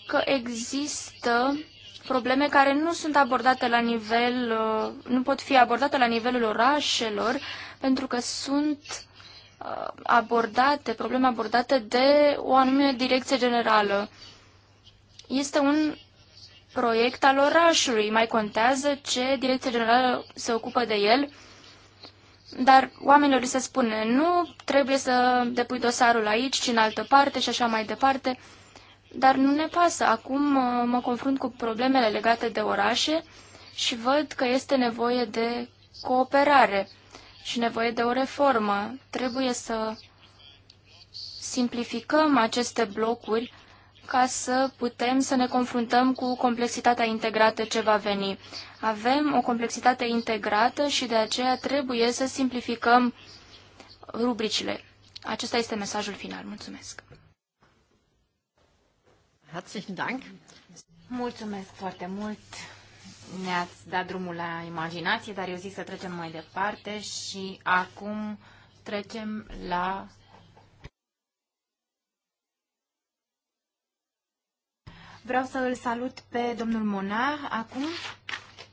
că există probleme care nu sunt abordate la nivel, uh, nu pot fi abordate la nivelul orașelor, pentru că sunt uh, abordate, probleme abordate de o anumită direcție generală. Este un proiect al orașului. Mai contează ce direcția generală se ocupă de el, dar oamenilor se spune nu, trebuie să depui dosarul aici, ci în altă parte și așa mai departe. Dar nu ne pasă. Acum uh, mă confrunt cu problemele legate de orașe și văd că este nevoie de cooperare și nevoie de o reformă. Trebuie să simplificăm aceste blocuri ca să putem să ne confruntăm cu complexitatea integrată ce va veni. Avem o complexitate integrată și de aceea trebuie să simplificăm rubricile. Acesta este mesajul final. Mulțumesc! Mulțumesc foarte
mult! Ne-ați dat drumul la imaginație, dar eu zic să trecem mai departe și acum trecem la Vreau să îl salut pe domnul Monar acum,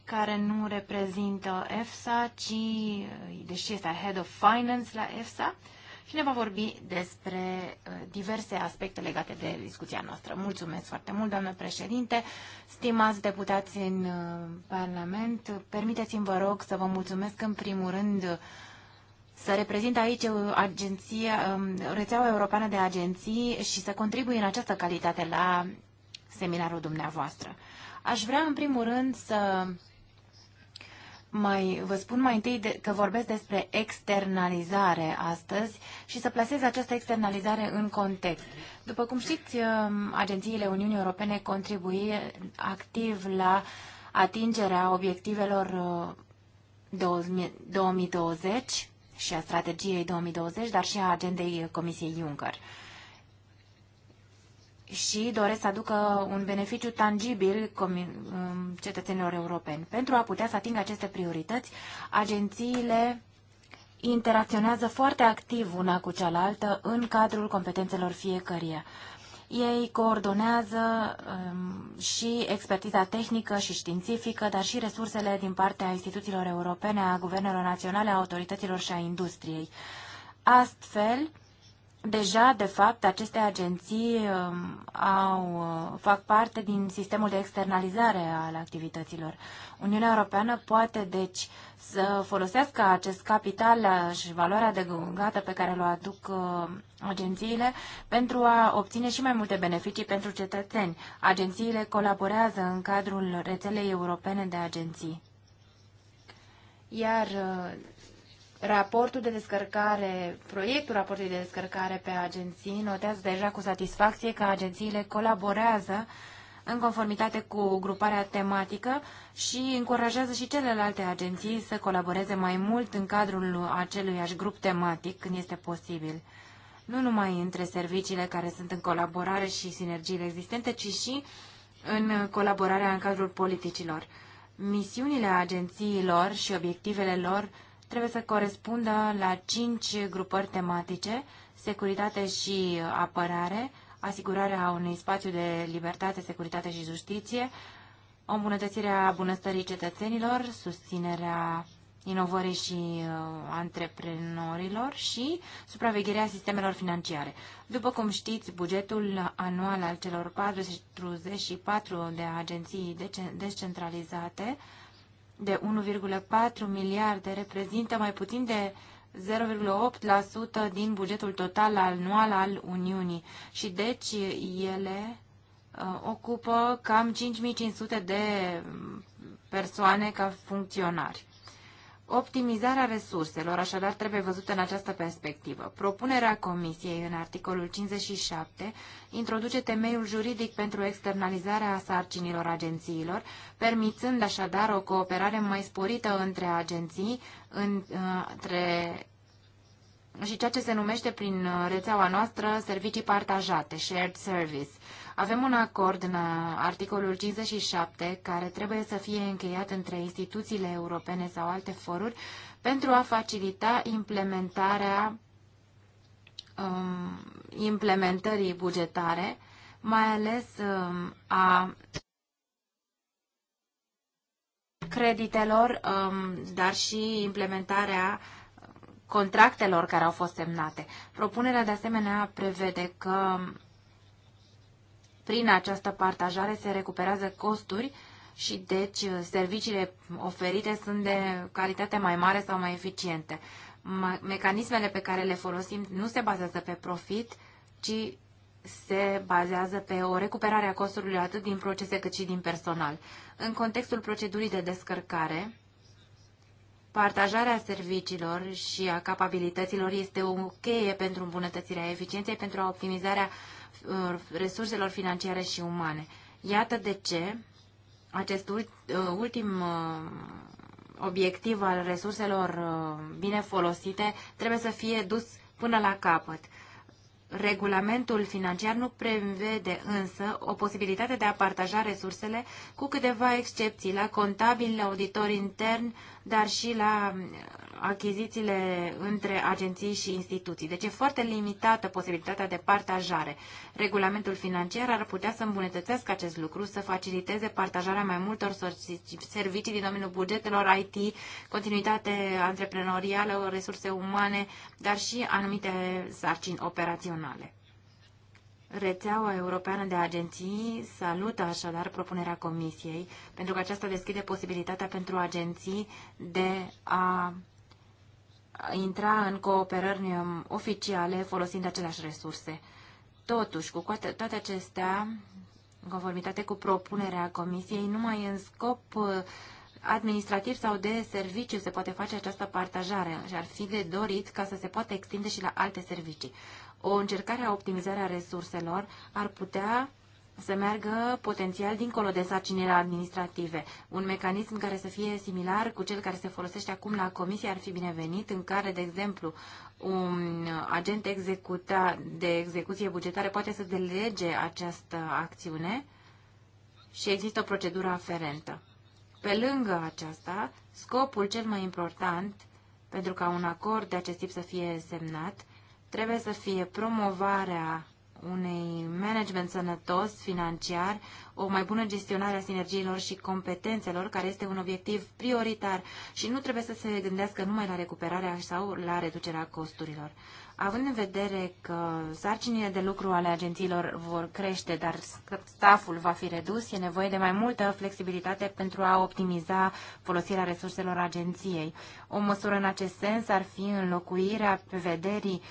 care nu reprezintă EFSA, ci, deși este Head of Finance la EFSA, și ne va vorbi despre uh, diverse aspecte legate de discuția noastră. Mulțumesc foarte mult, doamnă președinte, stimați deputați în uh, Parlament. Permiteți-mi, vă rog, să vă mulțumesc în primul rând uh, să reprezint aici agenția, um, rețeaua europeană de agenții și să contribui în această calitate la seminarul dumneavoastră. Aș vrea, în primul rând, să mai, vă spun mai întâi de, că vorbesc despre externalizare astăzi și să plasez această externalizare în context. După cum știți, uh, agențiile Uniunii Europene contribuie activ la atingerea obiectivelor 2020 uh, și a strategiei 2020, dar și a agendei Comisiei Juncker și doresc să aducă un beneficiu tangibil um, cetățenilor europeni. Pentru a putea să atingă aceste priorități, agențiile interacționează foarte activ una cu cealaltă în cadrul competențelor fiecăruia. Ei coordonează um, și expertiza tehnică și științifică, dar și resursele din partea instituțiilor europene, a guvernelor naționale, a autorităților și a industriei. Astfel, Deja, de fapt, aceste agenții um, au, uh, fac parte din sistemul de externalizare al activităților. Uniunea Europeană poate, deci, să folosească acest capital și valoarea adăugată pe care o aduc uh, agențiile pentru a obține și mai multe beneficii pentru cetățeni. Agențiile colaborează în cadrul rețelei europene de agenții. Iar uh, Raportul de descărcare, proiectul raportului de descărcare pe agenții notează deja cu satisfacție că agențiile colaborează în conformitate cu gruparea tematică și încurajează și celelalte agenții să colaboreze mai mult în cadrul aceluiași grup tematic când este posibil. Nu numai între serviciile care sunt în colaborare și sinergiile existente, ci și în colaborarea în cadrul politicilor. Misiunile agențiilor și obiectivele lor trebuie să corespundă la cinci grupări tematice, securitate și apărare, asigurarea unui spațiu de libertate, securitate și justiție, o îmbunătățire a bunăstării cetățenilor, susținerea inovării și uh, antreprenorilor și supravegherea sistemelor financiare. După cum știți, bugetul anual al celor 44 de agenții decentralizate de 1,4 miliarde reprezintă mai puțin de 0,8% din bugetul total anual al Uniunii și deci ele uh, ocupă cam 5500 de mm, persoane ca funcționari. Optimizarea resurselor, așadar, trebuie văzută în această perspectivă. Propunerea Comisiei în articolul 57 introduce temeiul juridic pentru externalizarea sarcinilor agențiilor, permițând așadar o cooperare mai sporită între agenții, între și ceea ce se numește prin uh, rețeaua noastră servicii partajate, shared service. Avem un acord în uh, articolul 57 care trebuie să fie încheiat între instituțiile europene sau alte foruri pentru a facilita implementarea um, implementării bugetare, mai ales um, a creditelor, um, dar și implementarea uh, contractelor care au fost semnate. Propunerea de asemenea prevede că prin această partajare se recuperează costuri și deci serviciile oferite sunt de calitate mai mare sau mai eficiente. Mecanismele pe care le folosim nu se bazează pe profit, ci se bazează pe o recuperare a costurilor atât din procese cât și din personal. În contextul procedurii de descărcare, Partajarea serviciilor și a capabilităților este o cheie pentru îmbunătățirea eficienței, pentru optimizarea uh, resurselor financiare și umane. Iată de ce acest uh, ultim uh, obiectiv al resurselor bine folosite trebuie să fie dus până la capăt. Regulamentul financiar nu prevede însă o posibilitate de a partaja resursele cu câteva excepții la contabili, la auditori intern, dar și la achizițiile între agenții și instituții. Deci e foarte limitată posibilitatea de partajare. Regulamentul financiar ar putea să îmbunătățească acest lucru, să faciliteze partajarea mai multor servicii din domeniul bugetelor, IT, continuitate antreprenorială, resurse umane, dar și anumite sarcini operaționale. Rețeaua Europeană de Agenții salută așadar propunerea Comisiei, pentru că aceasta deschide posibilitatea pentru agenții de a intra în cooperări oficiale folosind aceleași resurse. Totuși, cu toate acestea, în conformitate cu propunerea Comisiei, numai în scop uh, administrativ sau de serviciu se poate face această partajare și ar fi de dorit ca să se poată extinde și la alte servicii. O încercare a optimizării resurselor ar putea să meargă potențial dincolo de sarcinile administrative. Un mecanism care să fie similar cu cel care se folosește acum la comisie ar fi binevenit, în care, de exemplu, un agent executa, de execuție bugetară poate să delege această acțiune și există o procedură aferentă. Pe lângă aceasta, scopul cel mai important pentru ca un acord de acest tip să fie semnat trebuie să fie promovarea unei management sănătos financiar, o mai bună gestionare a sinergiilor și competențelor, care este un obiectiv prioritar și nu trebuie să se gândească numai la recuperarea sau la reducerea costurilor. Având în vedere că sarcinile de lucru ale agențiilor vor crește, dar staful va fi redus, e nevoie de mai multă flexibilitate pentru a optimiza folosirea resurselor agenției. O măsură în acest sens ar fi înlocuirea prevederii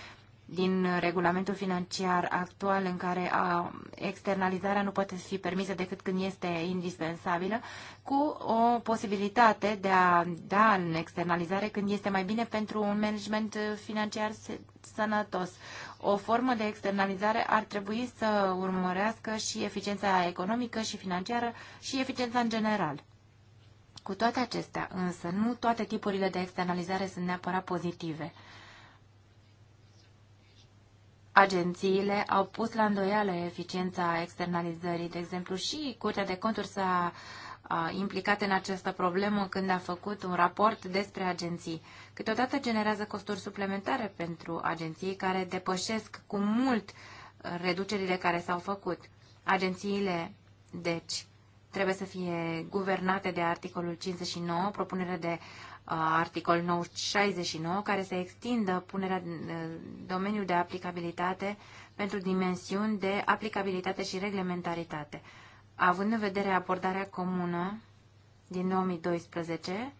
din regulamentul financiar actual în care a, externalizarea nu poate fi permisă decât când este indispensabilă, cu o posibilitate de a da în externalizare când este mai bine pentru un management financiar sănătos. O formă de externalizare ar trebui să urmărească și eficiența economică și financiară și eficiența în general. Cu toate acestea, însă, nu toate tipurile de externalizare sunt neapărat pozitive agențiile au pus la îndoială eficiența externalizării. De exemplu, și Curtea de Conturi s-a implicat în această problemă când a făcut un raport despre agenții. Câteodată generează costuri suplimentare pentru agenții care depășesc cu mult uh, reducerile care s-au făcut. Agențiile, deci, trebuie să fie guvernate de articolul 59, propunere de articol 69 care să extindă punerea domeniul de aplicabilitate pentru dimensiuni de aplicabilitate și reglementaritate. Având în vedere abordarea comună din 2012,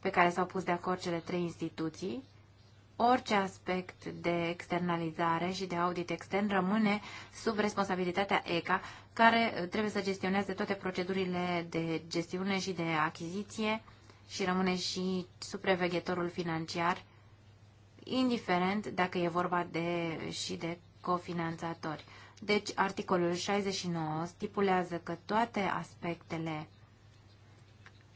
pe care s-au pus de acord cele trei instituții, orice aspect de externalizare și de audit extern rămâne sub responsabilitatea ECA, care trebuie să gestioneze toate procedurile de gestiune și de achiziție, și rămâne și supraveghetorul financiar, indiferent dacă e vorba de, și de cofinanțatori. Deci, articolul 69 stipulează că toate aspectele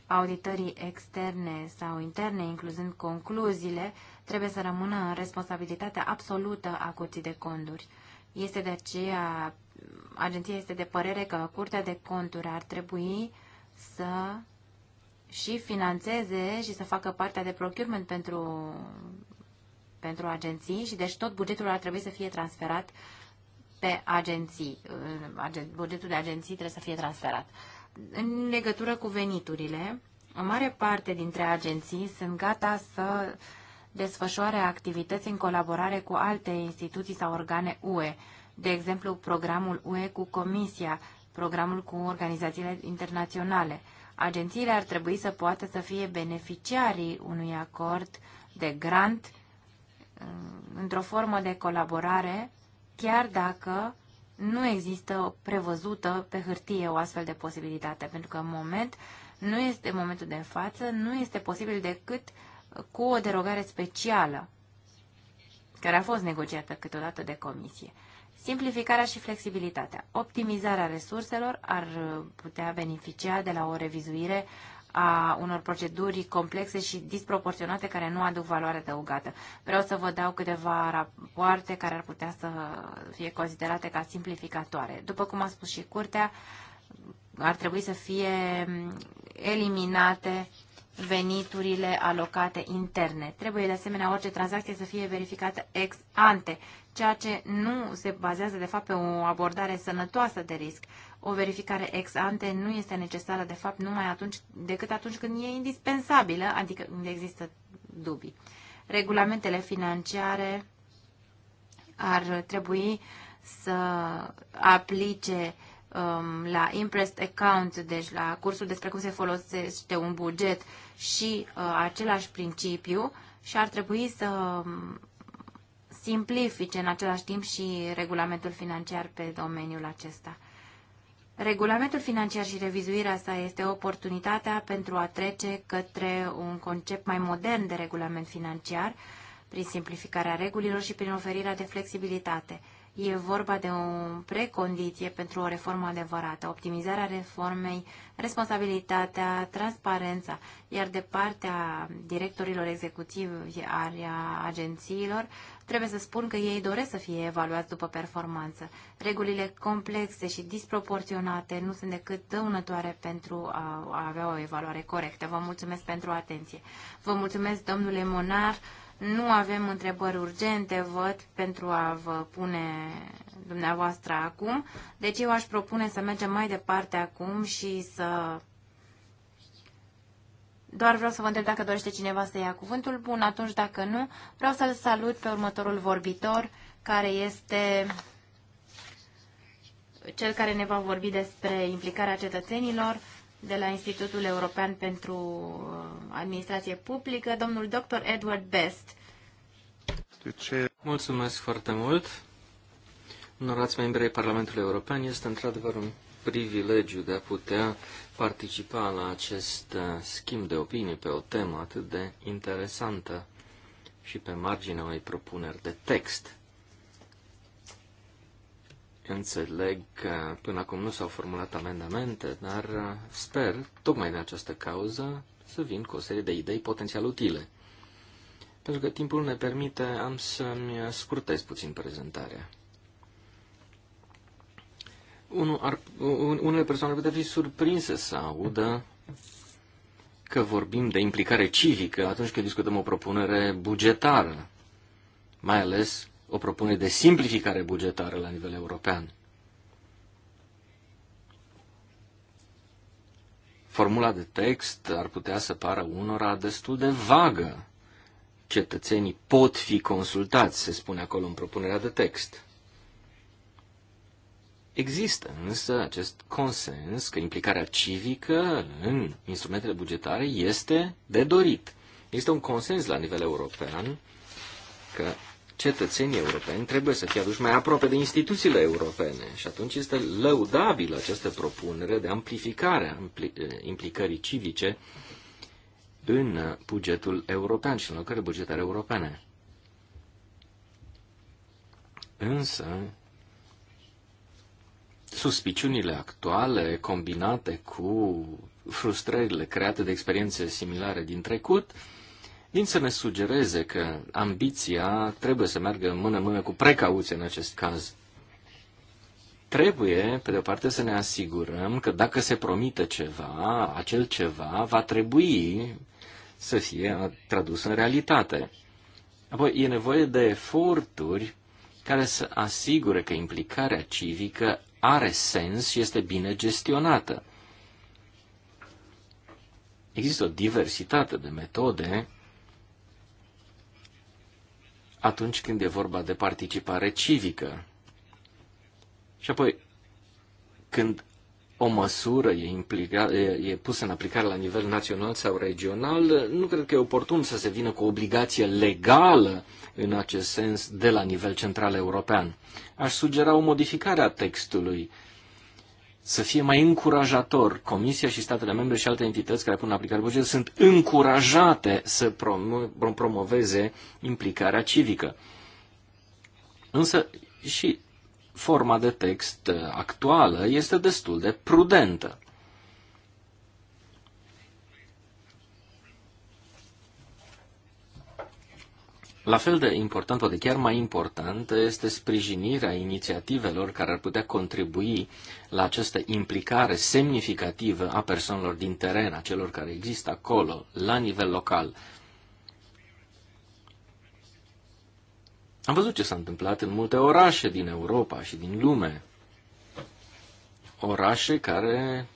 auditării externe sau interne, incluzând concluziile, trebuie să rămână în responsabilitatea absolută a Curții de Conturi. Este de aceea, agenția este de părere că Curtea de Conturi ar trebui să și financeze și să facă partea de procurement pentru, pentru agenții și deci tot bugetul ar trebui să fie transferat pe agenții. Bugetul de agenții trebuie să fie transferat. În legătură cu veniturile, o mare parte dintre agenții sunt gata să desfășoare activități în colaborare cu alte instituții sau organe UE, de exemplu programul UE cu Comisia, programul cu organizațiile internaționale. Agențiile ar trebui să poată să fie beneficiarii unui acord de grant uh, într-o formă de colaborare, chiar dacă nu există prevăzută pe hârtie o astfel de posibilitate, pentru că în moment nu este în momentul de față, nu este posibil decât cu o derogare specială care a fost negociată câteodată de comisie. Simplificarea și flexibilitatea. Optimizarea resurselor ar putea beneficia de la o revizuire a unor proceduri complexe și disproporționate care nu aduc valoare adăugată. Vreau să vă dau câteva rapoarte care ar putea să fie considerate ca simplificatoare. După cum a spus și curtea, ar trebui să fie eliminate veniturile alocate interne. Trebuie de asemenea orice tranzacție să fie verificată ex ante ceea ce nu se bazează de fapt pe o abordare sănătoasă de risc. O verificare ex ante nu este necesară de fapt numai atunci, decât atunci când e indispensabilă, adică când există dubii. Regulamentele financiare ar trebui să aplice um, la impressed account, deci la cursul despre cum se folosește un buget și uh, același principiu și ar trebui să um, simplifice în același timp și regulamentul financiar pe domeniul acesta. Regulamentul financiar și revizuirea sa este oportunitatea pentru a trece către un concept mai modern de regulament financiar, prin simplificarea regulilor și prin oferirea de flexibilitate. E vorba de o precondiție pentru o reformă adevărată, optimizarea reformei, responsabilitatea, transparența, iar de partea directorilor executivi ale agențiilor, trebuie să spun că ei doresc să fie evaluați după performanță. Regulile complexe și disproporționate nu sunt decât dăunătoare pentru a avea o evaluare corectă. Vă mulțumesc pentru atenție. Vă mulțumesc, domnule Monar. Nu avem întrebări urgente, văd, pentru a vă pune dumneavoastră acum. Deci eu aș propune să mergem mai departe acum și să doar vreau să vă întreb dacă dorește cineva să ia cuvântul. Bun, atunci dacă nu, vreau să-l salut pe următorul vorbitor, care este cel care ne va vorbi despre implicarea cetățenilor de la Institutul European pentru uh, Administrație Publică, domnul dr. Edward Best.
Mulțumesc foarte mult. Onorați membrii Parlamentului European, este într-adevăr un privilegiu de a putea participa la acest uh, schimb de opinii pe o temă atât de interesantă și pe marginea unei propuneri de text. Înțeleg că până acum nu s-au formulat amendamente, dar uh, sper, tocmai de această cauză, să vin cu o serie de idei potențial utile. Pentru că timpul ne permite, am să-mi scurtez puțin prezentarea unul ar, unele persoane ar putea fi surprinse să audă că vorbim de implicare civică atunci când discutăm o propunere bugetară, mai ales o propunere de simplificare bugetară la nivel european. Formula de text ar putea să pară unora destul de vagă. Cetățenii pot fi consultați, se spune acolo în propunerea de text. Există însă acest consens că implicarea civică în instrumentele bugetare este de dorit. Există un consens la nivel european că cetățenii europeni trebuie să fie aduși mai aproape de instituțiile europene și atunci este lăudabilă această propunere de amplificare a implicării civice în bugetul european și în locările bugetare europene. Însă, suspiciunile actuale combinate cu frustrările create de experiențe similare din trecut, vin să ne sugereze că ambiția trebuie să meargă mână-mână cu precauție în acest caz. Trebuie, pe de-o parte, să ne asigurăm că dacă se promite ceva, acel ceva va trebui să fie tradus în realitate. Apoi, e nevoie de eforturi care să asigure că implicarea civică are sens și este bine gestionată. Există o diversitate de metode atunci când e vorba de participare civică. Și apoi, când o măsură e, implica, e, e pusă în aplicare la nivel național sau regional, nu cred că e oportun să se vină cu o obligație legală în acest sens de la nivel central european. Aș sugera o modificare a textului să fie mai încurajator. Comisia și statele membre și alte entități care pun în aplicare bugetul sunt încurajate să promoveze implicarea civică. Însă și forma de text uh, actuală este destul de prudentă. La fel de important, poate chiar mai important, este sprijinirea inițiativelor care ar putea contribui la această implicare semnificativă a persoanelor din teren, a celor care există acolo, la nivel local. Am văzut ce s-a întâmplat în multe orașe din Europa și din lume. Orașe care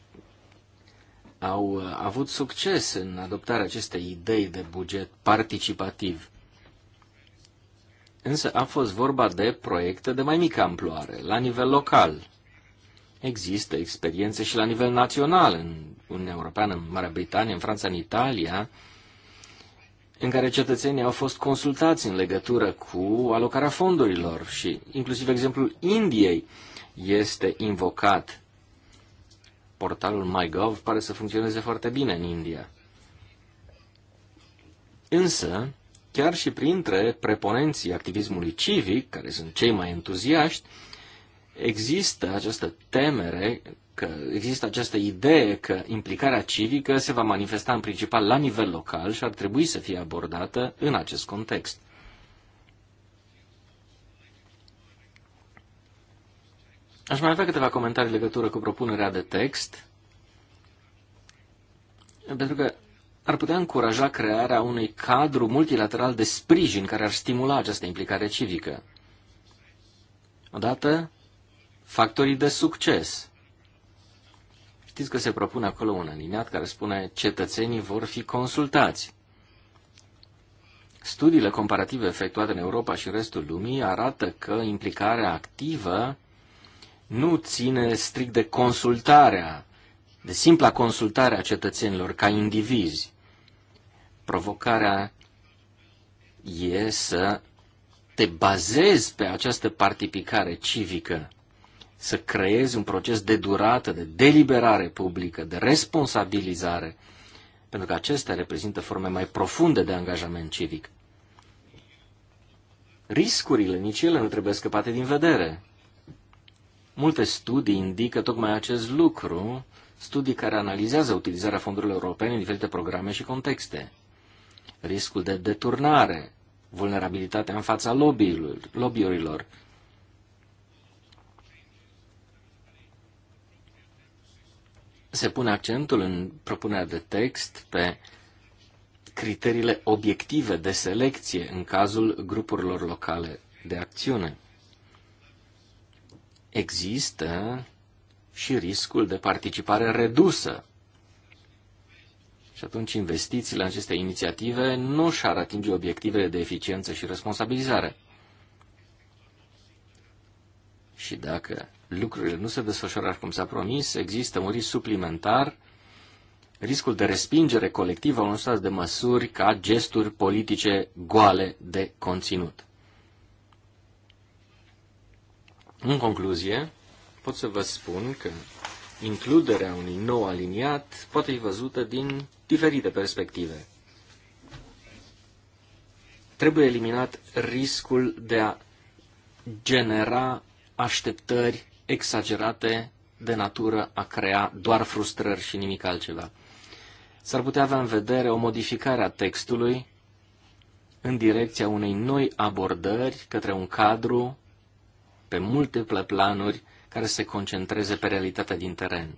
au uh, avut succes în adoptarea acestei idei de buget participativ. Însă a fost vorba de proiecte de mai mică amploare, la nivel local. Există experiențe și la nivel național, în Uniunea Europeană, în Marea Britanie, în Franța, în Italia, în care cetățenii au fost consultați în legătură cu alocarea fondurilor și inclusiv exemplul Indiei este invocat. Portalul MyGov pare să funcționeze foarte bine în India. Însă, chiar și printre preponenții activismului civic, care sunt cei mai entuziaști, există această temere că există această idee că implicarea civică se va manifesta în principal la nivel local și ar trebui să fie abordată în acest context. Aș mai avea câteva comentarii legătură cu propunerea de text, pentru că ar putea încuraja crearea unui cadru multilateral de sprijin care ar stimula această implicare civică. Odată, factorii de succes. Știți că se propune acolo un alineat care spune cetățenii vor fi consultați. Studiile comparative efectuate în Europa și restul lumii arată că implicarea activă nu ține strict de consultarea, de simpla consultare a cetățenilor ca indivizi. Provocarea e să te bazezi pe această participare civică să creezi un proces de durată, de deliberare publică, de responsabilizare, pentru că acestea reprezintă forme mai profunde de angajament civic. Riscurile, nici ele nu trebuie scăpate din vedere. Multe studii indică tocmai acest lucru, studii care analizează utilizarea fondurilor europene în diferite programe și contexte. Riscul de deturnare, vulnerabilitatea în fața lobby-urilor, se pune accentul în propunerea de text pe criteriile obiective de selecție în cazul grupurilor locale de acțiune. Există și riscul de participare redusă. Și atunci investițiile în aceste inițiative nu și-ar atinge obiectivele de eficiență și responsabilizare. Și dacă lucrurile nu se desfășoară așa cum s-a promis, există un risc suplimentar, riscul de respingere colectivă a unor de măsuri ca gesturi politice goale de conținut. În concluzie, pot să vă spun că includerea unui nou aliniat poate fi văzută din diferite perspective. Trebuie eliminat riscul de a genera așteptări exagerate de natură a crea doar frustrări și nimic altceva. S-ar putea avea în vedere o modificare a textului în direcția unei noi abordări către un cadru pe multiple planuri care se concentreze pe realitatea din teren.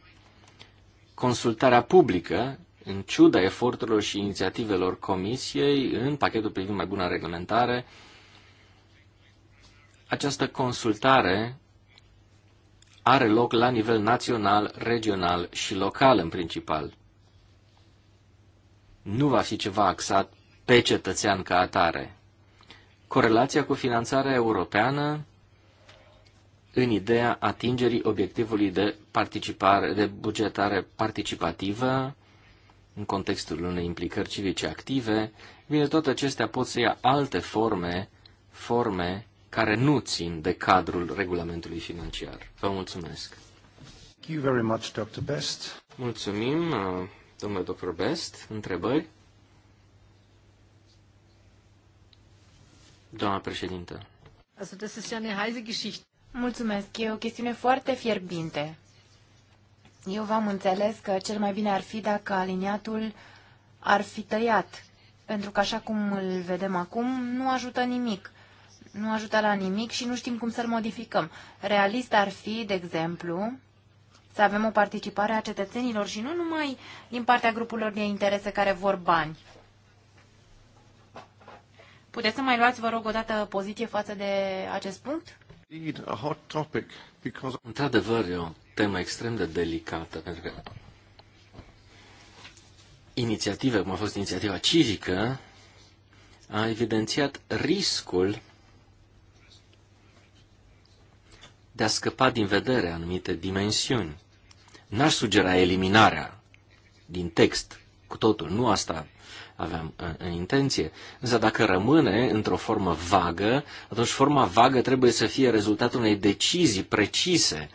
Consultarea publică, în ciuda eforturilor și inițiativelor Comisiei în pachetul privind mai bună reglementare, această consultare are loc la nivel național, regional și local în principal. Nu va fi ceva axat pe cetățean ca atare. Corelația cu finanțarea europeană în ideea atingerii obiectivului de, participare, de bugetare participativă în contextul unei implicări civice active, bine, toate acestea pot să ia alte forme, forme care nu țin de cadrul regulamentului financiar. Vă mulțumesc.
Thank you very much, Dr. Best.
Mulțumim, uh, domnule Dr. Best. Întrebări? Doamna președintă.
Also, das ist ja eine heiße Geschichte. Mulțumesc, e o chestiune foarte fierbinte. Eu v-am înțeles că cel mai bine ar fi dacă aliniatul ar fi tăiat, pentru că așa cum îl vedem acum, nu ajută nimic nu ajută la nimic și nu știm cum să-l modificăm. Realist ar fi, de exemplu, să avem o participare a cetățenilor și nu numai din partea grupurilor de interese care vor bani. Puteți să mai luați, vă rog, o dată poziție față de acest punct?
Într-adevăr, e o temă extrem de delicată, pentru că inițiative, cum a fost inițiativa civică, a evidențiat riscul de a scăpa din vedere anumite dimensiuni. N-aș sugera eliminarea din text cu totul, nu asta aveam în intenție. Însă dacă rămâne într-o formă vagă, atunci forma vagă trebuie să fie rezultatul unei decizii precise.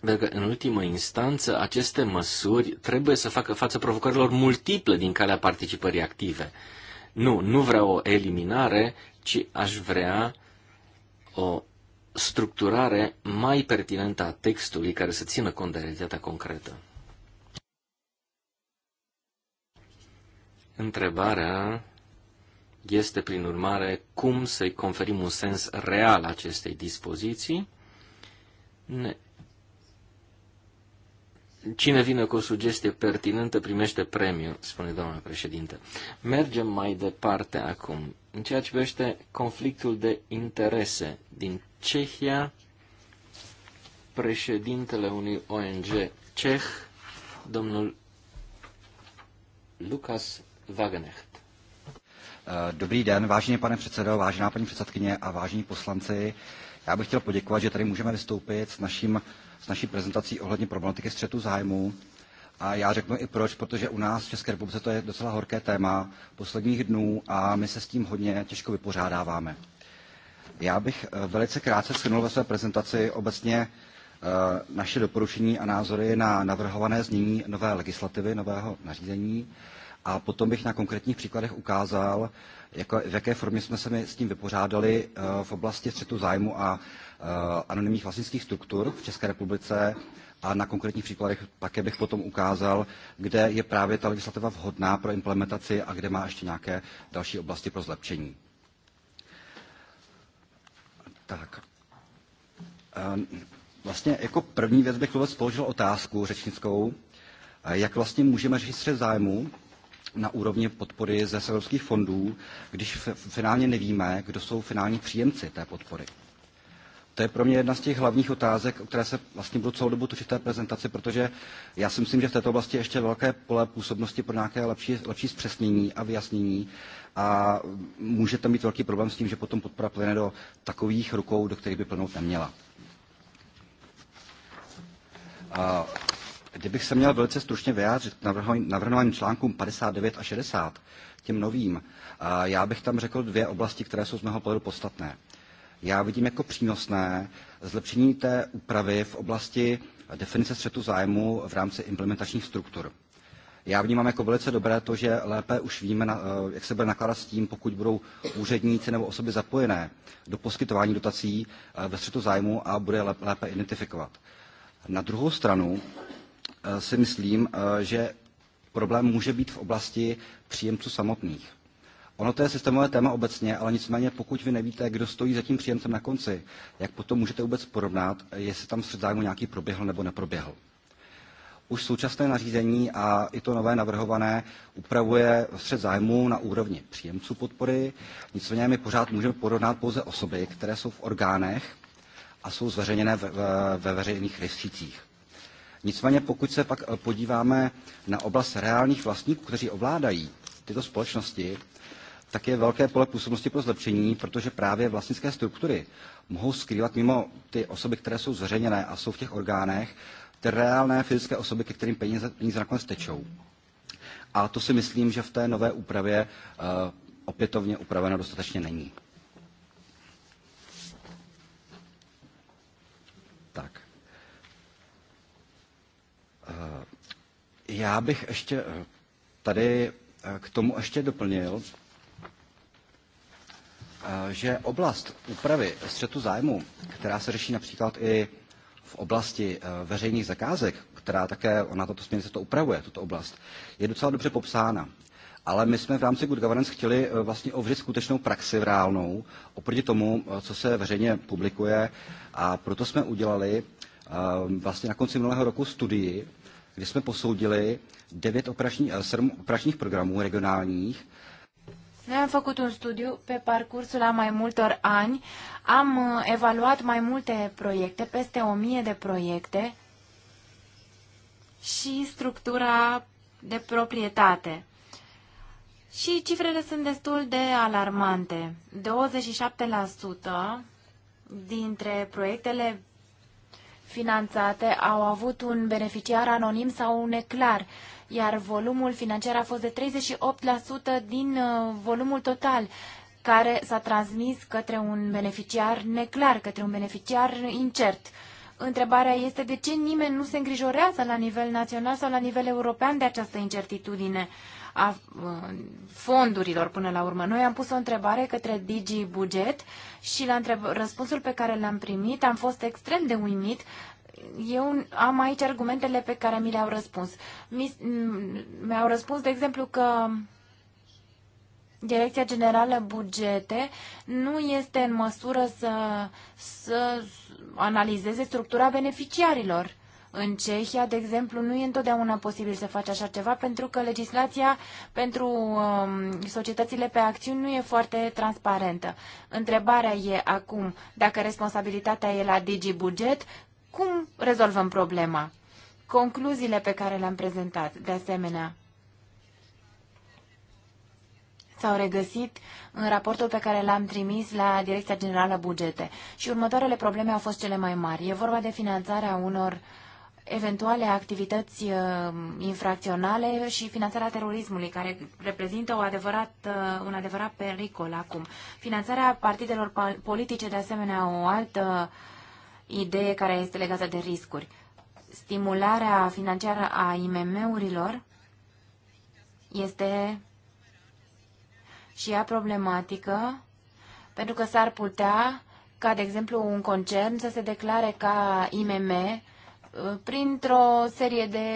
Pentru că, în ultimă instanță, aceste măsuri trebuie să facă față provocărilor multiple din calea participării active. Nu, nu vreau o eliminare, ci aș vrea uh, o structurare mai pertinentă a textului care să țină cont de realitatea concretă. Întrebarea este, prin urmare, cum să-i conferim un sens real acestei dispoziții. Ne Cine vine cu o sugestie pertinentă primește premiu, spune doamna președinte. Mergem mai departe acum. În ceea ce privește conflictul de interese din Cehia, președintele unui ONG ceh, domnul Lucas Wagenecht.
Eh, dobrý den, vážený pane předsedo, vážená paní předsedkyně a vážení poslanci. Já bych chtěl poděkovat, že tady můžeme vystoupit s naším s naší prezentací ohledně problematiky střetu zájmu. A já řeknu i proč, protože u nás v České republice to je docela horké téma posledních dnů a my se s tím hodně těžko vypořádáváme. Já bych eh, velice krátce shrnul ve své prezentaci obecně eh, naše doporučení a názory na navrhované znění nové legislativy, nového nařízení. A potom bych na konkrétních příkladech ukázal, jako, v jaké formě jsme se my s tím vypořádali eh, v oblasti střetu zájmu a Eh, anonymních vlastnických struktur v České republice a na konkrétních příkladech také bych potom ukázal, kde je právě ta legislativa vhodná pro implementaci a kde má ještě nějaké další oblasti pro zlepšení. Tak. Ehm, vlastně jako první věc bych vůbec položil otázku řečnickou, eh, jak vlastně můžeme řešit střed zájmu na úrovni podpory ze evropských fondů, když finálně nevíme, kdo jsou finální příjemci té podpory. To je pro mě jedna z těch hlavních otázek, o které se vlastně budu celou dobu točit v té prezentaci, protože já si myslím, že v této oblasti je ještě velké pole působnosti pro nějaké lepší, lepší zpřesnění a vyjasnění a může tam být velký problém s tím, že potom podpora plyne do takových rukou, do kterých by plnout neměla. A kdybych se měl velice stručně vyjádřit k navrhovaným článkům 59 a 60, těm novým, a já bych tam řekl dvě oblasti, které jsou z mého pohledu podstatné já vidím jako přínosné zlepšení té úpravy v oblasti definice střetu zájmu v rámci implementačních struktur. Já vnímám jako velice dobré to, že lépe už víme, eh, jak se bude nakládat s tím, pokud budou úředníci nebo osoby zapojené do poskytování dotací eh, ve střetu zájmu a bude lépe identifikovat. Na druhou stranu eh, si myslím, že problém může být v oblasti příjemců samotných. Ono to je systémové téma obecně, ale nicméně pokud vy nevíte, kdo stojí za tím příjemcem na konci, jak potom můžete vůbec porovnat, jestli tam střed zájmu nějaký proběhl nebo neproběhl. Už současné nařízení a i to nové navrhované upravuje střed zájmu na úrovni příjemců podpory, nicméně my pořád můžeme porovnat pouze osoby, které jsou v orgánech a jsou zveřejněné ve, ve, ve veřejných rejstřících. Nicméně pokud se pak eh, podíváme na oblast reálných vlastníků, kteří ovládají tyto společnosti, tak je velké pole působnosti pro zlepšení, protože právě vlastnické struktury mohou skrývat mimo ty osoby, které jsou zřeněné a jsou v těch orgánech, ty reálné fyzické osoby, ke kterým peníze, peníze nakonec tečou. A to si myslím, že v té nové úpravě uh, opětovně upraveno dostatečně není. Tak. Uh, já bych ještě eh, tady k tomu ještě doplnil, Eh, že oblast úpravy střetu zájmu, která se řeší například i v oblasti eh, veřejných zakázek, která také, ona tato směrnice to upravuje, tuto oblast, je docela dobře popsána. Ale my jsme v rámci Good Governance chtěli eh, vlastně ovřít skutečnou praxi v reálnou oproti tomu, co se veřejně publikuje. A proto jsme udělali vlastně na konci minulého roku studii, kdy jsme posoudili devět operační, sedm operačních programů regionálních
noi am făcut un studiu pe parcursul a mai multor ani, am uh, evaluat mai multe proiecte, peste o mie de proiecte și structura de proprietate. Și cifrele sunt destul de alarmante. 27% dintre proiectele finanțate au avut un beneficiar anonim sau un neclar iar volumul financiar a fost de 38% din uh, volumul total care s-a transmis către un beneficiar neclar, către un beneficiar incert. Întrebarea este de ce nimeni nu se îngrijorează la nivel național sau la nivel european de această incertitudine a uh, fondurilor până la urmă. Noi am pus o întrebare către Digi Buget și la întreb- răspunsul pe care l-am primit am fost extrem de uimit eu am aici argumentele pe care mi le-au răspuns. Mi-au răspuns, de exemplu, că Direcția Generală Bugete nu este în măsură să, să analizeze structura beneficiarilor. În Cehia, de exemplu, nu e întotdeauna posibil să faci așa ceva pentru că legislația pentru um, societățile pe acțiuni nu e foarte transparentă. Întrebarea e acum dacă responsabilitatea e la DigiBuget cum rezolvăm problema? Concluziile pe care le-am prezentat, de asemenea, s-au regăsit în raportul pe care l-am trimis la Direcția Generală Bugete. Și următoarele probleme au fost cele mai mari. E vorba de finanțarea unor eventuale activități uh, infracționale și finanțarea terorismului, care reprezintă o adevărat, uh, un adevărat pericol acum. Finanțarea partidelor politice, de asemenea, o altă uh, idee care este legată de riscuri. Stimularea financiară a IMM-urilor este și ea problematică pentru că s-ar putea ca, de exemplu, un concern să se declare ca IMM uh, printr-o serie de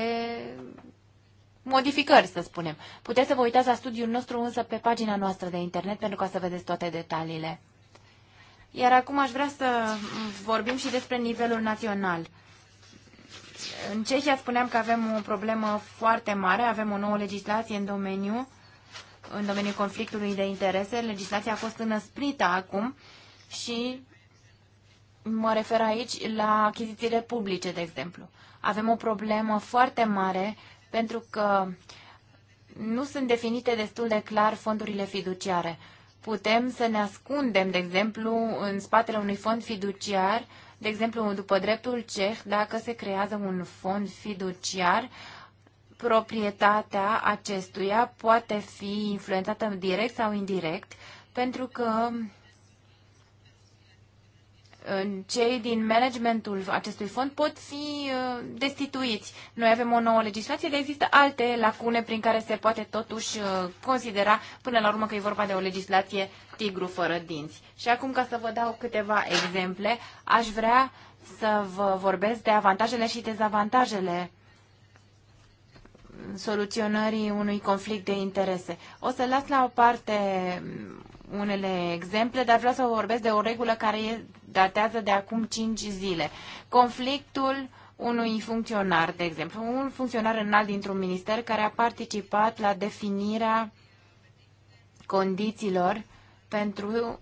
modificări, să spunem. Puteți să vă uitați la studiul nostru însă pe pagina noastră de internet pentru ca să vedeți toate detaliile. Iar acum aș vrea să vorbim și despre nivelul național. În Cehia spuneam că avem o problemă foarte mare, avem o nouă legislație în domeniu, în domeniul conflictului de interese. Legislația a fost înăsprită acum și mă refer aici la achizițiile publice, de exemplu. Avem o problemă foarte mare pentru că nu sunt definite destul de clar fondurile fiduciare putem să ne ascundem, de exemplu, în spatele unui fond fiduciar, de exemplu, după dreptul ceh, dacă se creează un fond fiduciar, proprietatea acestuia poate fi influențată direct sau indirect, pentru că cei din managementul acestui fond pot fi uh, destituiți. Noi avem o nouă legislație, dar există alte lacune prin care se poate totuși uh, considera până la urmă că e vorba de o legislație tigru fără dinți. Și acum, ca să vă dau câteva exemple, aș vrea să vă vorbesc de avantajele și dezavantajele soluționării unui conflict de interese. O să las la o parte unele exemple, dar vreau să vorbesc de o regulă care e, datează de acum 5 zile. Conflictul unui funcționar, de exemplu, un funcționar înalt dintr-un minister care a participat la definirea condițiilor pentru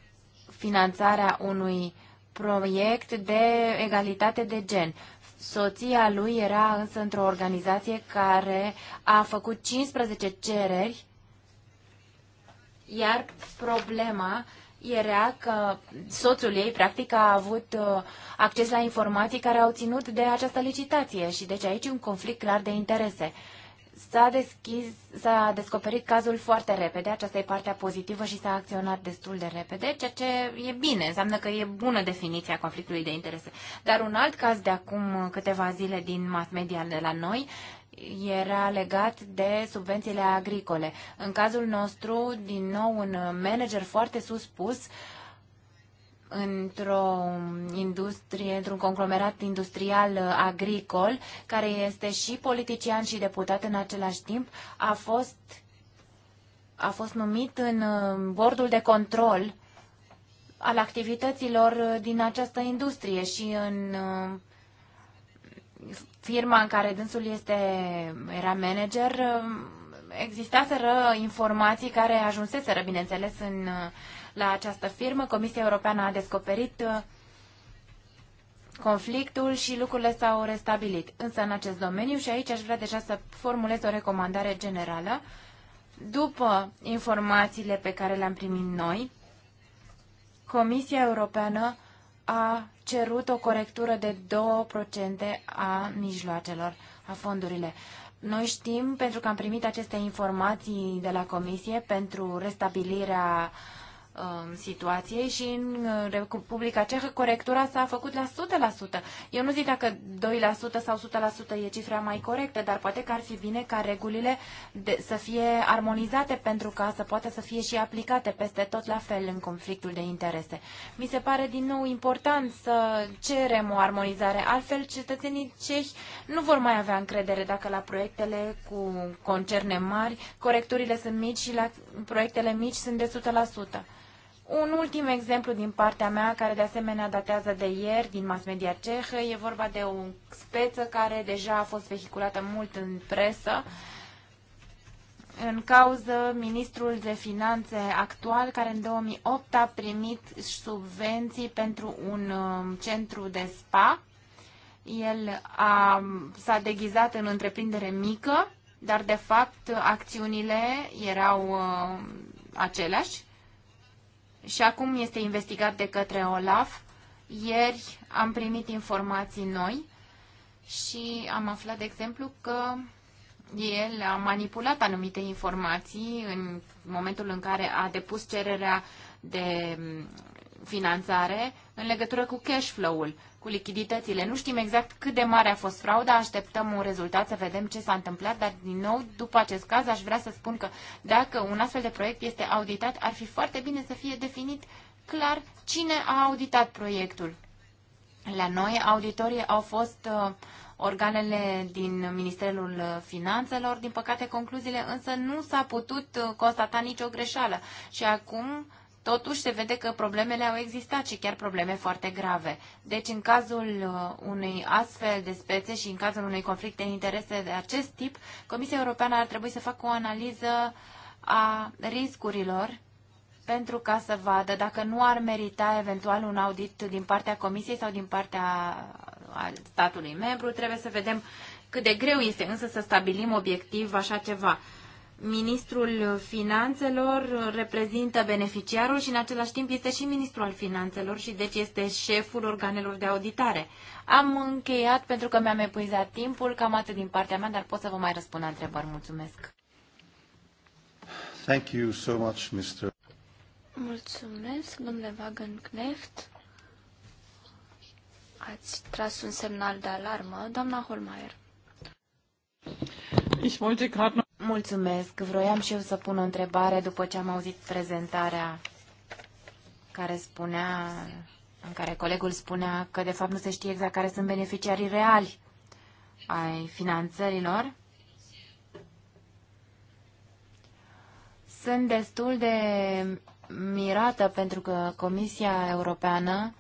finanțarea unui proiect de egalitate de gen. Soția lui era însă într-o organizație care a făcut 15 cereri iar problema era că soțul ei, practic, a avut uh, acces la informații care au ținut de această licitație și deci aici un conflict clar de interese. S-a deschis, s-a descoperit cazul foarte repede, aceasta e partea pozitivă și s-a acționat destul de repede, ceea ce e bine, înseamnă că e bună definiția conflictului de interese. Dar un alt caz de acum câteva zile din mass media de la noi era legat de subvențiile agricole. În cazul nostru, din nou, un manager foarte suspus într-o industrie, într-un conglomerat industrial agricol, care este și politician și deputat în același timp, a fost, a fost numit în um, bordul de control al activităților uh, din această industrie și în uh, firma în care dânsul este, era manager, existaseră informații care ajunseseră, bineînțeles, în, la această firmă. Comisia Europeană a descoperit uh, conflictul și lucrurile s-au restabilit. Însă în acest domeniu, și aici aș vrea deja să formulez o recomandare generală, după informațiile pe care le-am primit noi, Comisia Europeană a cerut o corectură de 2% a mijloacelor, a fondurile. Noi știm, pentru că am primit aceste informații de la Comisie pentru restabilirea uh, Um, situației și în uh, Republica Cehă corectura s-a făcut la 100%. Eu nu zic dacă 2% sau 100% e cifra mai corectă, dar poate că ar fi bine ca regulile de, să fie armonizate pentru ca să poată să fie și aplicate peste tot la fel în conflictul de interese. Mi se pare din nou important să cerem o armonizare, altfel cetățenii cehi nu vor mai avea încredere dacă la proiectele cu concerne mari corecturile sunt mici și la proiectele mici sunt de 100%. Un ultim exemplu din partea mea, care de asemenea datează de ieri, din mass media cehă, e vorba de o speță care deja a fost vehiculată mult în presă. În cauză, ministrul de finanțe actual, care în 2008 a primit subvenții pentru un um, centru de spa, el a, s-a deghizat în întreprindere mică, dar de fapt acțiunile erau uh, aceleași și acum este investigat de către OLAF. Ieri am primit informații noi și am aflat, de exemplu, că el a manipulat anumite informații în momentul în care a depus cererea de mm, finanțare în legătură cu cash flow-ul cu lichiditățile. Nu știm exact cât de mare a fost frauda, așteptăm un rezultat să vedem ce s-a întâmplat, dar din nou, după acest caz, aș vrea să spun că dacă un astfel de proiect este auditat, ar fi foarte bine să fie definit clar cine a auditat proiectul. La noi, auditorii au fost uh, organele din Ministerul uh, Finanțelor. Din păcate, concluziile însă nu s-a putut uh, constata nicio greșeală. Și acum Totuși se vede că problemele au existat și chiar probleme foarte grave. Deci în cazul uh, unei astfel de spețe și în cazul unui conflict de interese de acest tip, Comisia Europeană ar trebui să facă o analiză a riscurilor pentru ca să vadă dacă nu ar merita eventual un audit din partea Comisiei sau din partea uh, statului membru. Trebuie să vedem cât de greu este însă să stabilim obiectiv așa ceva ministrul finanțelor reprezintă beneficiarul și în același timp este și ministrul al finanțelor și deci este șeful organelor de auditare. Am încheiat pentru că mi-am epuizat timpul, cam atât din partea mea, dar pot să vă mai răspund la întrebări. Mulțumesc.
Thank you so much, Mr.
Mulțumesc, domnule Wagenknecht. Ați tras un semnal de alarmă, doamna Holmeier.
Ich wollte gerade Mulțumesc. Vroiam și eu să pun o întrebare după ce am auzit prezentarea care spunea, în care colegul spunea că de fapt nu se știe exact care sunt beneficiarii reali ai finanțărilor. Sunt destul de mirată pentru că Comisia Europeană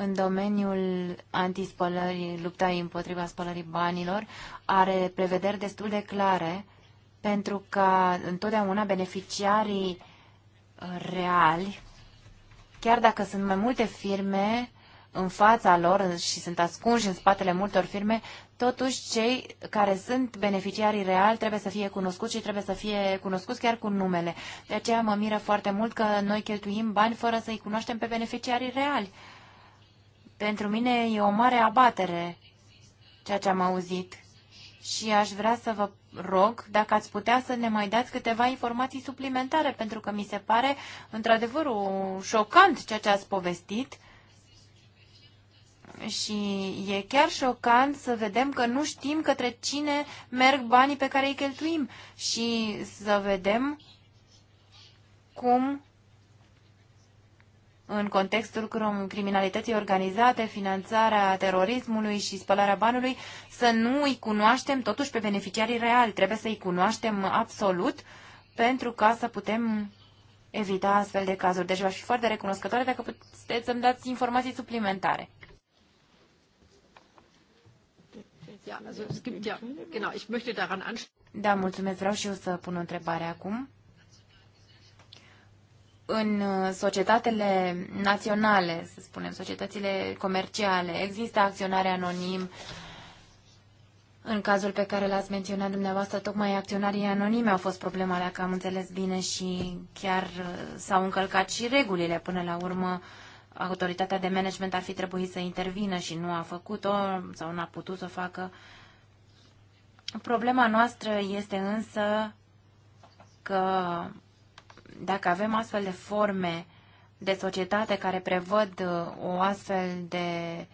în domeniul antispălării, luptei împotriva spălării banilor, are prevederi destul de clare pentru că întotdeauna beneficiarii uh, reali, chiar dacă sunt mai multe firme în fața lor și sunt ascunși în spatele multor firme, totuși cei care sunt beneficiarii reali trebuie să fie cunoscuți și trebuie să fie cunoscuți chiar cu numele. De aceea mă miră foarte mult că noi cheltuim bani fără să-i cunoaștem pe beneficiarii reali. Pentru mine e o mare abatere ceea ce am auzit și aș vrea să vă rog dacă ați putea să ne mai dați câteva informații suplimentare, pentru că mi se pare într-adevăr șocant ceea ce ați povestit și e chiar șocant să vedem că nu știm către cine merg banii pe care îi cheltuim și să vedem cum în contextul criminalității organizate, finanțarea terorismului și spălarea banului, să nu îi cunoaștem totuși pe beneficiarii reali. Trebuie să îi cunoaștem absolut pentru ca să putem evita astfel de cazuri. Deci v-aș fi foarte recunoscătoare dacă puteți să-mi dați informații suplimentare. Da, mulțumesc. Vreau și eu să pun o întrebare acum în uh, societatele naționale, să spunem, societățile comerciale, există acționare anonim. În cazul pe care l-ați menționat dumneavoastră, tocmai acționarii anonime au fost problema, dacă am înțeles bine, și chiar uh, s-au încălcat și regulile până la urmă. Autoritatea de management ar fi trebuit să intervină și nu a făcut-o sau nu a putut să o facă. Problema noastră este însă că dacă avem astfel de forme de societate care prevăd uh, o astfel de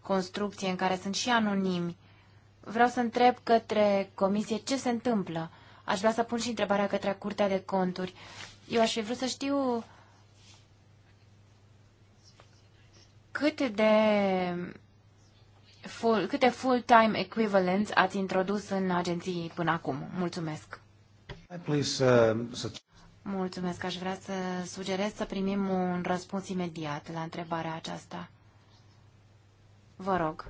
construcție în care sunt și anonimi, vreau să întreb către comisie ce se întâmplă. Aș vrea să pun și întrebarea către Curtea de Conturi. Eu aș fi vrut să știu cât de full, câte full-time equivalents ați introdus în agenții până acum. Mulțumesc.
Please, uh,
Mulțumesc. Aș vrea să sugerez să primim un răspuns imediat la întrebarea aceasta. Vă rog.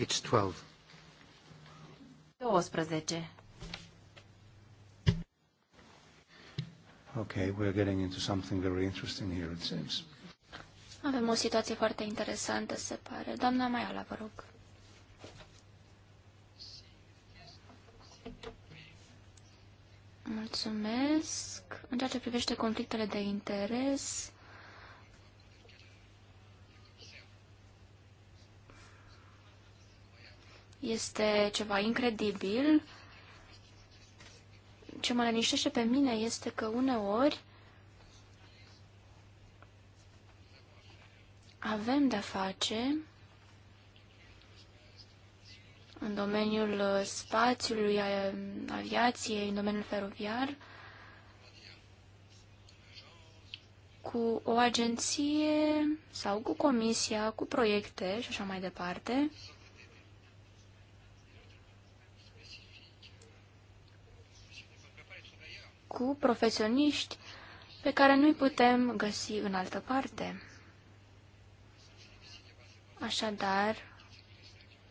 It's 12. 12.
Okay, we're getting into something very interesting here, it seems.
Avem o situație foarte interesantă, se pare. Doamna Maiala, vă rog. Mulțumesc. În ceea ce privește conflictele de interes, este ceva incredibil. Ce mă liniștește pe mine este că uneori avem de-a face în domeniul uh, spațiului, um, aviației, în domeniul feroviar, cu o agenție sau cu comisia, cu proiecte și așa mai departe. cu profesioniști pe care nu-i putem găsi în altă parte. Așadar,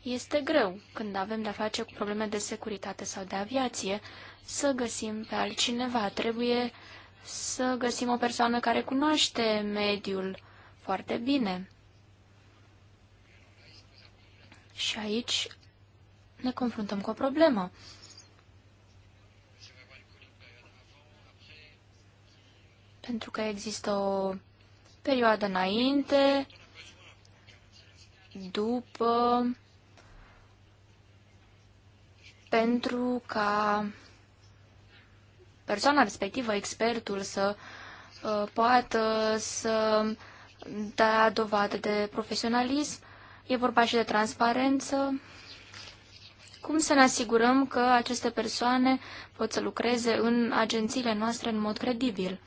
este greu, când avem de-a face cu probleme de securitate sau de aviație, să găsim pe altcineva. Trebuie să găsim o persoană care cunoaște mediul foarte bine. Și aici ne confruntăm cu o problemă. Pentru că există o perioadă înainte, după pentru ca persoana respectivă, expertul, să uh, poată să da dovadă de profesionalism. E vorba și de transparență. Cum să ne asigurăm că aceste persoane pot să lucreze în agențiile noastre în mod credibil?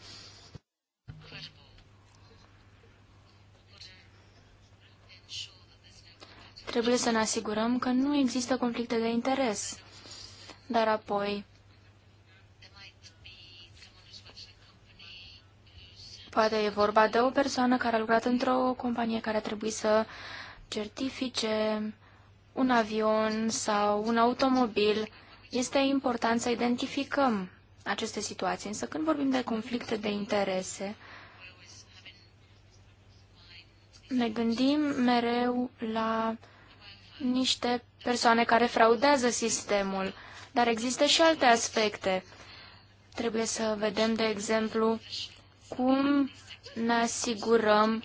Trebuie să ne asigurăm că nu există conflicte de interes dar apoi poate e vorba de o persoană care a lucrat într-o companie care a trebuit să certifice un avion sau un automobil. Este important să identificăm aceste situații, însă când vorbim de conflicte de interese, ne gândim mereu la niște persoane care fraudează sistemul. Dar există și alte aspecte. Trebuie să vedem, de exemplu, cum ne asigurăm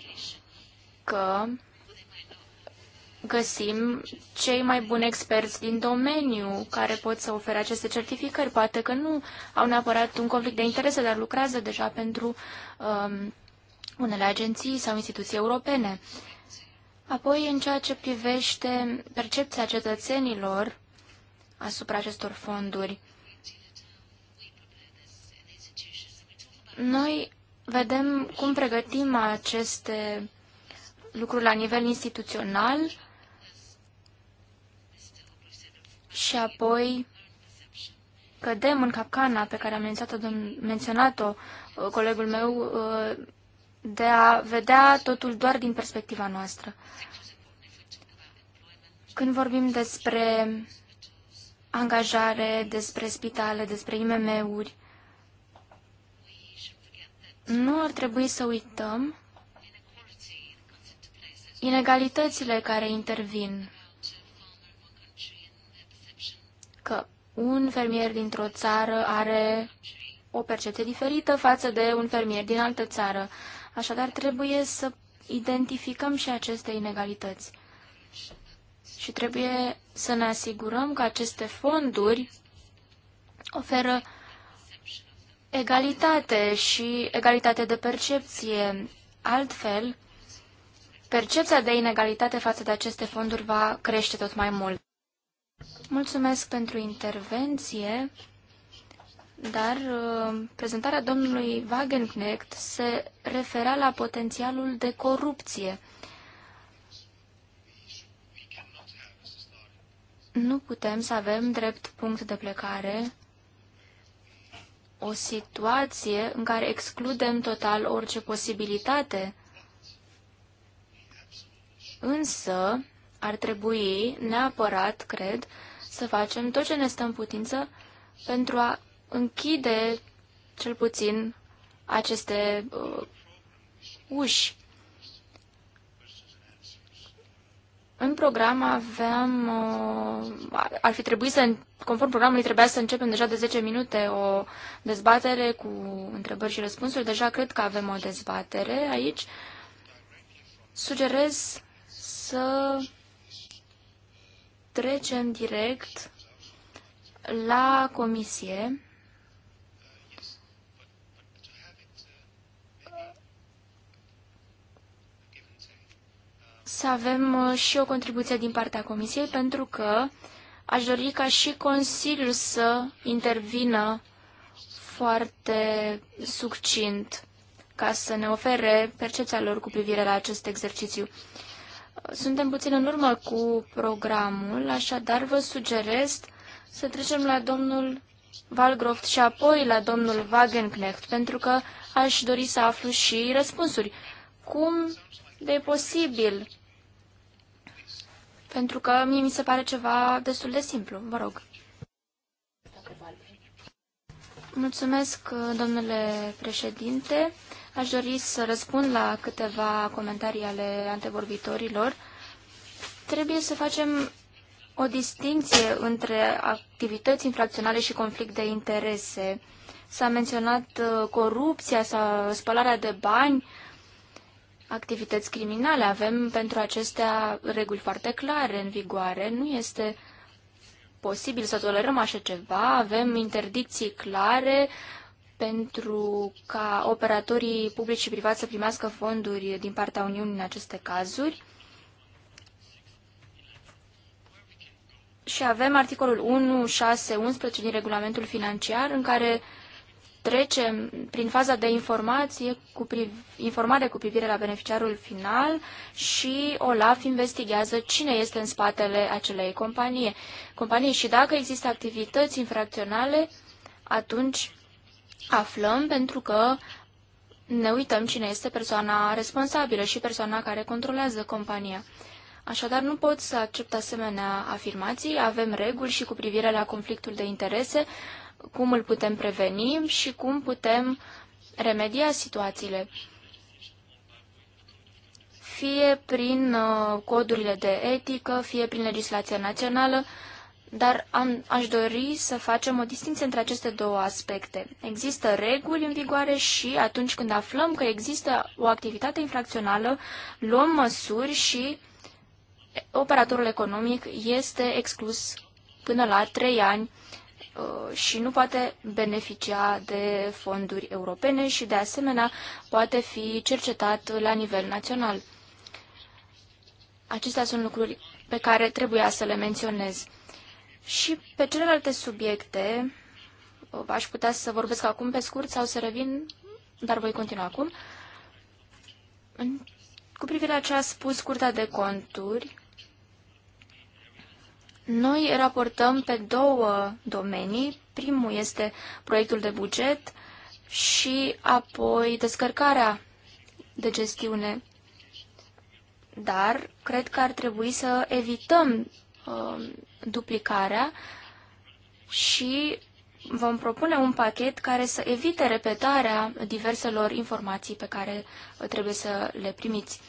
că găsim cei mai buni experți din domeniu care pot să ofere aceste certificări. Poate că nu au neapărat un conflict de interese, dar lucrează deja pentru um, unele agenții sau instituții europene. Apoi, în ceea ce privește percepția cetățenilor asupra acestor fonduri. Noi vedem cum pregătim aceste lucruri la nivel instituțional și apoi cădem în capcana pe care a menționat-o, menționat-o uh, colegul meu uh, de a vedea totul doar din perspectiva noastră. Când vorbim despre angajare, despre spitale, despre IMM-uri. Nu ar trebui să uităm inegalitățile care intervin. Că un fermier dintr-o țară are o percepție diferită față de un fermier din altă țară. Așadar, trebuie să identificăm și aceste inegalități și trebuie să ne asigurăm că aceste fonduri oferă egalitate și egalitate de percepție. Altfel, percepția de inegalitate față de aceste fonduri va crește tot mai mult. Mulțumesc pentru intervenție, dar uh, prezentarea domnului Wagenknecht se referea la potențialul de corupție. nu putem să avem drept punct de plecare o situație în care excludem total orice posibilitate. Însă, ar trebui neapărat, cred, să facem tot ce ne stă în putință pentru a închide cel puțin aceste uh, uși. În program aveam, uh, ar fi trebuit să, conform programului, trebuia să începem deja de 10 minute o dezbatere cu întrebări și răspunsuri. Deja cred că avem o dezbatere aici. Sugerez să trecem direct la comisie să avem uh, și o contribuție din partea Comisiei, pentru că aș dori ca și Consiliul să intervină foarte succint ca să ne ofere percepția lor cu privire la acest exercițiu. Uh, suntem puțin în urmă cu programul, așadar vă sugerez să trecem la domnul Valgroft și apoi la domnul Wagenknecht, pentru că aș dori să aflu și răspunsuri. Cum de posibil pentru că mie mi se pare ceva destul de simplu. Vă rog. Mulțumesc, domnule președinte. Aș dori să răspund la câteva comentarii ale antevorbitorilor. Trebuie să facem o distinție între activități infracționale și conflict de interese. S-a menționat uh, corupția sau spălarea de bani, activități criminale. Avem pentru acestea reguli foarte clare în vigoare. Nu este posibil să tolerăm așa ceva. Avem interdicții clare pentru ca operatorii publici și privați să primească fonduri din partea Uniunii în aceste cazuri. Și avem articolul 1.6.11 din regulamentul financiar în care uh, trecem prin faza de informație cu priv- informare cu privire la beneficiarul final și OLAF investigează cine este în spatele acelei companie. companii și dacă există activități infracționale, atunci aflăm pentru că ne uităm cine este persoana responsabilă și persoana care controlează compania. Așadar, nu pot să accept asemenea afirmații. Avem reguli și cu privire la conflictul de interese cum îl putem preveni și cum putem remedia situațiile. Fie prin uh, codurile de etică, fie prin legislația națională, dar am, aș dori să facem o distinție între aceste două aspecte. Există reguli în vigoare și atunci când aflăm că există o activitate infracțională, luăm măsuri și operatorul economic este exclus până la trei ani Uh, și nu poate beneficia de fonduri europene și, de asemenea, poate fi cercetat la nivel național. Acestea sunt lucruri pe care trebuia să le menționez. Și pe celelalte subiecte, uh, aș putea să vorbesc acum pe scurt sau să revin, dar voi continua acum. Cu privire la ce a spus Curtea de Conturi, noi raportăm pe două domenii. Primul este proiectul de buget și apoi descărcarea de gestiune. Dar cred că ar trebui să evităm uh, duplicarea și vom propune un pachet care să evite repetarea diverselor informații pe care trebuie să le primiți.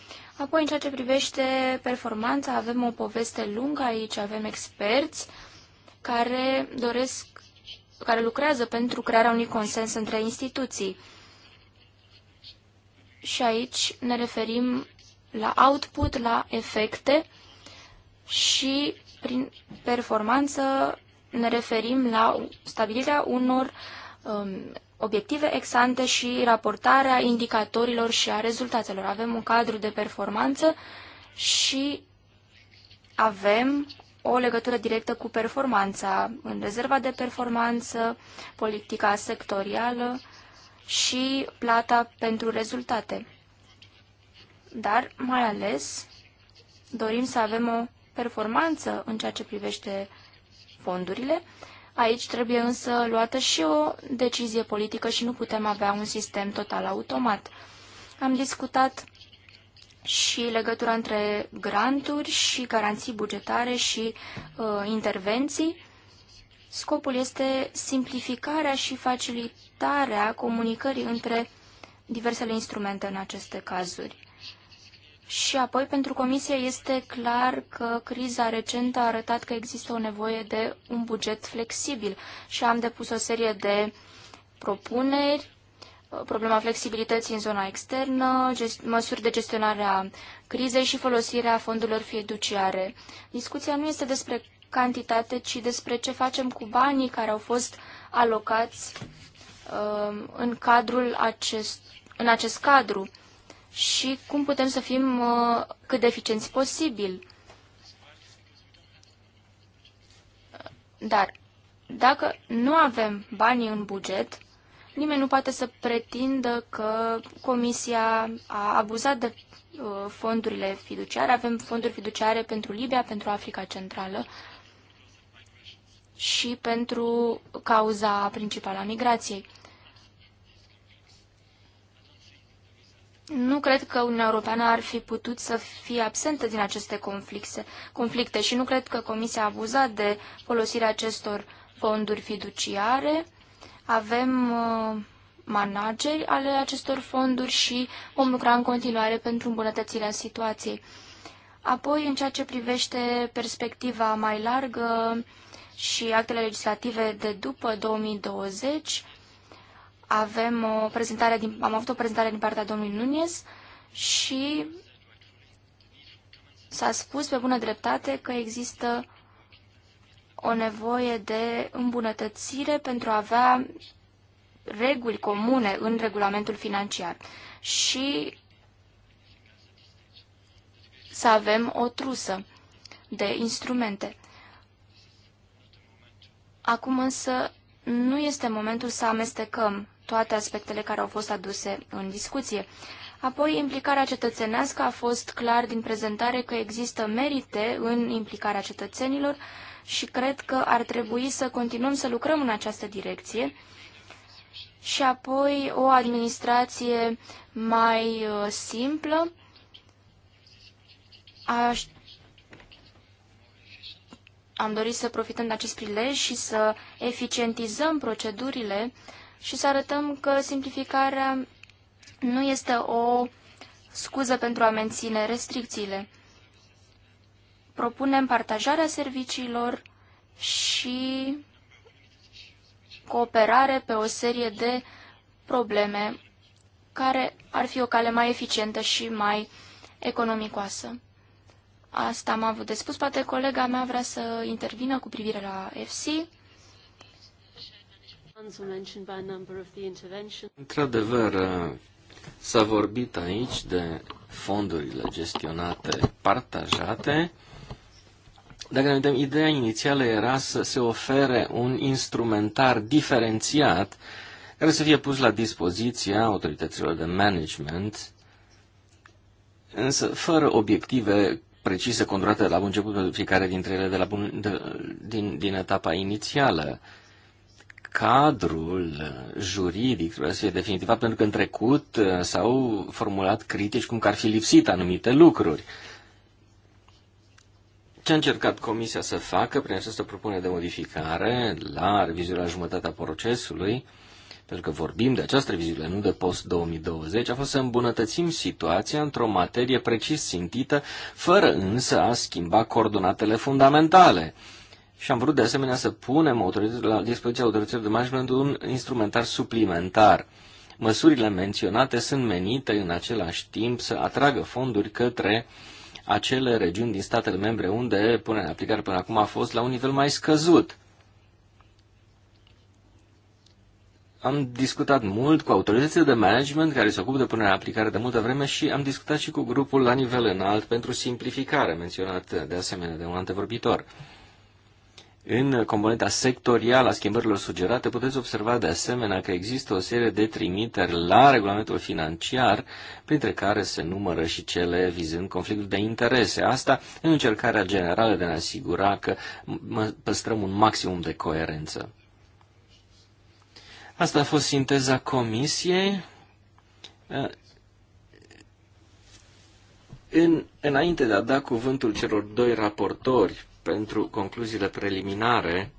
Apoi, în ceea ce privește performanța, avem o poveste lungă aici, avem experți care doresc, care lucrează pentru crearea unui consens între instituții. Și aici ne referim la output, la efecte și prin performanță ne referim la stabilirea unor um, obiective exante și raportarea indicatorilor și a rezultatelor. Avem un cadru de performanță și avem o legătură directă cu performanța în rezerva de performanță, politica sectorială și plata pentru rezultate. Dar, mai ales, dorim să avem o performanță în ceea ce privește fondurile Aici trebuie însă luată și o decizie politică și nu putem avea un sistem total automat. Am discutat și legătura între granturi și garanții bugetare și uh, intervenții. Scopul este simplificarea și facilitarea comunicării între diversele instrumente în aceste cazuri. Și apoi, pentru Comisie este clar că criza recentă a arătat că există o nevoie de un buget flexibil și am depus o serie de propuneri, problema flexibilității în zona externă, măsuri de gestionare a crizei și folosirea fondurilor fiduciare. Discuția nu este despre cantitate, ci despre ce facem cu banii care au fost alocați uh, în, cadrul acest, în acest cadru și cum putem să fim uh, cât de eficienți posibil. Dar dacă nu avem banii în buget, nimeni nu poate să pretindă că Comisia a abuzat de uh, fondurile fiduciare. Avem fonduri fiduciare pentru Libia, pentru Africa Centrală și pentru cauza principală a migrației. Nu cred că Uniunea Europeană ar fi putut să fie absentă din aceste conflicte, conflicte și nu cred că Comisia a abuzat de folosirea acestor fonduri fiduciare. Avem uh, manageri ale acestor fonduri și vom lucra în continuare pentru îmbunătățirea situației. Apoi, în ceea ce privește perspectiva mai largă și actele legislative de după 2020, avem o prezentare din, am avut o prezentare din partea domnului Nunes și s-a spus pe bună dreptate că există o nevoie de îmbunătățire pentru a avea reguli comune în regulamentul financiar și să avem o trusă de instrumente. Acum însă nu este momentul să amestecăm toate aspectele care au fost aduse în discuție. Apoi, implicarea cetățenească a fost clar din prezentare că există merite în implicarea cetățenilor și cred că ar trebui să continuăm să lucrăm în această direcție și apoi o administrație mai uh, simplă. Aș... Am dorit să profităm de acest prilej și să eficientizăm procedurile uh, și să arătăm că simplificarea nu este o scuză pentru a menține restricțiile. Propunem partajarea serviciilor și cooperare pe o serie de probleme care ar fi o cale mai eficientă și mai economicoasă. Asta am avut de spus, poate colega mea vrea să intervină cu privire la FC.
Într-adevăr, s-a vorbit aici de fondurile gestionate partajate. Dacă ne uităm, ideea inițială era să se ofere un instrumentar diferențiat care să fie pus la dispoziția autorităților de management, însă fără obiective precise conturate de la bun început pentru fiecare dintre ele de la bun, de, din, din etapa inițială cadrul juridic trebuie să fie definitivat, pentru că în trecut uh, s-au formulat critici cum că ar fi lipsit anumite lucruri. Ce a încercat Comisia să facă prin această propunere de modificare la revizuirea jumătatea procesului, pentru că vorbim de această revizuire, nu de post-2020, a fost să îmbunătățim situația într-o materie precis țintită, fără însă a schimba coordonatele fundamentale și am vrut de asemenea să punem la dispoziția autorităților de management un instrumentar suplimentar. Măsurile menționate sunt menite în același timp să atragă fonduri către acele regiuni din statele membre unde punerea în aplicare până acum a fost la un nivel mai scăzut. Am discutat mult cu autoritățile de management care se ocupă de punerea în aplicare de multă vreme și am discutat și cu grupul la nivel înalt pentru simplificare, menționat de asemenea de un antevorbitor. În componenta sectorială a schimbărilor sugerate puteți observa de asemenea că există o serie de trimiteri la regulamentul financiar, printre care se numără și cele vizând conflictul de interese. Asta în încercarea generală de a ne asigura că păstrăm un maximum de coerență. Asta a fost sinteza comisiei. În, înainte de a da cuvântul celor doi raportori, pentru concluziile preliminare,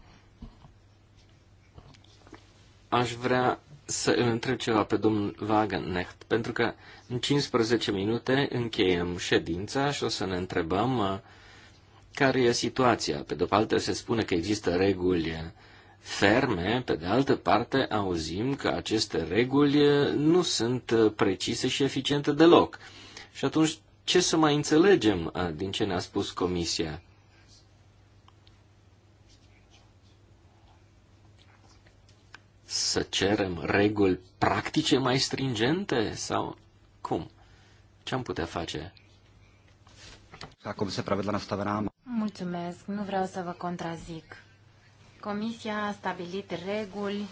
aș vrea să îl întreb ceva pe domnul Wagenknecht, pentru că în 15 minute încheiem ședința și o să ne întrebăm uh, care e situația. Pe de-o parte se spune că există reguli ferme, pe de altă parte auzim că aceste reguli nu sunt precise și eficiente deloc. Și atunci ce să mai înțelegem uh, din ce ne-a spus Comisia? să cerem reguli practice mai stringente sau cum? Ce am putea face?
Acum se prevede la nastaverea.
Mulțumesc, nu vreau să vă contrazic. Comisia a stabilit reguli.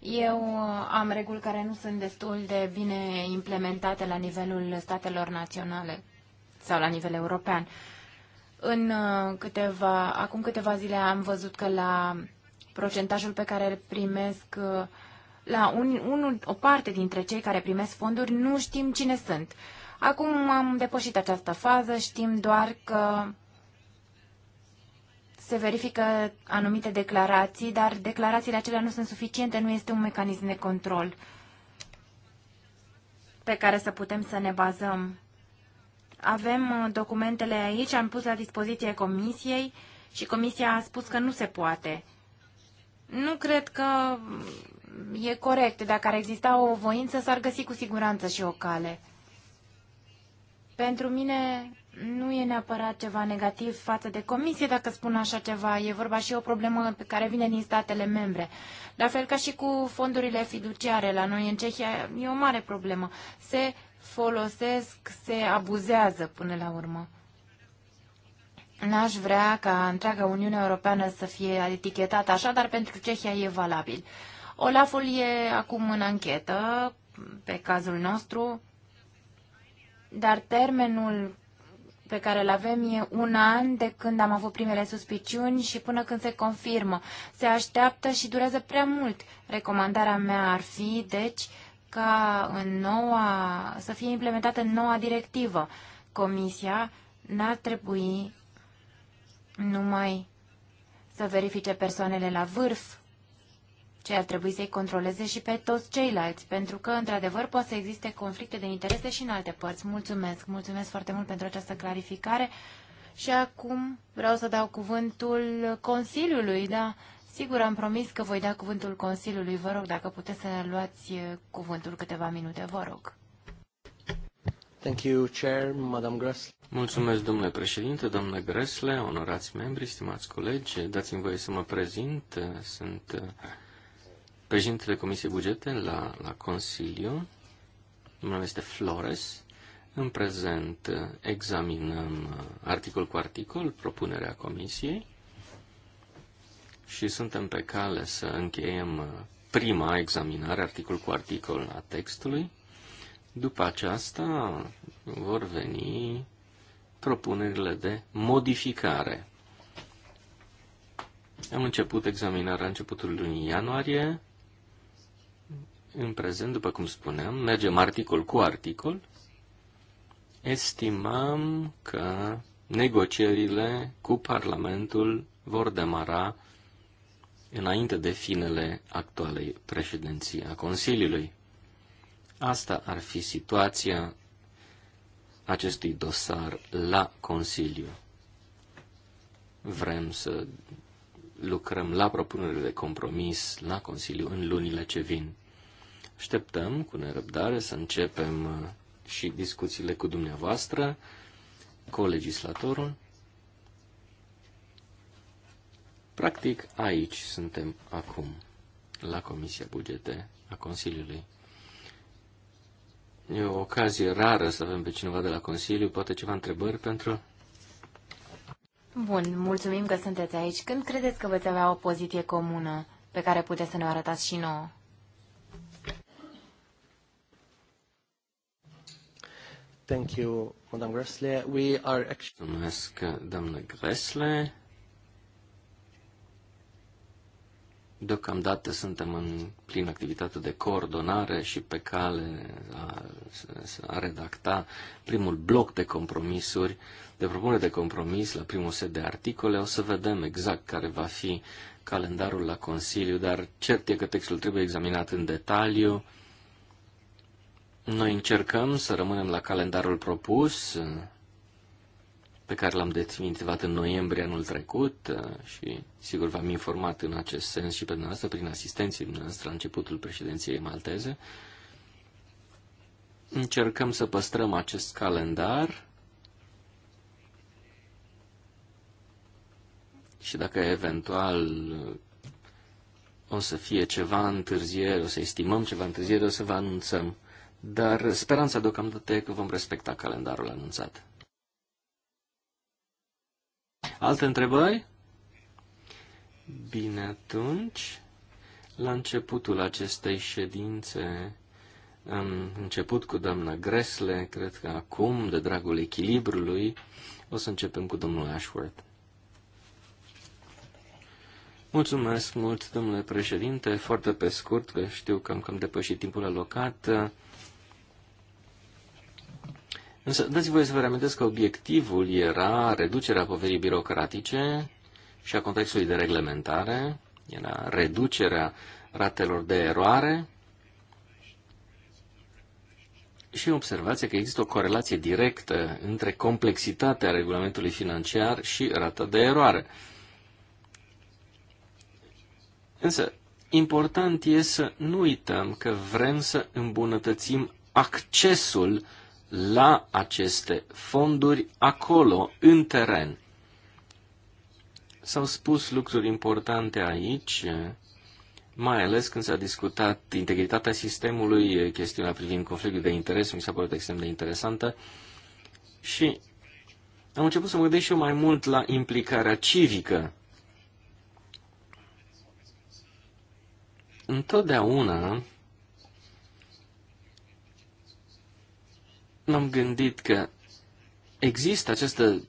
Eu am reguli care nu sunt destul de bine implementate la nivelul statelor naționale sau la nivel european. În uh, câteva, acum câteva zile am văzut că la procentajul pe care îl primesc uh, la un, un, o parte dintre cei care primesc fonduri, nu știm cine sunt. Acum am depășit această fază, știm doar că se verifică anumite declarații, dar declarațiile acelea nu sunt suficiente, nu este un mecanism de control pe care să putem să ne bazăm. Avem uh, documentele aici, am pus la dispoziție comisiei și comisia a spus că nu se poate nu cred că e corect. Dacă ar exista o voință, s-ar găsi cu siguranță și o cale. Pentru mine nu e neapărat ceva negativ față de comisie dacă spun așa ceva. E vorba și o problemă pe care vine din statele membre. La fel ca și cu fondurile fiduciare la noi în Cehia, e o mare problemă. Se folosesc, se abuzează până la urmă. N-aș vrea ca întreaga Uniune Europeană să fie etichetată așa, dar pentru Cehia e valabil. Olaful e acum în anchetă pe cazul nostru, dar termenul pe care îl avem e un an de când am avut primele suspiciuni și până când se confirmă. Se așteaptă și durează prea mult. Recomandarea mea ar fi, deci, ca în noua, să fie implementată noua directivă. Comisia n-ar trebui numai să verifice persoanele la vârf, ce ar trebui să-i controleze și pe toți ceilalți, pentru că, într-adevăr, poate să existe conflicte de interese și în alte părți. Mulțumesc! Mulțumesc foarte mult pentru această clarificare. Și acum vreau să dau cuvântul Consiliului, da? Sigur, am promis că voi da cuvântul Consiliului. Vă rog, dacă puteți să luați uh, cuvântul câteva minute, vă rog.
Thank you, Chair, Madam Grassley.
Mulțumesc, domnule președinte, domnule Gresle, onorați membri, stimați colegi, dați-mi voie să mă prezint. Sunt uh, președintele Comisiei Bugete la, la Consiliu. Numele este Flores. În prezent uh, examinăm uh, articol cu articol propunerea Comisiei și suntem pe cale să încheiem prima examinare articol cu articol a textului. După aceasta vor veni propunerile de modificare. Am început examinarea începutul lunii ianuarie. În prezent, după cum spuneam, mergem articol cu articol. Estimam că negocierile cu Parlamentul vor demara înainte de finele actualei președinții a Consiliului. Asta ar fi situația acestui dosar la Consiliu. Vrem să lucrăm la propunerile de compromis la Consiliu în lunile ce vin. Așteptăm cu nerăbdare să începem uh, și discuțiile cu dumneavoastră, legislatorul. Practic, aici suntem acum, la Comisia Bugete a Consiliului. E o ocazie rară să avem pe cineva de la Consiliu, poate ceva întrebări pentru...
Bun, mulțumim că sunteți aici. Când credeți că veți avea o poziție comună pe care puteți să ne o arătați și nouă?
Thank you, Madame Gressle. We are
actually... Mulțumesc, doamnă Gressle. Deocamdată suntem în plin activitate de coordonare și pe cale a, a redacta primul bloc de compromisuri, de propunere de compromis la primul set de articole. O să vedem exact care va fi calendarul la Consiliu, dar cert e că textul trebuie examinat în detaliu. Noi încercăm să rămânem la calendarul propus, pe care l-am definitivat în noiembrie anul trecut uh, și sigur v-am informat în acest sens și pe dumneavoastră prin asistenții dumneavoastră la începutul președinției malteze. Încercăm să păstrăm acest calendar și dacă eventual uh, o să fie ceva întârziere, o să estimăm ceva întârziere, o să vă anunțăm. Dar speranța deocamdată e că vom respecta calendarul anunțat. Alte întrebări? Bine, atunci, la începutul acestei ședințe am început cu doamna Gresle, cred că acum, de dragul echilibrului, o să începem cu domnul Ashworth. Mulțumesc mult, domnule președinte. Foarte pe scurt, că știu că am cam depășit timpul alocat. Însă dați voie să vă reamintesc că obiectivul era reducerea poverii birocratice și a contextului de reglementare, era reducerea ratelor de eroare și observația că există o corelație directă între complexitatea regulamentului financiar și rata de eroare. Însă, important e să nu uităm că vrem să îmbunătățim accesul la aceste fonduri acolo, în teren. S-au spus lucruri importante aici, mai ales când s-a discutat integritatea sistemului, chestiunea privind conflictul de interes, mi s-a părut extrem de interesantă, și am început să mă gândesc și eu mai mult la implicarea civică. Întotdeauna m-am gândit că există această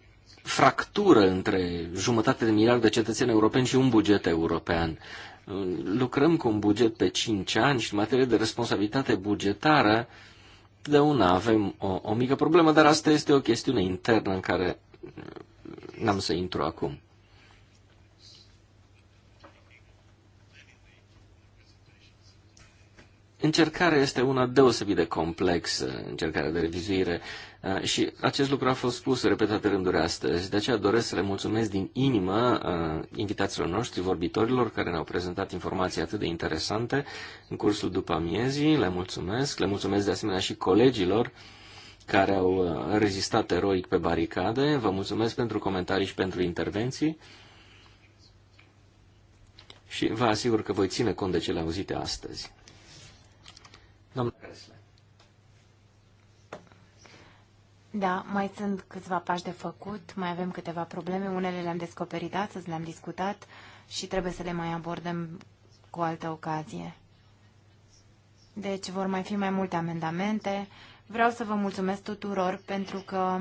fractură între jumătate de miliard de cetățeni europeni și un buget european. Lucrăm cu un buget pe 5 ani și în materie de responsabilitate bugetară, de una avem o, o mică problemă, dar asta este o chestiune internă în care n-am să intru acum. Încercarea este una deosebit de complexă, încercarea de revizuire, uh, și acest lucru a fost spus repetate rânduri astăzi. De aceea doresc să le mulțumesc din inimă uh, invitațiilor noștri, vorbitorilor, care ne-au prezentat informații atât de interesante în cursul după amiezii. Le mulțumesc. Le mulțumesc de asemenea și colegilor care au uh, rezistat eroic pe baricade. Vă mulțumesc pentru comentarii și pentru intervenții. Și vă asigur că voi ține cont de cele auzite astăzi. Domnul Cresle.
Da, mai sunt câțiva pași de făcut, mai avem câteva probleme, unele le-am descoperit astăzi, le-am discutat și trebuie să le mai abordăm cu altă ocazie. Deci vor mai fi mai multe amendamente. Vreau să vă mulțumesc tuturor pentru că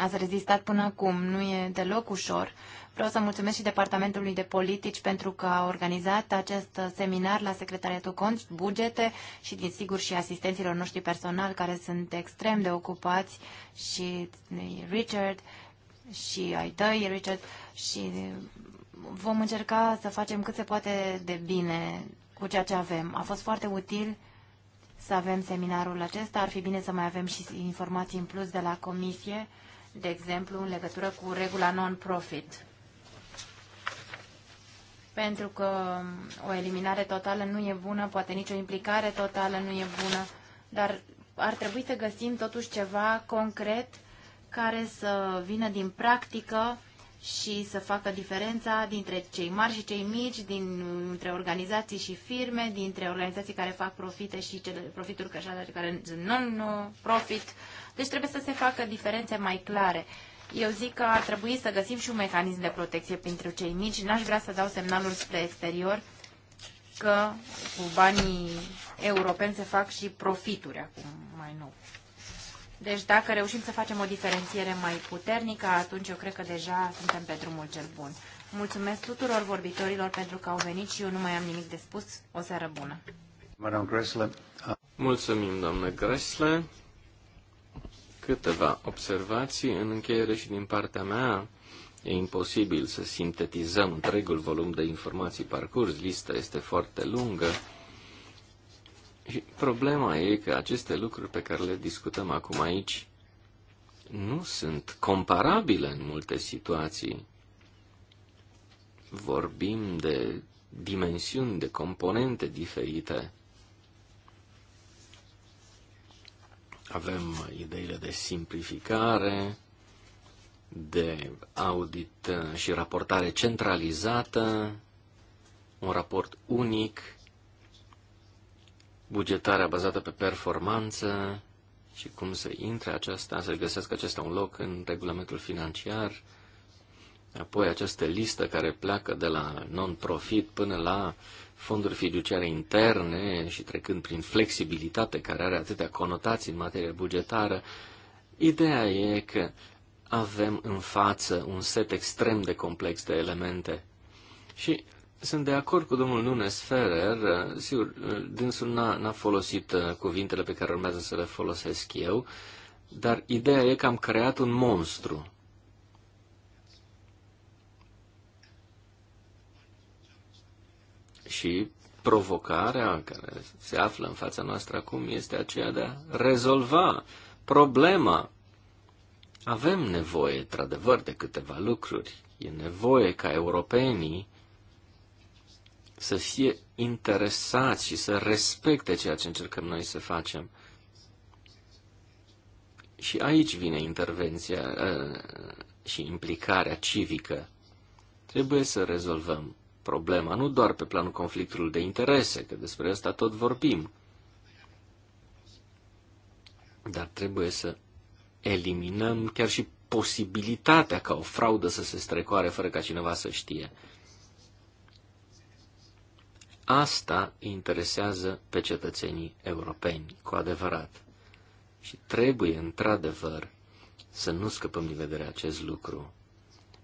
Ați rezistat până acum, nu e deloc ușor. Vreau să mulțumesc și Departamentului de Politici pentru că a organizat acest seminar la Secretariatul Conț. bugete și, din sigur, și asistenților noștri personal care sunt extrem de ocupați și Richard și ai tăi, Richard, și vom încerca să facem cât se poate de bine cu ceea ce avem. A fost foarte util să avem seminarul acesta. Ar fi bine să mai avem și informații în plus de la comisie de exemplu, în legătură cu regula non-profit. Pentru că o eliminare totală nu e bună, poate nicio implicare totală nu e bună, dar ar trebui să găsim totuși ceva concret care să vină din practică și să facă diferența dintre cei mari și cei mici, dintre organizații și firme, dintre organizații care fac profite și cele, profituri care, sunt non-profit. Deci trebuie să se facă diferențe mai clare. Eu zic că ar trebui să găsim și un mecanism de protecție pentru cei mici. N-aș vrea să dau semnalul spre exterior că cu banii europeni se fac și profituri acum mai nou. Deci dacă reușim să facem o diferențiere mai puternică, atunci eu cred că deja suntem pe drumul cel bun. Mulțumesc tuturor vorbitorilor pentru că au venit și eu nu mai am nimic de spus. O seară bună!
Mulțumim, doamnă Gresle câteva observații în încheiere și din partea mea. E imposibil să sintetizăm întregul volum de informații parcurs, lista este foarte lungă. Și problema e că aceste lucruri pe care le discutăm acum aici nu sunt comparabile în multe situații. Vorbim de dimensiuni, de componente diferite. Avem ideile de simplificare, de audit uh, și raportare centralizată, un raport unic, bugetarea bazată pe performanță și cum să intre aceasta, să găsească acesta un loc în regulamentul financiar, apoi această listă care pleacă de la non-profit până la fonduri fiduciare interne și trecând prin flexibilitate care are atâtea conotații în materie bugetară, ideea e că avem în față un set extrem de complex de elemente. Și sunt de acord cu domnul Nunes Ferrer, sigur, dânsul n-a, n-a folosit uh, cuvintele pe care urmează să le folosesc eu, dar ideea e că am creat un monstru Și provocarea care se află în fața noastră acum este aceea de a rezolva problema. Avem nevoie, într-adevăr, de câteva lucruri. E nevoie ca europenii să fie interesați și să respecte ceea ce încercăm noi să facem. Și aici vine intervenția uh, și implicarea civică. Trebuie să rezolvăm problema, nu doar pe planul conflictului de interese, că despre asta tot vorbim. Dar trebuie să eliminăm chiar și posibilitatea ca o fraudă să se strecoare fără ca cineva să știe. Asta interesează pe cetățenii europeni, cu adevărat. Și trebuie, într-adevăr, să nu scăpăm din vedere acest lucru.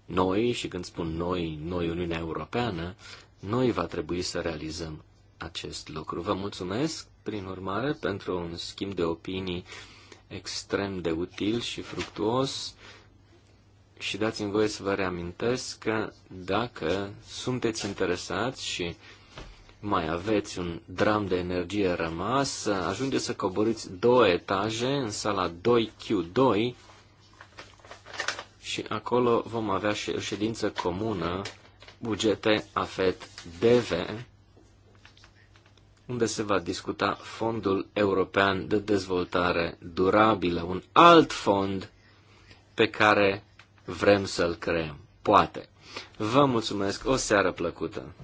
Noi, și când spun noi, noi Uniunea Europeană, noi va trebui să realizăm acest lucru. Vă mulțumesc, prin urmare, pentru un schimb de opinii extrem de util și fructuos și dați-mi voie să vă reamintesc că dacă sunteți interesați și mai aveți un dram de energie rămas, ajungeți să coborâți două etaje în sala 2Q2 și acolo vom avea și o ședință comună, bugete, afet, DV, unde se va discuta Fondul European de Dezvoltare Durabilă, un alt fond pe care vrem să-l creăm. Poate. Vă mulțumesc, o seară plăcută!